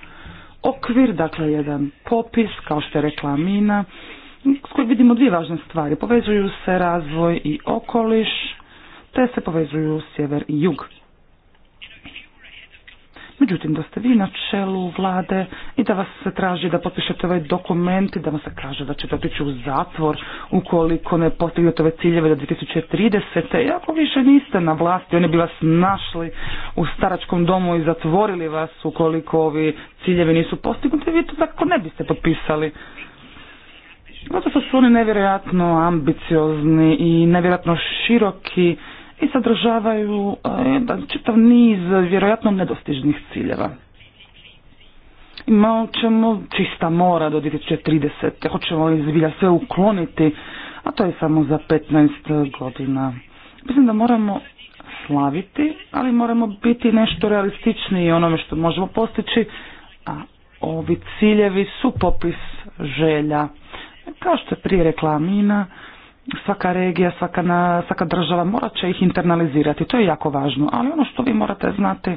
okvir, dakle jedan popis, kao što je rekla Amina, s kojim vidimo dvije važne stvari. Povezuju se razvoj i okoliš, te se povezuju sjever i jug. Međutim, da ste vi na čelu vlade i da vas se traži da potpišete ovaj dokument i da vam se kaže da ćete otići u zatvor ukoliko ne postignete ove ciljeve do 2030. I ako više niste na vlasti, oni bi vas našli u staračkom domu i zatvorili vas ukoliko ovi ciljevi nisu postignuti, vi to tako ne biste potpisali. Zato su oni nevjerojatno ambiciozni i nevjerojatno široki i sadržavaju jedan čitav niz vjerojatno nedostižnih ciljeva. Imao ćemo čista mora do 2030. Hoćemo li zbilja sve ukloniti, a to je samo za 15 godina. Mislim da moramo slaviti, ali moramo biti nešto realističniji onome što možemo postići, a ovi ciljevi su popis želja. Kao što je prije reklamina svaka regija, svaka, na, svaka država morat će ih internalizirati. To je jako važno. Ali ono što vi morate znati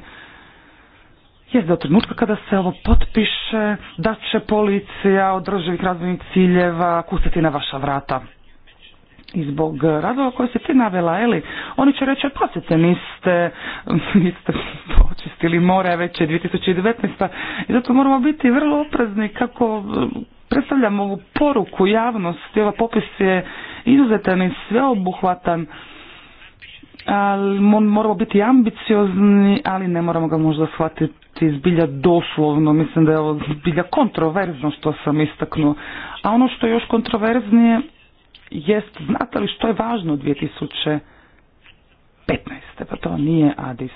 je da trenutka kada se ovo potpiše, da će policija održivih razvojnih ciljeva kustiti na vaša vrata. I zbog razloga koje se ti navela, Eli, oni će reći, e, pasite, niste, niste počistili more, već je 2019. I zato moramo biti vrlo oprezni kako predstavljamo ovu poruku javnosti. Ova popis je izuzetan i sveobuhvatan, moramo biti ambiciozni, ali ne moramo ga možda shvatiti zbilja doslovno. Mislim da je ovo zbilja kontroverzno što sam istaknuo. A ono što je još kontroverznije jest, znate li što je važno 2015. Pa to nije Adis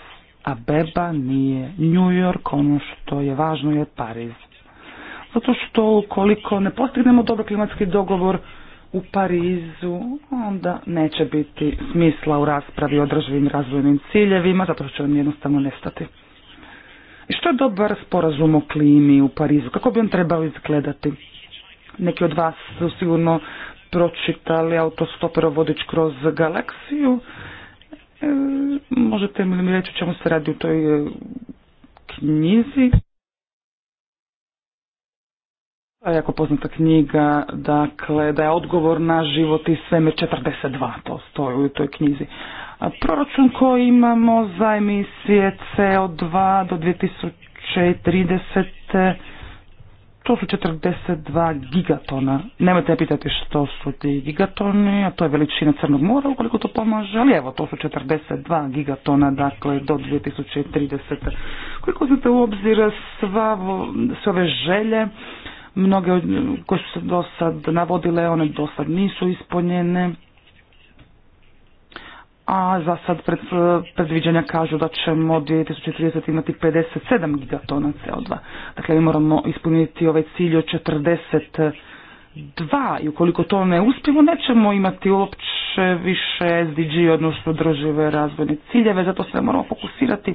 Beba nije New York, ono što je važno je Pariz. Zato što koliko ne postignemo dobro klimatski dogovor, u Parizu, onda neće biti smisla u raspravi o održivim razvojnim ciljevima, zato što će on jednostavno nestati. I što je dobar sporazum o klimi u Parizu? Kako bi on trebao izgledati? Neki od vas su sigurno pročitali autostopero vodič kroz galaksiju. E, možete mi reći o čemu se radi u toj e, knjizi? jako poznata knjiga, dakle, da je odgovor na život i sveme 42, to stoji u toj knjizi. proračun koji imamo za emisije CO2 do 2030, to su 42 gigatona. Nemojte pitati što su ti gigatoni, a to je veličina Crnog mora, ukoliko to pomaže, ali evo, to su 42 gigatona, dakle, do 2030. Koliko uzmete u obzir sva, sve ove želje, Mnoge koje su se do sad navodile, one do sad nisu ispunjene. A za sad pred, predviđanja kažu da ćemo 2030 imati 57 gigatona CO2. Dakle, mi moramo ispuniti ovaj cilj od 40 dva i ukoliko to ne uspijemo nećemo imati uopće više SDG odnosno održive razvojne ciljeve zato se moramo fokusirati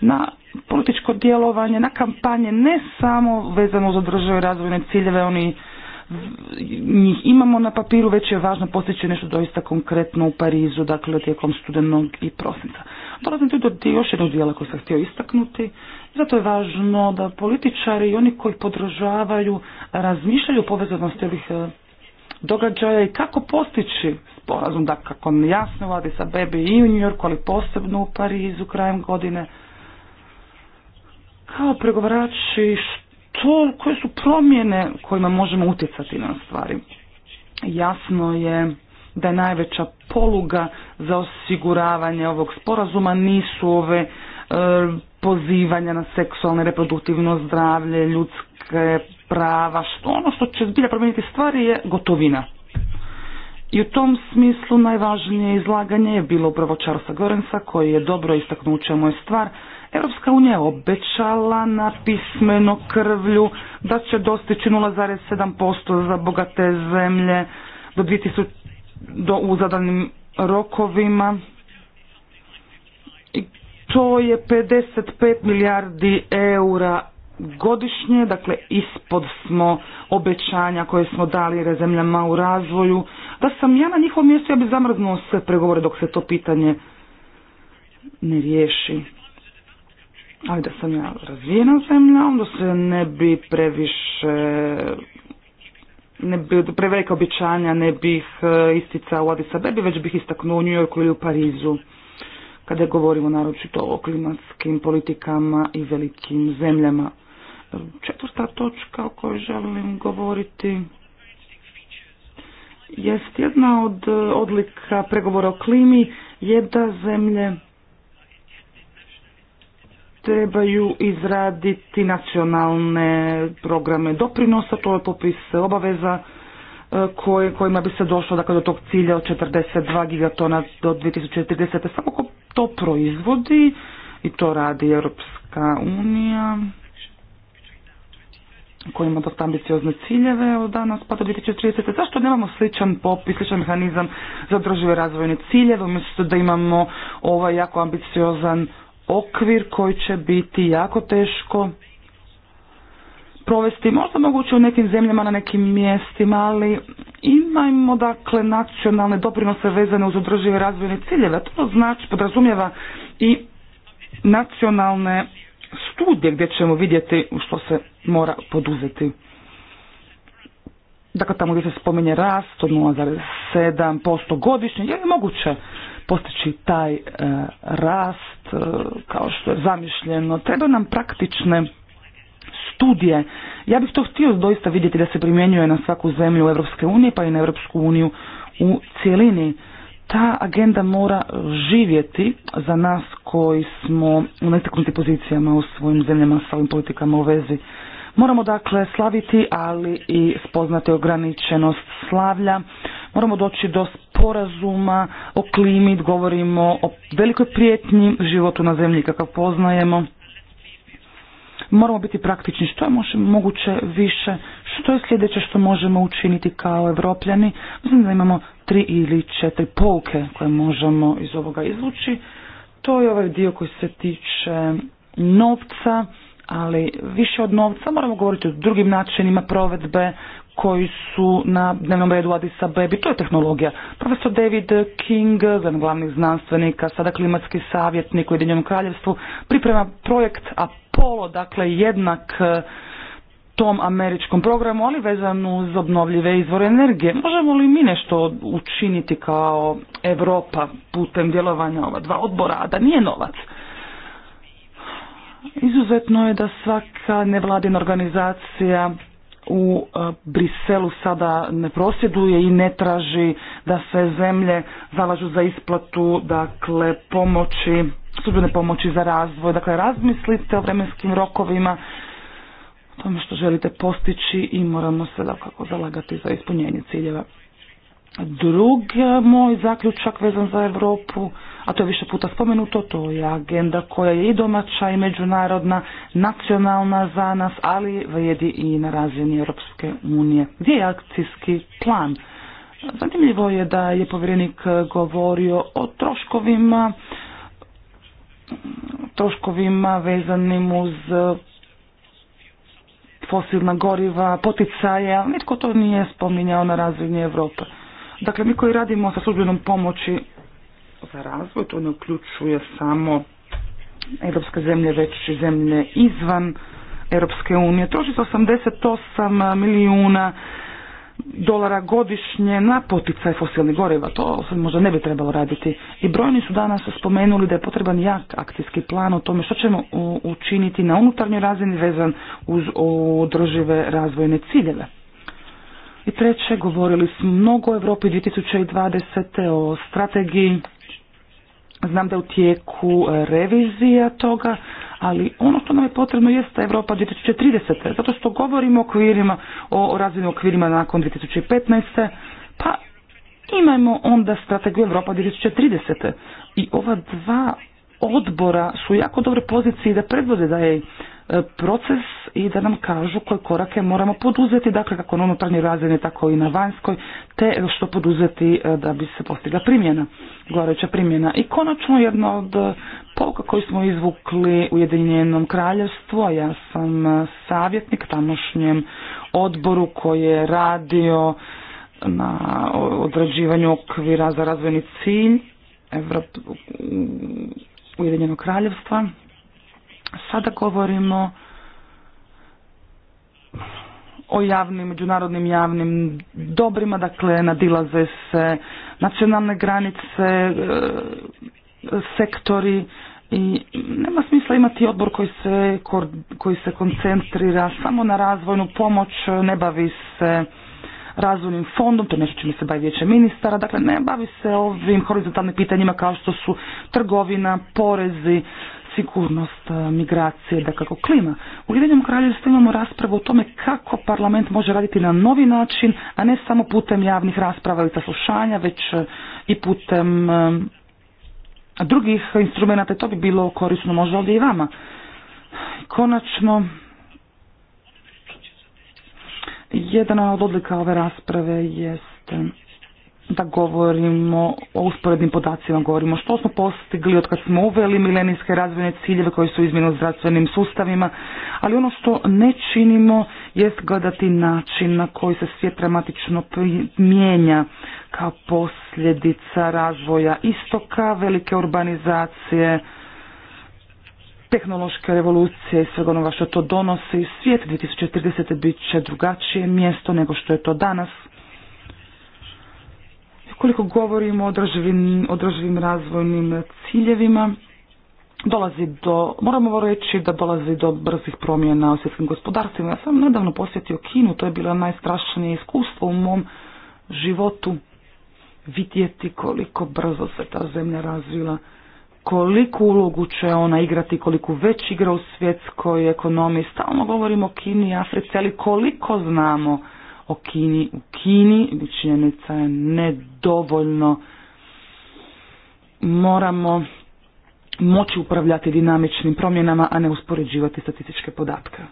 na političko djelovanje, na kampanje ne samo vezano za održive razvojne ciljeve oni njih imamo na papiru, već je važno postići nešto doista konkretno u Parizu, dakle tijekom studenog i prosinca. Dolazim tu do još jednog dijela koji sam htio istaknuti. Zato je važno da političari i oni koji podržavaju razmišljaju o povezanosti ovih e, događaja i kako postići sporazum, da kako jasno vladi sa Bebe i u New ali posebno u Parizu krajem godine. Kao pregovarači to koje su promjene kojima možemo utjecati na stvari. Jasno je da je najveća poluga za osiguravanje ovog sporazuma nisu ove e, pozivanja na seksualne, reproduktivno zdravlje, ljudske prava, što ono što će zbilja promijeniti stvari je gotovina. I u tom smislu najvažnije izlaganje je bilo upravo Charlesa Gorensa koji je dobro istaknuo u čemu je stvar, Europska unija je obećala na pismeno krvlju da će dostići 0,7% za bogate zemlje do 2000, do, u zadanim rokovima. I to je 55 milijardi eura godišnje, dakle ispod smo obećanja koje smo dali zemljama u razvoju. Da sam ja na njihovom mjestu, ja bi zamrznuo sve pregovore dok se to pitanje ne riješi ali da sam ja razvijena zemlja, onda se ne bi previše ne bi, prevelika običanja ne bih e, isticao u Addis bi već bih istaknuo u New Yorku ili u Parizu kada govorimo naročito o klimatskim politikama i velikim zemljama. Četvrta točka o kojoj želim govoriti jest jedna od odlika pregovora o klimi je da zemlje trebaju izraditi nacionalne programe doprinosa, to je popis obaveza e, koje, kojima bi se došlo dakle, do tog cilja od 42 gigatona do 2030. Samo ko to proizvodi i to radi Europska unija koji ima dosta ambiciozne ciljeve od danas pa do 2030. Zašto nemamo sličan popis, sličan mehanizam za održive razvojne ciljeve, umjesto da imamo ovaj jako ambiciozan okvir koji će biti jako teško provesti, možda moguće u nekim zemljama, na nekim mjestima, ali imajmo dakle nacionalne doprinose vezane uz održive razvojne ciljeve. To znači, podrazumijeva i nacionalne studije gdje ćemo vidjeti što se mora poduzeti. Dakle, tamo gdje se spominje rast od 0,7% godišnje, je li moguće postići taj e, rast e, kao što je zamišljeno. Treba nam praktične studije. Ja bih to htio doista vidjeti da se primjenjuje na svaku zemlju Evropske unije pa i na Europsku uniju u cjelini. Ta agenda mora živjeti za nas koji smo u netaknutim pozicijama u svojim zemljama sa svojim politikama u vezi. Moramo dakle slaviti, ali i spoznati ograničenost slavlja moramo doći do sporazuma o klimi, govorimo o velikoj prijetnji životu na zemlji kakav poznajemo. Moramo biti praktični što je moguće više, što je sljedeće što možemo učiniti kao evropljani. Mislim da imamo tri ili četiri pouke koje možemo iz ovoga izvući. To je ovaj dio koji se tiče novca, ali više od novca moramo govoriti o drugim načinima provedbe koji su na dnevnom redu Adisa Bebi, to je tehnologija. Profesor David King, jedan glavnih znanstvenika, sada klimatski savjetnik u Ujedinjenom kraljevstvu, priprema projekt Apollo, dakle jednak eh, tom američkom programu, ali vezan uz obnovljive izvore energije. Možemo li mi nešto učiniti kao Europa putem djelovanja ova dva odbora, a da nije novac? Izuzetno je da svaka nevladina organizacija u e, Briselu sada ne prosjeduje i ne traži da se zemlje zalažu za isplatu, dakle pomoći, službene pomoći za razvoj. Dakle, razmislite o vremenskim rokovima, o tome što želite postići i moramo se dakako zalagati za ispunjenje ciljeva. Drugi moj zaključak vezan za Europu a to je više puta spomenuto, to je agenda koja je i domaća i međunarodna, nacionalna za nas, ali vrijedi i na razini Europske unije. Gdje je akcijski plan? Zanimljivo je da je povjerenik govorio o troškovima, troškovima vezanim uz fosilna goriva, poticaja, nitko to nije spominjao na razini Europe. Dakle, mi koji radimo sa službenom pomoći za razvoj, to ne uključuje samo europske zemlje, već i zemlje izvan Europske unije. Troši se 88 milijuna dolara godišnje na poticaj fosilnih goriva. To se možda ne bi trebalo raditi. I brojni su danas spomenuli da je potreban jak akcijski plan o tome što ćemo učiniti na unutarnjoj razini vezan uz održive razvojne ciljeve. I treće, govorili smo mnogo o Europi 2020. o strategiji Znam da je u tijeku e, revizija toga, ali ono što nam je potrebno jeste Europa 2030. Zato što govorimo o okvirima, o, razvijenim okvirima nakon 2015. Pa imajmo onda strategiju Europa 2030. I ova dva odbora su jako dobre pozicije da predvode da je E, proces i da nam kažu koje korake moramo poduzeti, dakle kako na unutarnjoj tako i na vanjskoj, te što poduzeti e, da bi se postigla primjena, govoreća primjena. I konačno jedna od e, polka koju smo izvukli u Jedinjenom kraljevstvu, a ja sam savjetnik tamošnjem odboru koji je radio na odrađivanju okvira za razvojni cilj Ujedinjenog kraljevstva, Sada govorimo o javnim, međunarodnim javnim dobrima, dakle nadilaze se nacionalne granice, e, sektori i nema smisla imati odbor koji se, koji se koncentrira samo na razvojnu pomoć, ne bavi se razvojnim fondom, to je nešto čime se bavi vijeće ministara, dakle ne bavi se ovim horizontalnim pitanjima kao što su trgovina, porezi, sigurnost e, migracije, da kako klima. U Ujedinjenom kraljevstvu imamo raspravu o tome kako parlament može raditi na novi način, a ne samo putem javnih rasprava i saslušanja, već e, i putem e, drugih instrumenata. To bi bilo korisno možda ovdje i vama. Konačno, jedna od odlika ove rasprave jest da govorimo o usporednim podacima, govorimo što smo postigli od kad smo uveli milenijske razvojne ciljeve koji su izmjene u zdravstvenim sustavima, ali ono što ne činimo jest gledati način na koji se svijet dramatično mijenja kao posljedica razvoja istoka, velike urbanizacije, tehnološke revolucije i svega onoga što to donosi. Svijet 2030. bit će drugačije mjesto nego što je to danas. Koliko govorimo o održivim, održivim razvojnim ciljevima, dolazi do, moramo reći da dolazi do brzih promjena u svjetskim gospodarstvima. Ja sam nedavno posjetio Kinu, to je bilo najstrašnije iskustvo u mom životu vidjeti koliko brzo se ta zemlja razvila, koliku ulogu će ona igrati, koliku već igra u svjetskoj ekonomiji. Stalno govorimo o Kini i Africi, ali koliko znamo o Kini u Kini. Činjenica je nedovoljno. Moramo moći upravljati dinamičnim promjenama, a ne uspoređivati statističke podatke.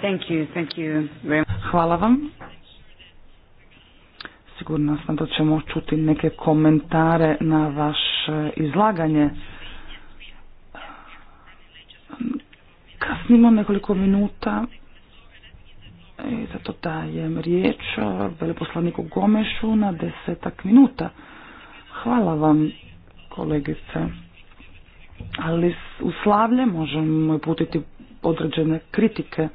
Thank you, thank you Hvala vam. Sigurno sam da ćemo čuti neke komentare na vaše izlaganje. Kasnimo nekoliko minuta i zato dajem riječ veleposlaniku Gomešu na desetak minuta. Hvala vam kolegice. Ali u slavlje možemo putiti određene kritike.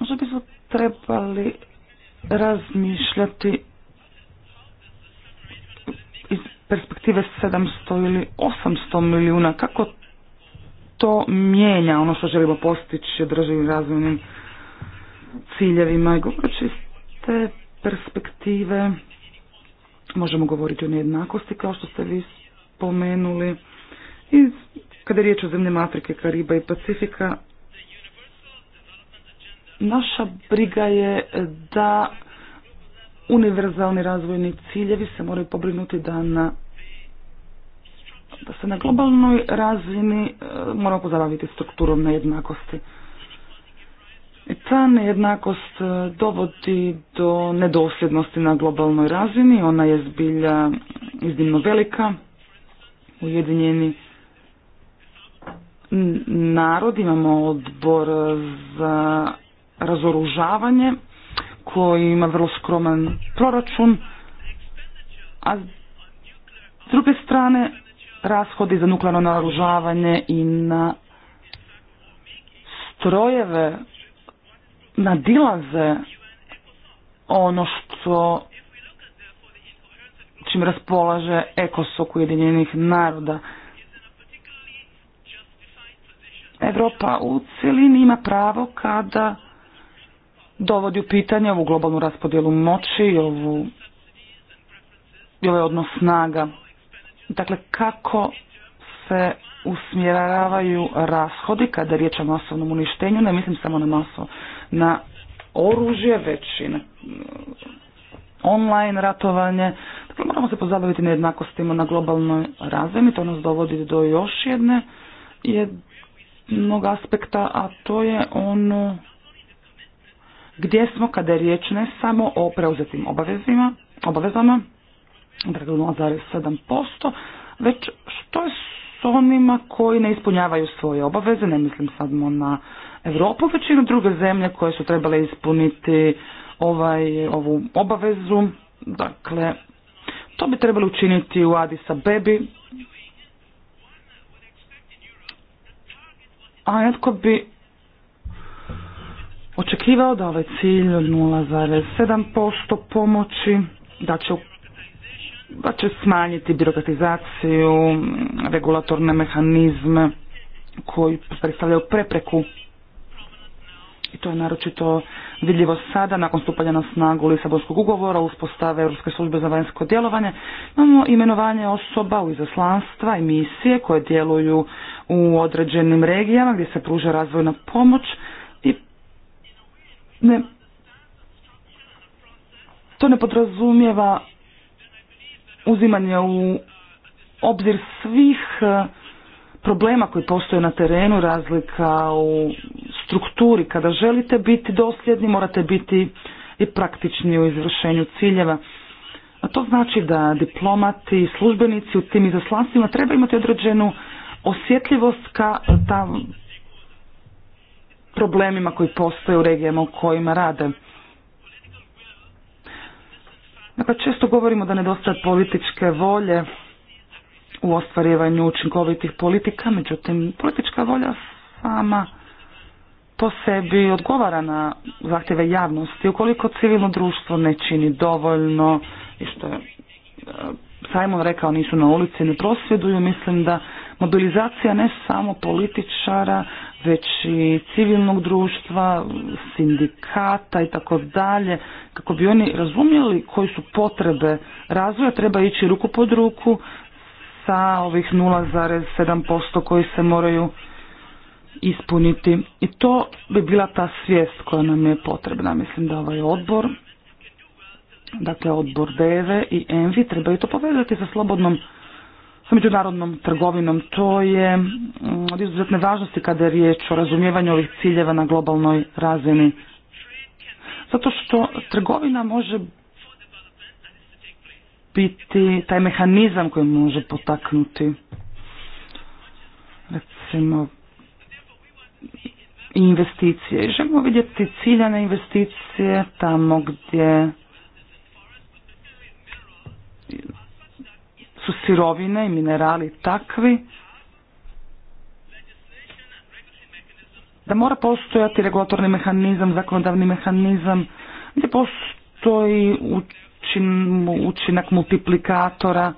Možda bi trebali razmišljati perspektive 700 ili 800 milijuna, kako to mijenja ono što želimo postići državnim razvojnim ciljevima i govoreći te perspektive možemo govoriti o nejednakosti kao što ste vi spomenuli i kada je riječ o zemljama Afrike, Kariba i Pacifika naša briga je da univerzalni razvojni ciljevi se moraju pobrinuti da na da se na globalnoj razini e, moramo pozabaviti strukturom nejednakosti. I ta nejednakost e, dovodi do nedosljednosti na globalnoj razini, ona je zbilja iznimno velika, ujedinjeni narod, imamo odbor za razoružavanje, koji ima vrlo skroman proračun, a s druge strane rashodi za nuklearno naružavanje i na strojeve nadilaze ono što čim raspolaže ekosok Ujedinjenih naroda. Europa u cijelini ima pravo kada dovodi u pitanje ovu globalnu raspodjelu moći i ovu ovaj odnos snaga. Dakle, kako se usmjeravaju rashodi kada je riječ o masovnom uništenju, ne mislim samo na maso, na oružje, već i na uh, online ratovanje. Dakle, moramo se pozabaviti na jednakostima na globalnoj razini, to nas dovodi do još jedne jednog aspekta, a to je ono gdje smo kada je riječ ne samo o preuzetim obavezama, dakle 0,7%, već što je s onima koji ne ispunjavaju svoje obaveze, ne mislim samo na Europu, već i na druge zemlje koje su trebale ispuniti ovaj, ovu obavezu. Dakle, to bi trebalo učiniti u Adisa Bebi. A netko bi očekivao da ovaj cilj od 0,7% pomoći, da će, da će smanjiti birokratizaciju, regulatorne mehanizme koji predstavljaju prepreku i to je naročito vidljivo sada nakon stupanja na snagu Lisabonskog ugovora, uspostave Europske službe za vanjsko djelovanje, imamo imenovanje osoba u izaslanstva i misije koje djeluju u određenim regijama gdje se pruža razvojna pomoć, ne, to ne podrazumijeva uzimanje u obzir svih e, problema koji postoje na terenu, razlika u strukturi. Kada želite biti dosljedni, morate biti i praktični u izvršenju ciljeva. A to znači da diplomati, i službenici u tim izaslanstvima treba imati određenu osjetljivost ka ta problemima koji postoje u regijama u kojima rade. Dakle, često govorimo da nedostaje političke volje u ostvarivanju učinkovitih politika, međutim, politička volja sama po sebi odgovara na zahtjeve javnosti. Ukoliko civilno društvo ne čini dovoljno i je e, Simon rekao nisu na ulici, ne prosvjeduju. Mislim da mobilizacija ne samo političara, već i civilnog društva, sindikata i tako dalje. Kako bi oni razumjeli koji su potrebe razvoja, treba ići ruku pod ruku sa ovih 0,7% koji se moraju ispuniti. I to bi bila ta svijest koja nam je potrebna. Mislim da ovaj odbor Dakle, od Bordeve i ENVI trebaju to povezati sa slobodnom sa međunarodnom trgovinom. To je mm, od izuzetne važnosti kada je riječ o razumijevanju ovih ciljeva na globalnoj razini. Zato što trgovina može biti taj mehanizam koji može potaknuti recimo investicije. Želimo vidjeti ciljane investicije tamo gdje su sirovine i minerali takvi da mora postojati regulatorni mehanizam, zakonodavni mehanizam, gdje postoji učinak multiplikatora.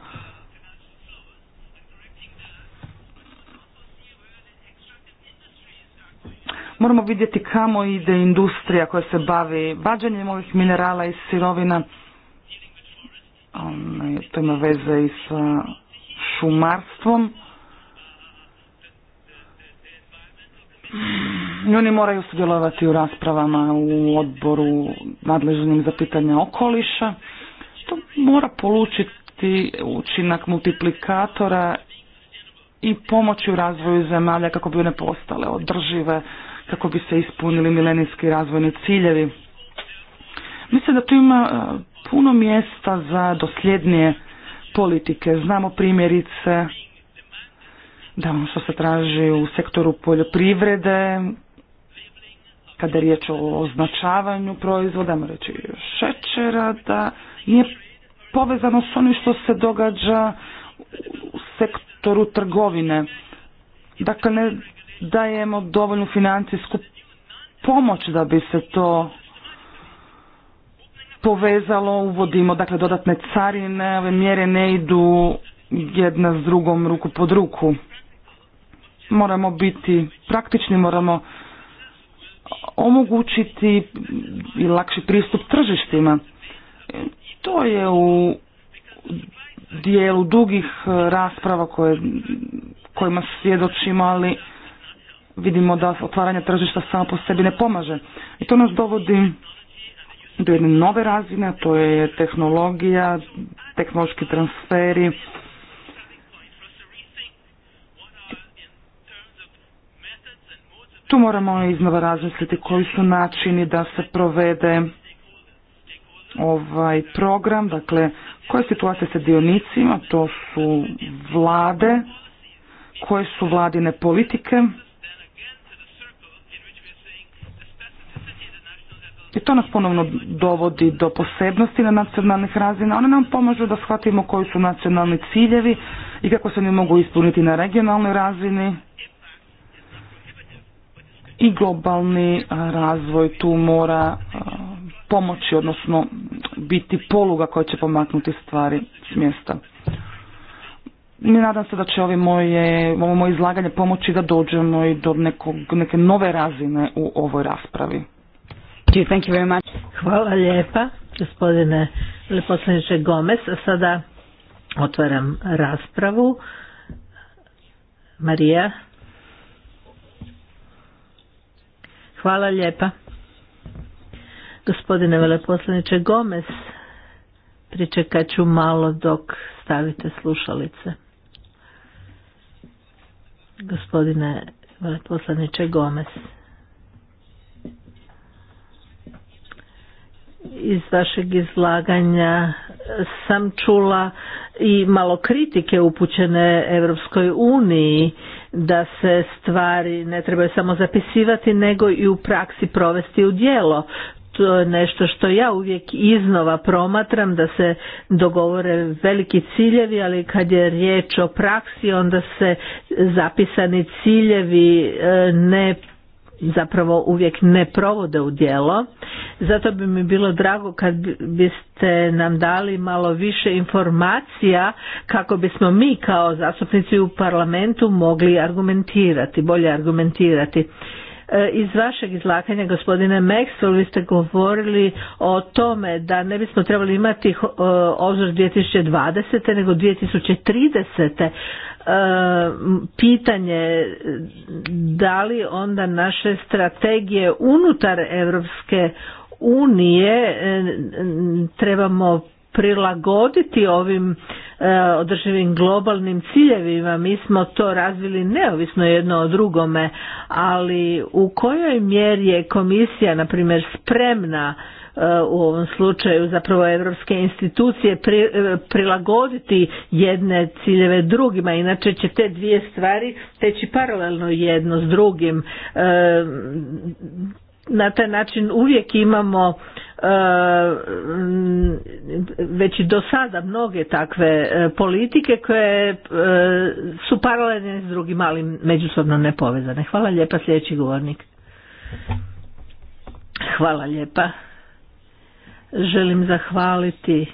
Moramo vidjeti kamo ide industrija koja se bavi vađanjem ovih minerala i sirovina to ima veze i sa šumarstvom. I mm, oni moraju sudjelovati u raspravama u odboru nadležnim za pitanje okoliša. To mora polučiti učinak multiplikatora i pomoći u razvoju zemalja kako bi one postale održive, kako bi se ispunili milenijski razvojni ciljevi. Mislim da tu ima puno mjesta za dosljednije politike. Znamo primjerice da ono što se traži u sektoru poljoprivrede, kada je riječ o označavanju proizvoda, reći šećera, da nije povezano s onim što se događa u sektoru trgovine. Dakle, ne dajemo dovoljnu financijsku pomoć da bi se to povezalo, uvodimo dakle dodatne carine, ove mjere ne idu jedna s drugom ruku pod ruku. Moramo biti praktični, moramo omogućiti i lakši pristup tržištima. To je u dijelu dugih e, rasprava koje, kojima svjedočimo, ali vidimo da otvaranje tržišta samo po sebi ne pomaže. I to nas dovodi do jedne nove razine, a to je tehnologija, tehnološki transferi. Tu moramo iznova razmisliti koji su načini da se provede ovaj program, dakle koja je situacija sa dionicima, to su vlade, koje su vladine politike, I to nas ponovno dovodi do posebnosti na nacionalnih razina. One nam pomažu da shvatimo koji su nacionalni ciljevi i kako se oni mogu ispuniti na regionalnoj razini. I globalni razvoj tu mora pomoći, odnosno biti poluga koja će pomaknuti stvari s mjesta. nadam se da će moje, ovo moje izlaganje pomoći da dođemo i do nekog, neke nove razine u ovoj raspravi. Thank Hvala lijepa, gospodine veleposlaniče Gomez. A sada otvaram raspravu. Marija. Hvala lijepa. Gospodine veleposlaniče Gomez, pričekat ću malo dok stavite slušalice. Gospodine veleposlaniče Gomez. iz vašeg izlaganja sam čula i malo kritike upućene Europskoj uniji da se stvari ne trebaju samo zapisivati nego i u praksi provesti u djelo. To je nešto što ja uvijek iznova promatram da se dogovore veliki ciljevi, ali kad je riječ o praksi onda se zapisani ciljevi e, ne zapravo uvijek ne provode u djelo. Zato bi mi bilo drago kad biste nam dali malo više informacija kako bismo mi kao zastupnici u parlamentu mogli argumentirati, bolje argumentirati. E, iz vašeg izlakanja, gospodine Maxwell, vi ste govorili o tome da ne bismo trebali imati e, obzor 2020. nego 2030 pitanje da li onda naše strategije unutar Europske unije e, trebamo prilagoditi ovim e, održivim globalnim ciljevima. Mi smo to razvili neovisno jedno o drugome, ali u kojoj mjeri je komisija, na primjer, spremna u ovom slučaju zapravo europske institucije e, prilagoditi jedne ciljeve drugima inače će te dvije stvari teći paralelno jedno s drugim e, na taj način uvijek imamo e, već i do sada mnoge takve politike koje su paralelne s drugim ali međusobno nepovezane. Hvala lijepa sljedeći govornik. Hvala lijepa. Želim zahvaliti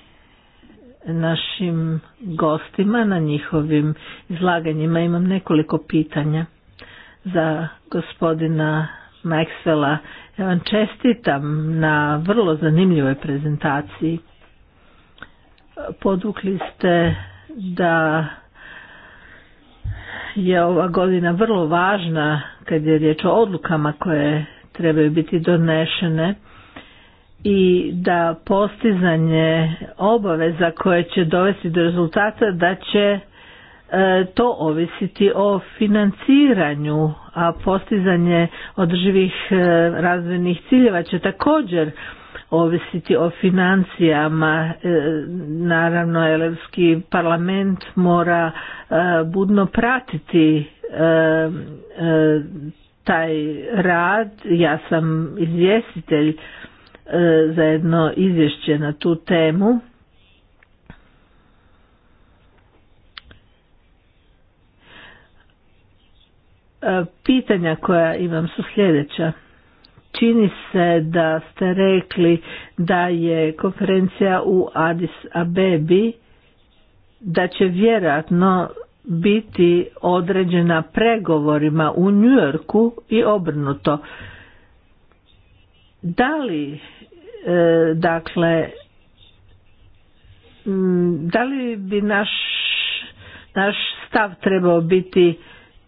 našim gostima na njihovim izlaganjima. Imam nekoliko pitanja za gospodina Maxwella. Ja vam čestitam na vrlo zanimljivoj prezentaciji. Podvukli ste da je ova godina vrlo važna kad je riječ o odlukama koje trebaju biti donešene i da postizanje obaveza koje će dovesti do rezultata da će e, to ovisiti o financiranju, a postizanje održivih e, razvojnih ciljeva će također ovisiti o financijama. E, naravno, Europski parlament mora budno pratiti taj rad. Ja sam izvjestitelj E, za jedno izvješće na tu temu. E, pitanja koja imam su sljedeća. Čini se da ste rekli da je konferencija u Addis Abebi da će vjerojatno biti određena pregovorima u Yorku i obrnuto. Da li, e, dakle, da li bi naš, naš stav trebao biti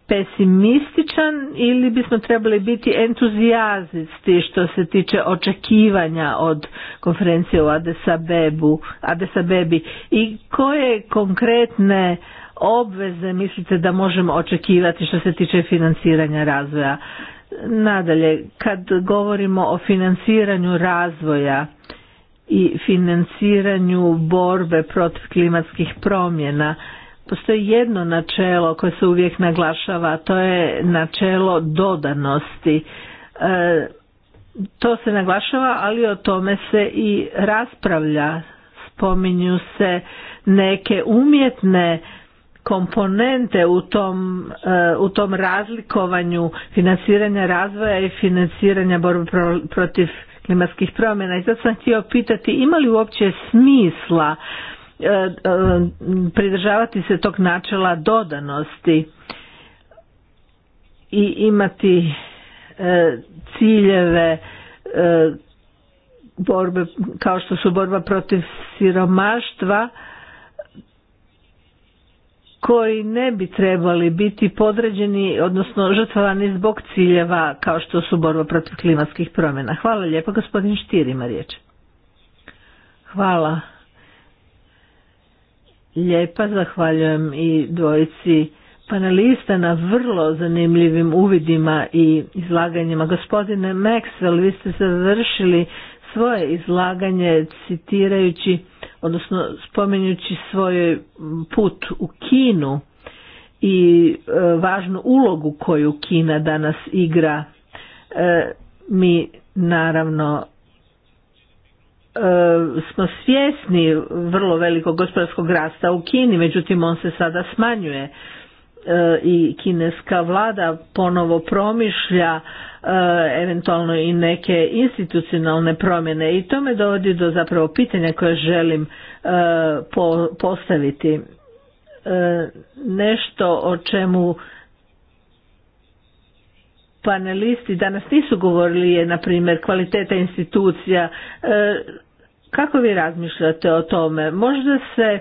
pesimističan ili bismo trebali biti entuzijazisti što se tiče očekivanja od konferencije u Adesa Bebi i koje konkretne obveze mislite da možemo očekivati što se tiče financiranja razvoja Nadalje, kad govorimo o financiranju razvoja i financiranju borbe protiv klimatskih promjena, postoji jedno načelo koje se uvijek naglašava, a to je načelo dodanosti. E, to se naglašava, ali o tome se i raspravlja. Spominju se neke umjetne komponente u tom, eh, u tom razlikovanju financiranja razvoja i financiranja borbe protiv klimatskih promjena. I sad sam htio pitati ima li uopće smisla eh, eh, pridržavati se tog načela dodanosti i imati ciljeve borbe kao što su borba protiv siromaštva koji ne bi trebali biti podređeni, odnosno žrtvovani zbog ciljeva kao što su borba protiv klimatskih promjena. Hvala lijepo, gospodin Štir ima riječ. Hvala lijepa, zahvaljujem i dvojici panelista na vrlo zanimljivim uvidima i izlaganjima. Gospodine Maxwell, vi ste završili svoje izlaganje citirajući odnosno spomenjući svoj put u Kinu i e, važnu ulogu koju Kina danas igra e, mi naravno e, smo svjesni vrlo velikog gospodarskog rasta u Kini, međutim on se sada smanjuje. E, i kineska vlada ponovo promišlja e, eventualno i neke institucionalne promjene i to me dovodi do zapravo pitanja koje želim e, postaviti. Nešto o čemu panelisti danas nisu govorili je na primjer kvaliteta institucija. Kako vi razmišljate o tome? Možda se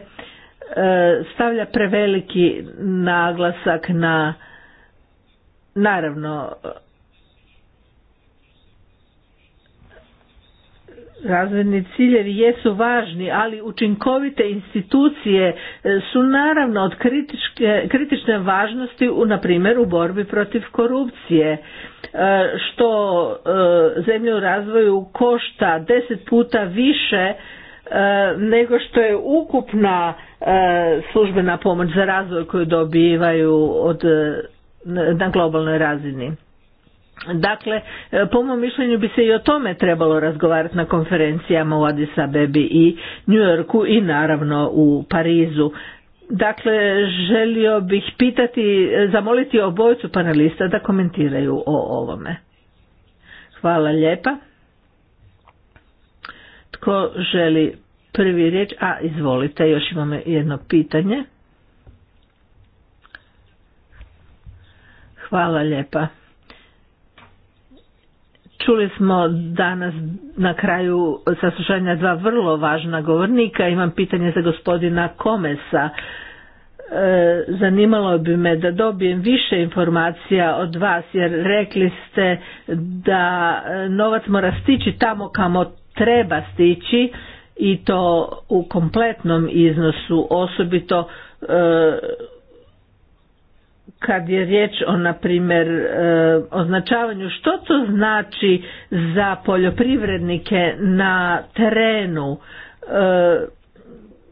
E, stavlja preveliki naglasak na naravno razredni ciljevi jesu važni, ali učinkovite institucije e, su naravno od kritične važnosti u na primjer u borbi protiv korupcije, e, što zemlje u razvoju košta deset puta više E, nego što je ukupna e, službena pomoć za razvoj koju dobivaju od, e, na globalnoj razini. Dakle, po mom mišljenju bi se i o tome trebalo razgovarati na konferencijama u Addis Abebi i New Yorku i naravno u Parizu. Dakle, želio bih pitati, zamoliti obojcu panelista da komentiraju o ovome. Hvala lijepa. Tko želi prvi riječ? A, izvolite, još imamo jedno pitanje. Hvala lijepa. Čuli smo danas na kraju saslušanja dva vrlo važna govornika. Imam pitanje za gospodina Komesa. E, zanimalo bi me da dobijem više informacija od vas jer rekli ste da e, novac mora stići tamo kamo treba stići i to u kompletnom iznosu osobito e, kad je riječ o na primjer e, označavanju što to znači za poljoprivrednike na terenu e,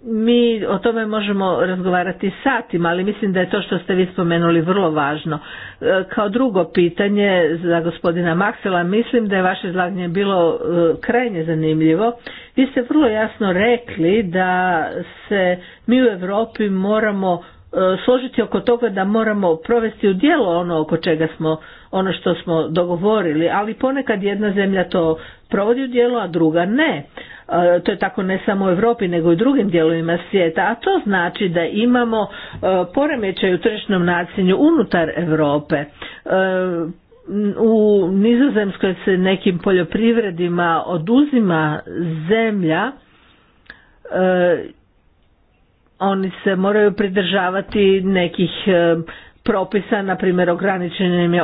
mi o tome možemo razgovarati satima, ali mislim da je to što ste vi spomenuli vrlo važno. E, kao drugo pitanje za gospodina Maksela, mislim da je vaše izlaganje bilo e, krajnje zanimljivo. Vi ste vrlo jasno rekli da se mi u Europi moramo složiti oko toga da moramo provesti u djelo ono oko čega smo, ono što smo dogovorili, ali ponekad jedna zemlja to provodi u djelo, a druga ne. E, to je tako ne samo u Europi nego i u drugim dijelovima svijeta, a to znači da imamo e, poremećaj u tržišnom nacinju unutar Europe. E, u Nizozemskoj se nekim poljoprivredima oduzima zemlja oni se moraju pridržavati nekih e, propisa, na primjer ograničenjem je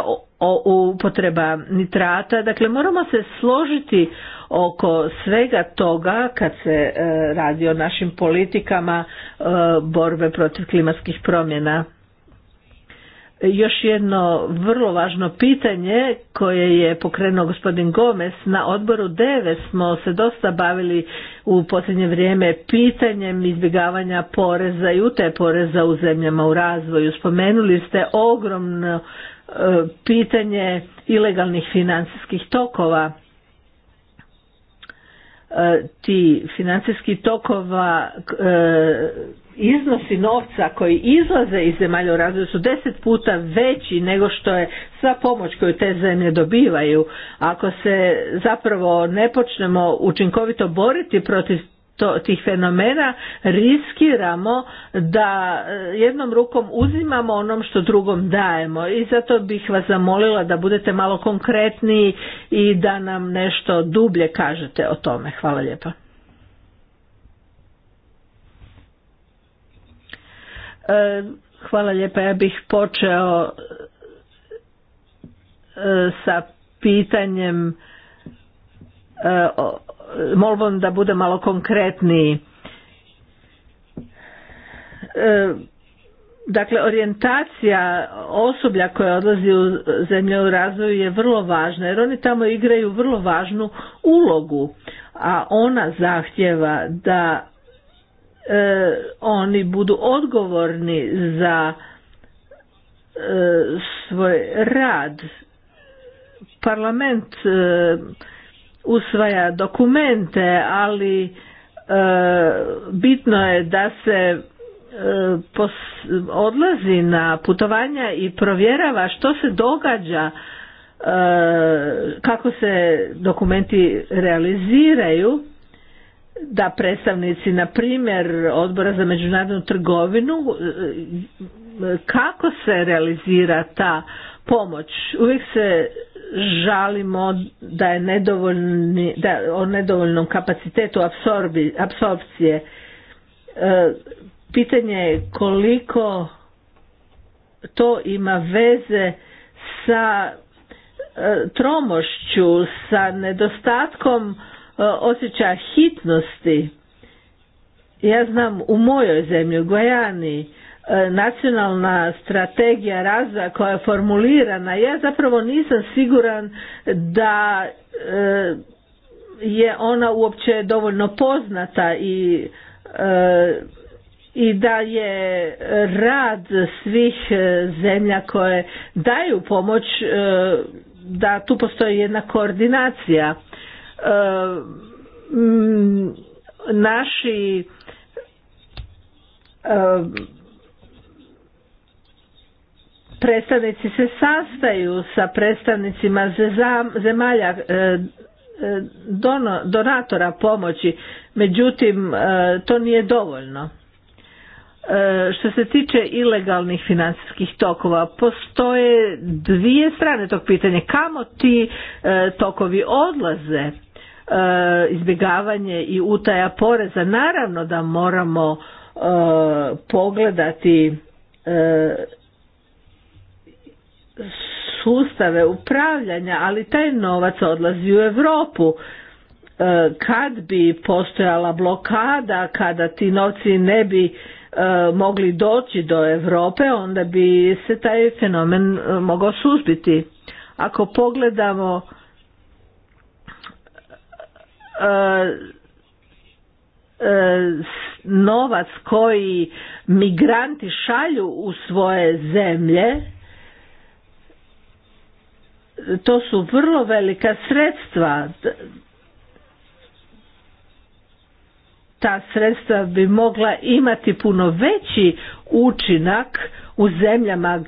upotreba nitrata. Dakle, moramo se složiti oko svega toga kad se e, radi o našim politikama e, borbe protiv klimatskih promjena još jedno vrlo važno pitanje koje je pokrenuo gospodin Gomez. Na odboru 9 smo se dosta bavili u posljednje vrijeme pitanjem izbjegavanja poreza i utaje poreza u zemljama u razvoju. Spomenuli ste ogromno e, pitanje ilegalnih financijskih tokova e, ti financijski tokova e, iznosi novca koji izlaze iz zemalja u razvoju su deset puta veći nego što je sva pomoć koju te zemlje dobivaju. Ako se zapravo ne počnemo učinkovito boriti protiv tih fenomena riskiramo da e, jednom rukom uzimamo onom što drugom dajemo i zato bih vas zamolila da budete malo konkretniji i da nam nešto dublje kažete o tome. Hvala lijepa. E, hvala lijepa, ja bih počeo e, sa pitanjem e, molbom da bude malo konkretniji. Dakle, orijentacija osoblja koja odlazi u zemlje u razvoju je vrlo važna jer oni tamo igraju vrlo važnu ulogu, a ona zahtjeva da E, oni budu odgovorni za e, svoj rad. Parlament e, usvaja dokumente, ali bitno je da se odlazi na putovanja i provjerava što se događa kako se dokumenti realiziraju da predstavnici na primjer odbora za međunarodnu trgovinu e, kako se realizira ta pomoć uvijek se žalimo da je nedovoljni da o nedovoljnom kapacitetu absorbi, apsorpcije e, pitanje je koliko to ima veze sa e, tromošću sa nedostatkom E, osjećaja hitnosti. Ja znam u mojoj zemlji, u Gojani, e, nacionalna strategija razvoja koja je formulirana, ja zapravo nisam siguran da e, je ona uopće dovoljno poznata i i da je rad svih zemlja koje daju pomoć da tu postoji jedna koordinacija naši predstavnici se sastaju sa predstavnicima zemalja e, e, donatora pomoći, međutim e, to nije dovoljno. Što se tiče ilegalnih financijskih tokova, postoje dvije strane tog pitanja. Kamo ti tokovi odlaze? E, izbjegavanje i utaja poreza. Naravno da moramo e, pogledati e, sustave upravljanja, ali taj novac odlazi u Europu. Kad bi postojala blokada, kada ti novci ne bi mogli doći do Europe, onda bi se taj fenomen mogao suzbiti. Ako pogledamo E, e, novac koji migranti šalju u svoje zemlje to su vrlo velika sredstva ta sredstva bi mogla imati puno veći učinak u zemljama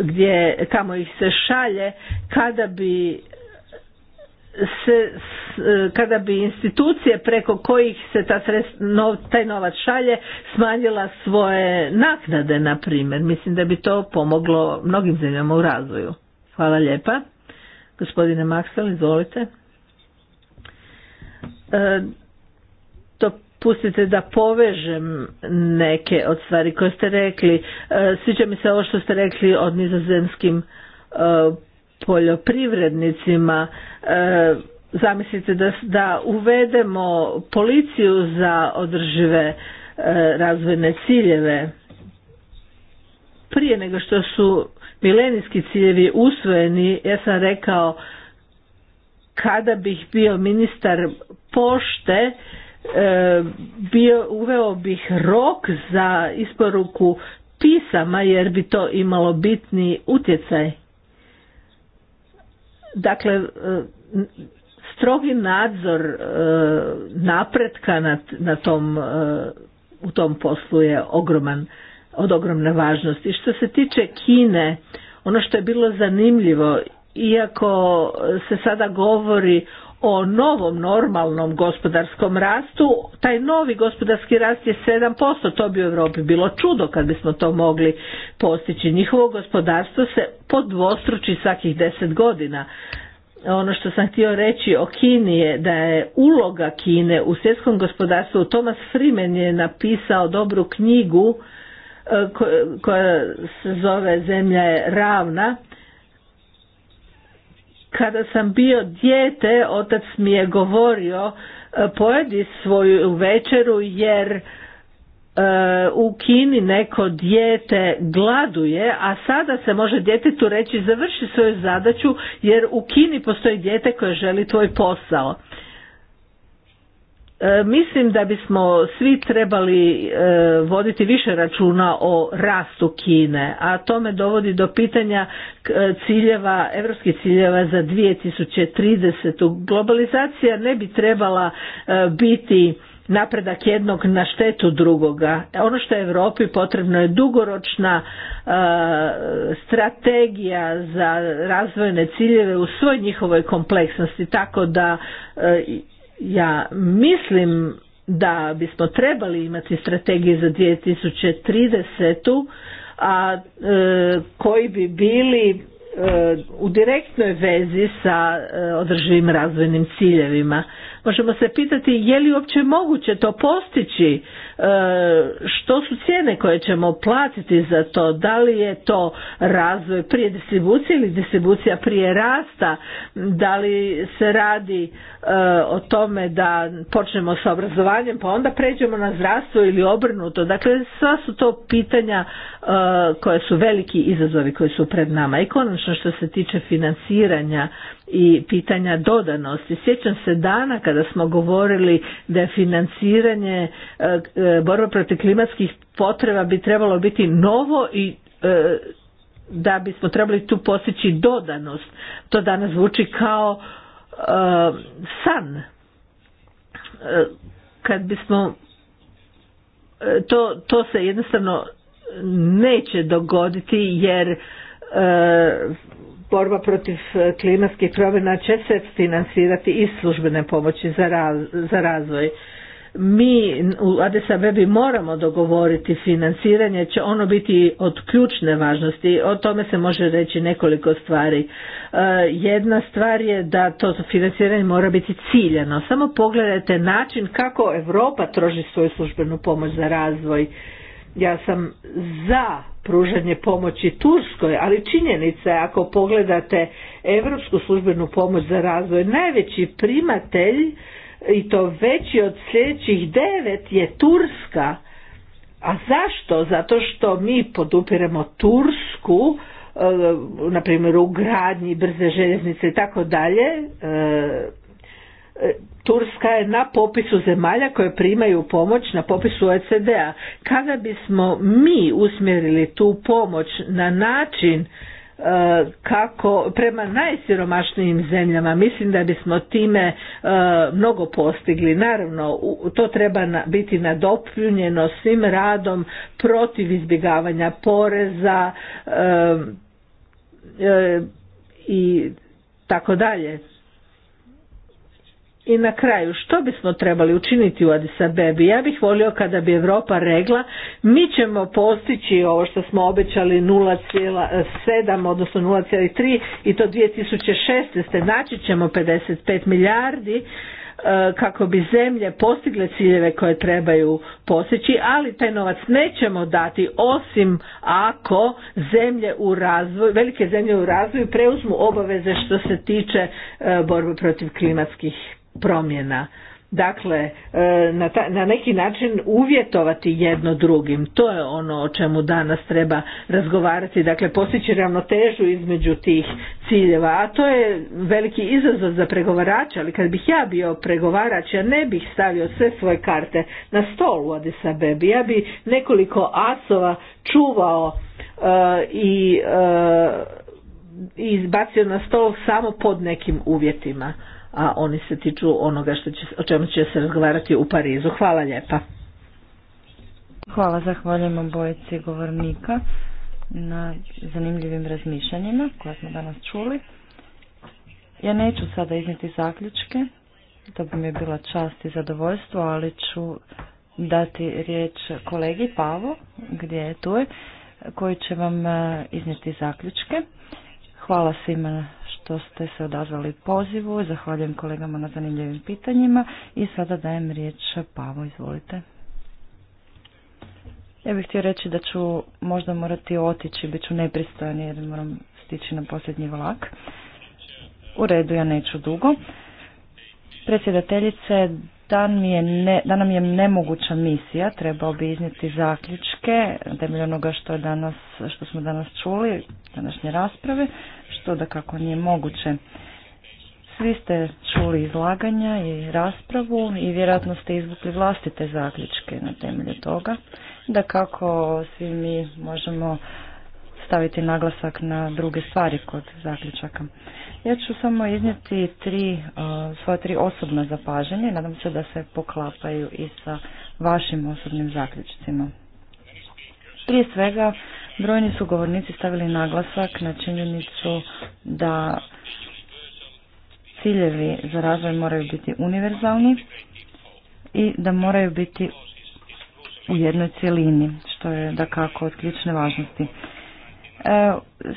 gdje kamo ih se šalje kada bi se e, kada bi institucije preko kojih se ta taj novac šalje smanjila svoje naknade na primjer mislim da bi to pomoglo mnogim zemljama u razvoju hvala lijepa gospodine Maksal izvolite e, to Pustite da povežem neke od stvari koje ste rekli. E, sviđa mi se ovo što ste rekli o nizozemskim e, poljoprivrednicima e, zamislite da, da uvedemo policiju za održive e, razvojne ciljeve prije nego što su milenijski ciljevi usvojeni ja sam rekao kada bih bio ministar pošte e, bio, uveo bih rok za isporuku pisama jer bi to imalo bitni utjecaj Dakle, e, strogi nadzor e, napretka na tom, e, u tom poslu je ogroman, od ogromne važnosti. Što se tiče Kine, ono što je bilo zanimljivo, iako se sada govori o novom normalnom gospodarskom rastu, taj novi gospodarski rast je 7%, to bi u Europi bilo čudo kad bismo to mogli postići. Njihovo gospodarstvo se podvostruči svakih 10 godina. Ono što sam htio reći o Kini je da je uloga Kine u svjetskom gospodarstvu, Thomas Freeman je napisao dobru knjigu e, koja se zove Zemlja je ravna, kada sam bio dijete, otac mi je govorio e, pojedi svoju večeru jer e, u Kini neko dijete gladuje, a sada se može djetetu reći završi svoju zadaću jer u Kini postoji dijete koje želi tvoj posao. E, mislim da bismo svi trebali e, voditi više računa o rastu Kine, a to me dovodi do pitanja e, ciljeva, evropskih ciljeva za 2030. Globalizacija ne bi trebala biti napredak jednog na štetu drugoga. Ono što je Europi potrebno je dugoročna strategija za razvojne ciljeve u svoj njihovoj kompleksnosti, tako da e, ja mislim da bismo trebali imati strategiju za 2030. a e, koji bi bili e, u direktnoj vezi sa e, održivim razvojnim ciljevima. Možemo se pitati je li uopće moguće to postići što su cijene koje ćemo platiti za to, da li je to razvoj prije distribucije ili distribucija prije rasta, da li se radi e, o tome da počnemo sa obrazovanjem pa onda pređemo na zdravstvo ili obrnuto. Dakle, sva su to pitanja E, koje su veliki izazovi koji su pred nama. I konačno što se tiče financiranja i pitanja dodanosti. Sjećam se dana kada smo govorili da je financiranje e, e, borba protiv klimatskih potreba bi trebalo biti novo i da bismo trebali tu postići dodanost. To danas zvuči kao san. Kad bismo to, to se jednostavno neće dogoditi jer e, borba protiv e, klimatskih promjena će se financirati iz službene pomoći za razvoj. Mi u Adesa Bebi moramo dogovoriti financiranje, će ono biti od ključne važnosti, o tome se može reći nekoliko stvari. E, jedna stvar je da to financiranje mora biti ciljano, samo pogledajte način kako Europa troži svoju službenu pomoć za razvoj ja sam za pružanje pomoći Turskoj, ali činjenica je ako pogledate Europsku službenu pomoć za razvoj, najveći primatelj i to veći od sljedećih devet je Turska. A zašto? Zato što mi podupiremo Tursku, e, na primjer u gradnji brze željeznice i tako dalje, e, e, Turska je na popisu zemalja koje primaju pomoć na popisu OECD-a. Kada bismo mi usmjerili tu pomoć na način e, kako prema najsiromašnijim zemljama mislim da bismo time e, mnogo postigli naravno to treba biti nadopljunjeno svim radom protiv izbjegavanja poreza e, i tako dalje i na kraju, što bismo trebali učiniti u Addis Abebi? Ja bih volio kada bi Europa regla, mi ćemo postići ovo što smo obećali 0,7 odnosno 0,3 i to 2016. Naći ćemo 55 milijardi e, kako bi zemlje postigle ciljeve koje trebaju postići, ali taj novac nećemo dati osim ako zemlje u razvoju, velike zemlje u razvoju preuzmu obaveze što se tiče e, borbe protiv klimatskih promjena. Dakle, e, na, na neki način uvjetovati jedno drugim, to je ono o čemu danas treba razgovarati, dakle postići ravnotežu između tih ciljeva, a to je veliki izazov za pregovarača, ali kad bih ja bio pregovarač, ja ne bih stavio sve svoje karte na stol u Odisa ja bi nekoliko asova čuvao e, e, i izbacio na stol samo pod nekim uvjetima a oni se tiču onoga što će, o čemu će se razgovarati u Parizu. Hvala lijepa. Hvala, zahvaljujem obojici govornika na zanimljivim razmišljanjima koje smo danas čuli. Ja neću sada iznijeti zaključke, to bi mi je bila čast i zadovoljstvo, ali ću dati riječ kolegi Pavo, gdje je tu je, koji će vam e, iznijeti zaključke. Hvala svima što ste se odazvali pozivu. Zahvaljujem kolegama na zanimljivim pitanjima i sada dajem riječ Pavo, izvolite. Ja bih htio reći da ću možda morati otići, bit ću nepristojan jer moram stići na posljednji vlak. U redu, ja neću dugo. Predsjedateljice, da, nam je nemoguća misija, trebao bi iznijeti zaključke temelj onoga što, je danas, što smo danas čuli, današnje rasprave, što da kako nije moguće. Svi ste čuli izlaganja i raspravu i vjerojatno ste izvukli vlastite zaključke na temelju toga, da kako svi mi možemo staviti naglasak na druge stvari kod zaključaka. Ja ću samo iznijeti tri, e, svoja tri osobna zapaženje nadam se da se poklapaju i sa vašim osobnim zaključcima. Prije svega, brojni su govornici stavili naglasak na činjenicu da ciljevi za razvoj moraju biti univerzalni i da moraju biti u jednoj cjelini, što je da kako od ključne važnosti. E,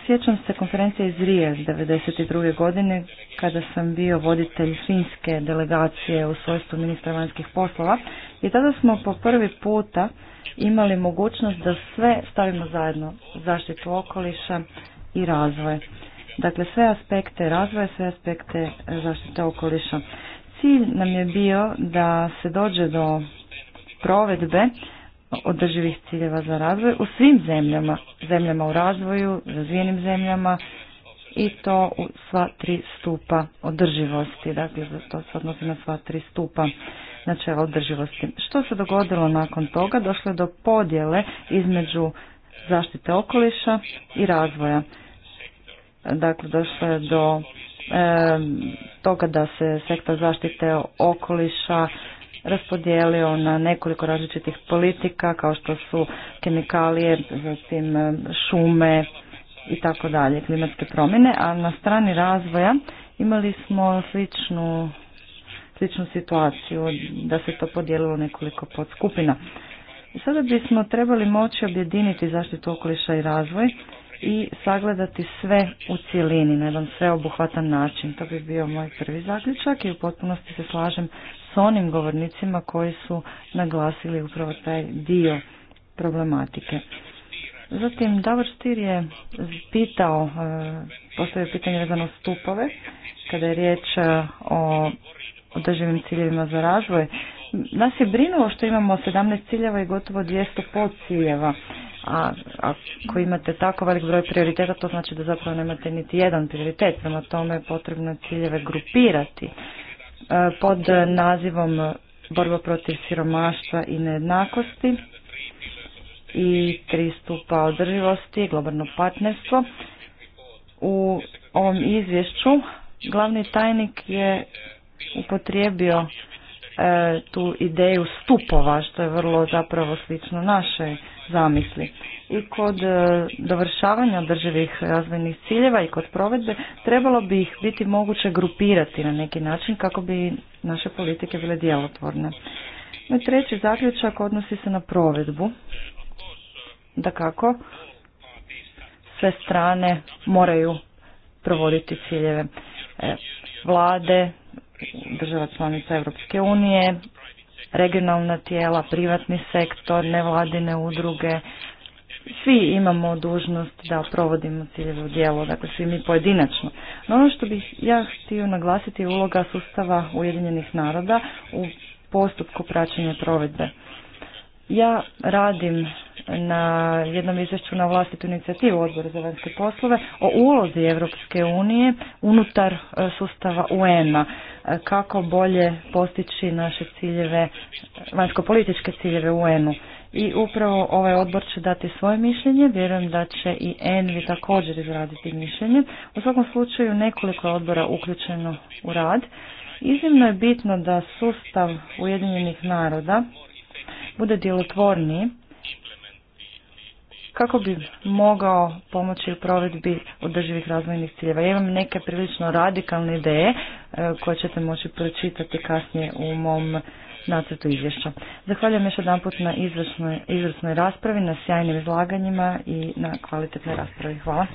sjećam se konferencije iz Rije 1992. godine kada sam bio voditelj finske delegacije u svojstvu ministra vanjskih poslova i tada smo po prvi puta imali mogućnost da sve stavimo zajedno, zaštitu okoliša i razvoje. Dakle, sve aspekte razvoja, sve aspekte zaštite okoliša. Cilj nam je bio da se dođe do provedbe održivih ciljeva za razvoj u svim zemljama, zemljama u razvoju, razvijenim zemljama i to u sva tri stupa održivosti. Dakle, to se odnosi na sva tri stupa načela održivosti. Što se dogodilo nakon toga? Došlo je do podjele između zaštite okoliša i razvoja. Dakle, došlo je do toga da se sektor zaštite okoliša raspodijelio na nekoliko različitih politika kao što su kemikalije, zatim e, šume i tako dalje, klimatske promjene, a na strani razvoja imali smo sličnu, sličnu situaciju da se to podijelilo nekoliko podskupina. I sada bismo trebali moći objediniti zaštitu okoliša i razvoj i sagledati sve u cjelini na jedan sveobuhvatan način. To bi bio moj prvi zaključak i u potpunosti se slažem s onim govornicima koji su naglasili upravo taj dio problematike. Zatim, Davor je pitao, e, postavio pitanje vezano stupove, kada je riječ e, o održivim ciljevima za razvoj. Nas je brinulo što imamo 17 ciljeva i gotovo 200 ciljeva. A ako imate tako velik broj prioriteta, to znači da zapravo nemate niti jedan prioritet. Prema tome potrebno ciljeve grupirati E, pod nazivom Borba protiv siromaštva i nejednakosti i tri održivosti i globalno partnerstvo. U ovom izvješću glavni tajnik je upotrijebio e, tu ideju stupova, što je vrlo zapravo slično našoj zamisli i kod e, dovršavanja održivih razvojnih ciljeva i kod provedbe trebalo bi ih biti moguće grupirati na neki način kako bi naše politike bile djelotvorne. Moj treći zaključak odnosi se na provedbu. Da kako? Sve strane moraju provoditi ciljeve e, vlade, država članica Europske unije, regionalna tijela, privatni sektor, nevladine udruge, svi imamo dužnost da provodimo ciljeve u djelo, dakle svi mi pojedinačno. No ono što bih ja htio naglasiti je uloga sustava Ujedinjenih naroda u postupku praćenja provedbe. Ja radim na jednom izvješću na vlastitu inicijativu Odbora za vanjske poslove o ulozi Europske unije unutar e, sustava UN-a, e, kako bolje postići naše ciljeve, vanjsko-političke ciljeve UN-u i upravo ovaj odbor će dati svoje mišljenje, vjerujem da će i Envi također izraditi mišljenje. U svakom slučaju nekoliko je odbora uključeno u rad. Iznimno je bitno da sustav Ujedinjenih naroda bude djelotvorniji kako bi mogao pomoći u provedbi održivih razvojnih ciljeva. Ja imam neke prilično radikalne ideje eh, koje ćete moći pročitati kasnije u mom nacrtu izvješća. Zahvaljujem još jedanput na izvrsnoj, izvrsnoj raspravi, na sjajnim izlaganjima i na kvalitetnoj raspravi. Hvala.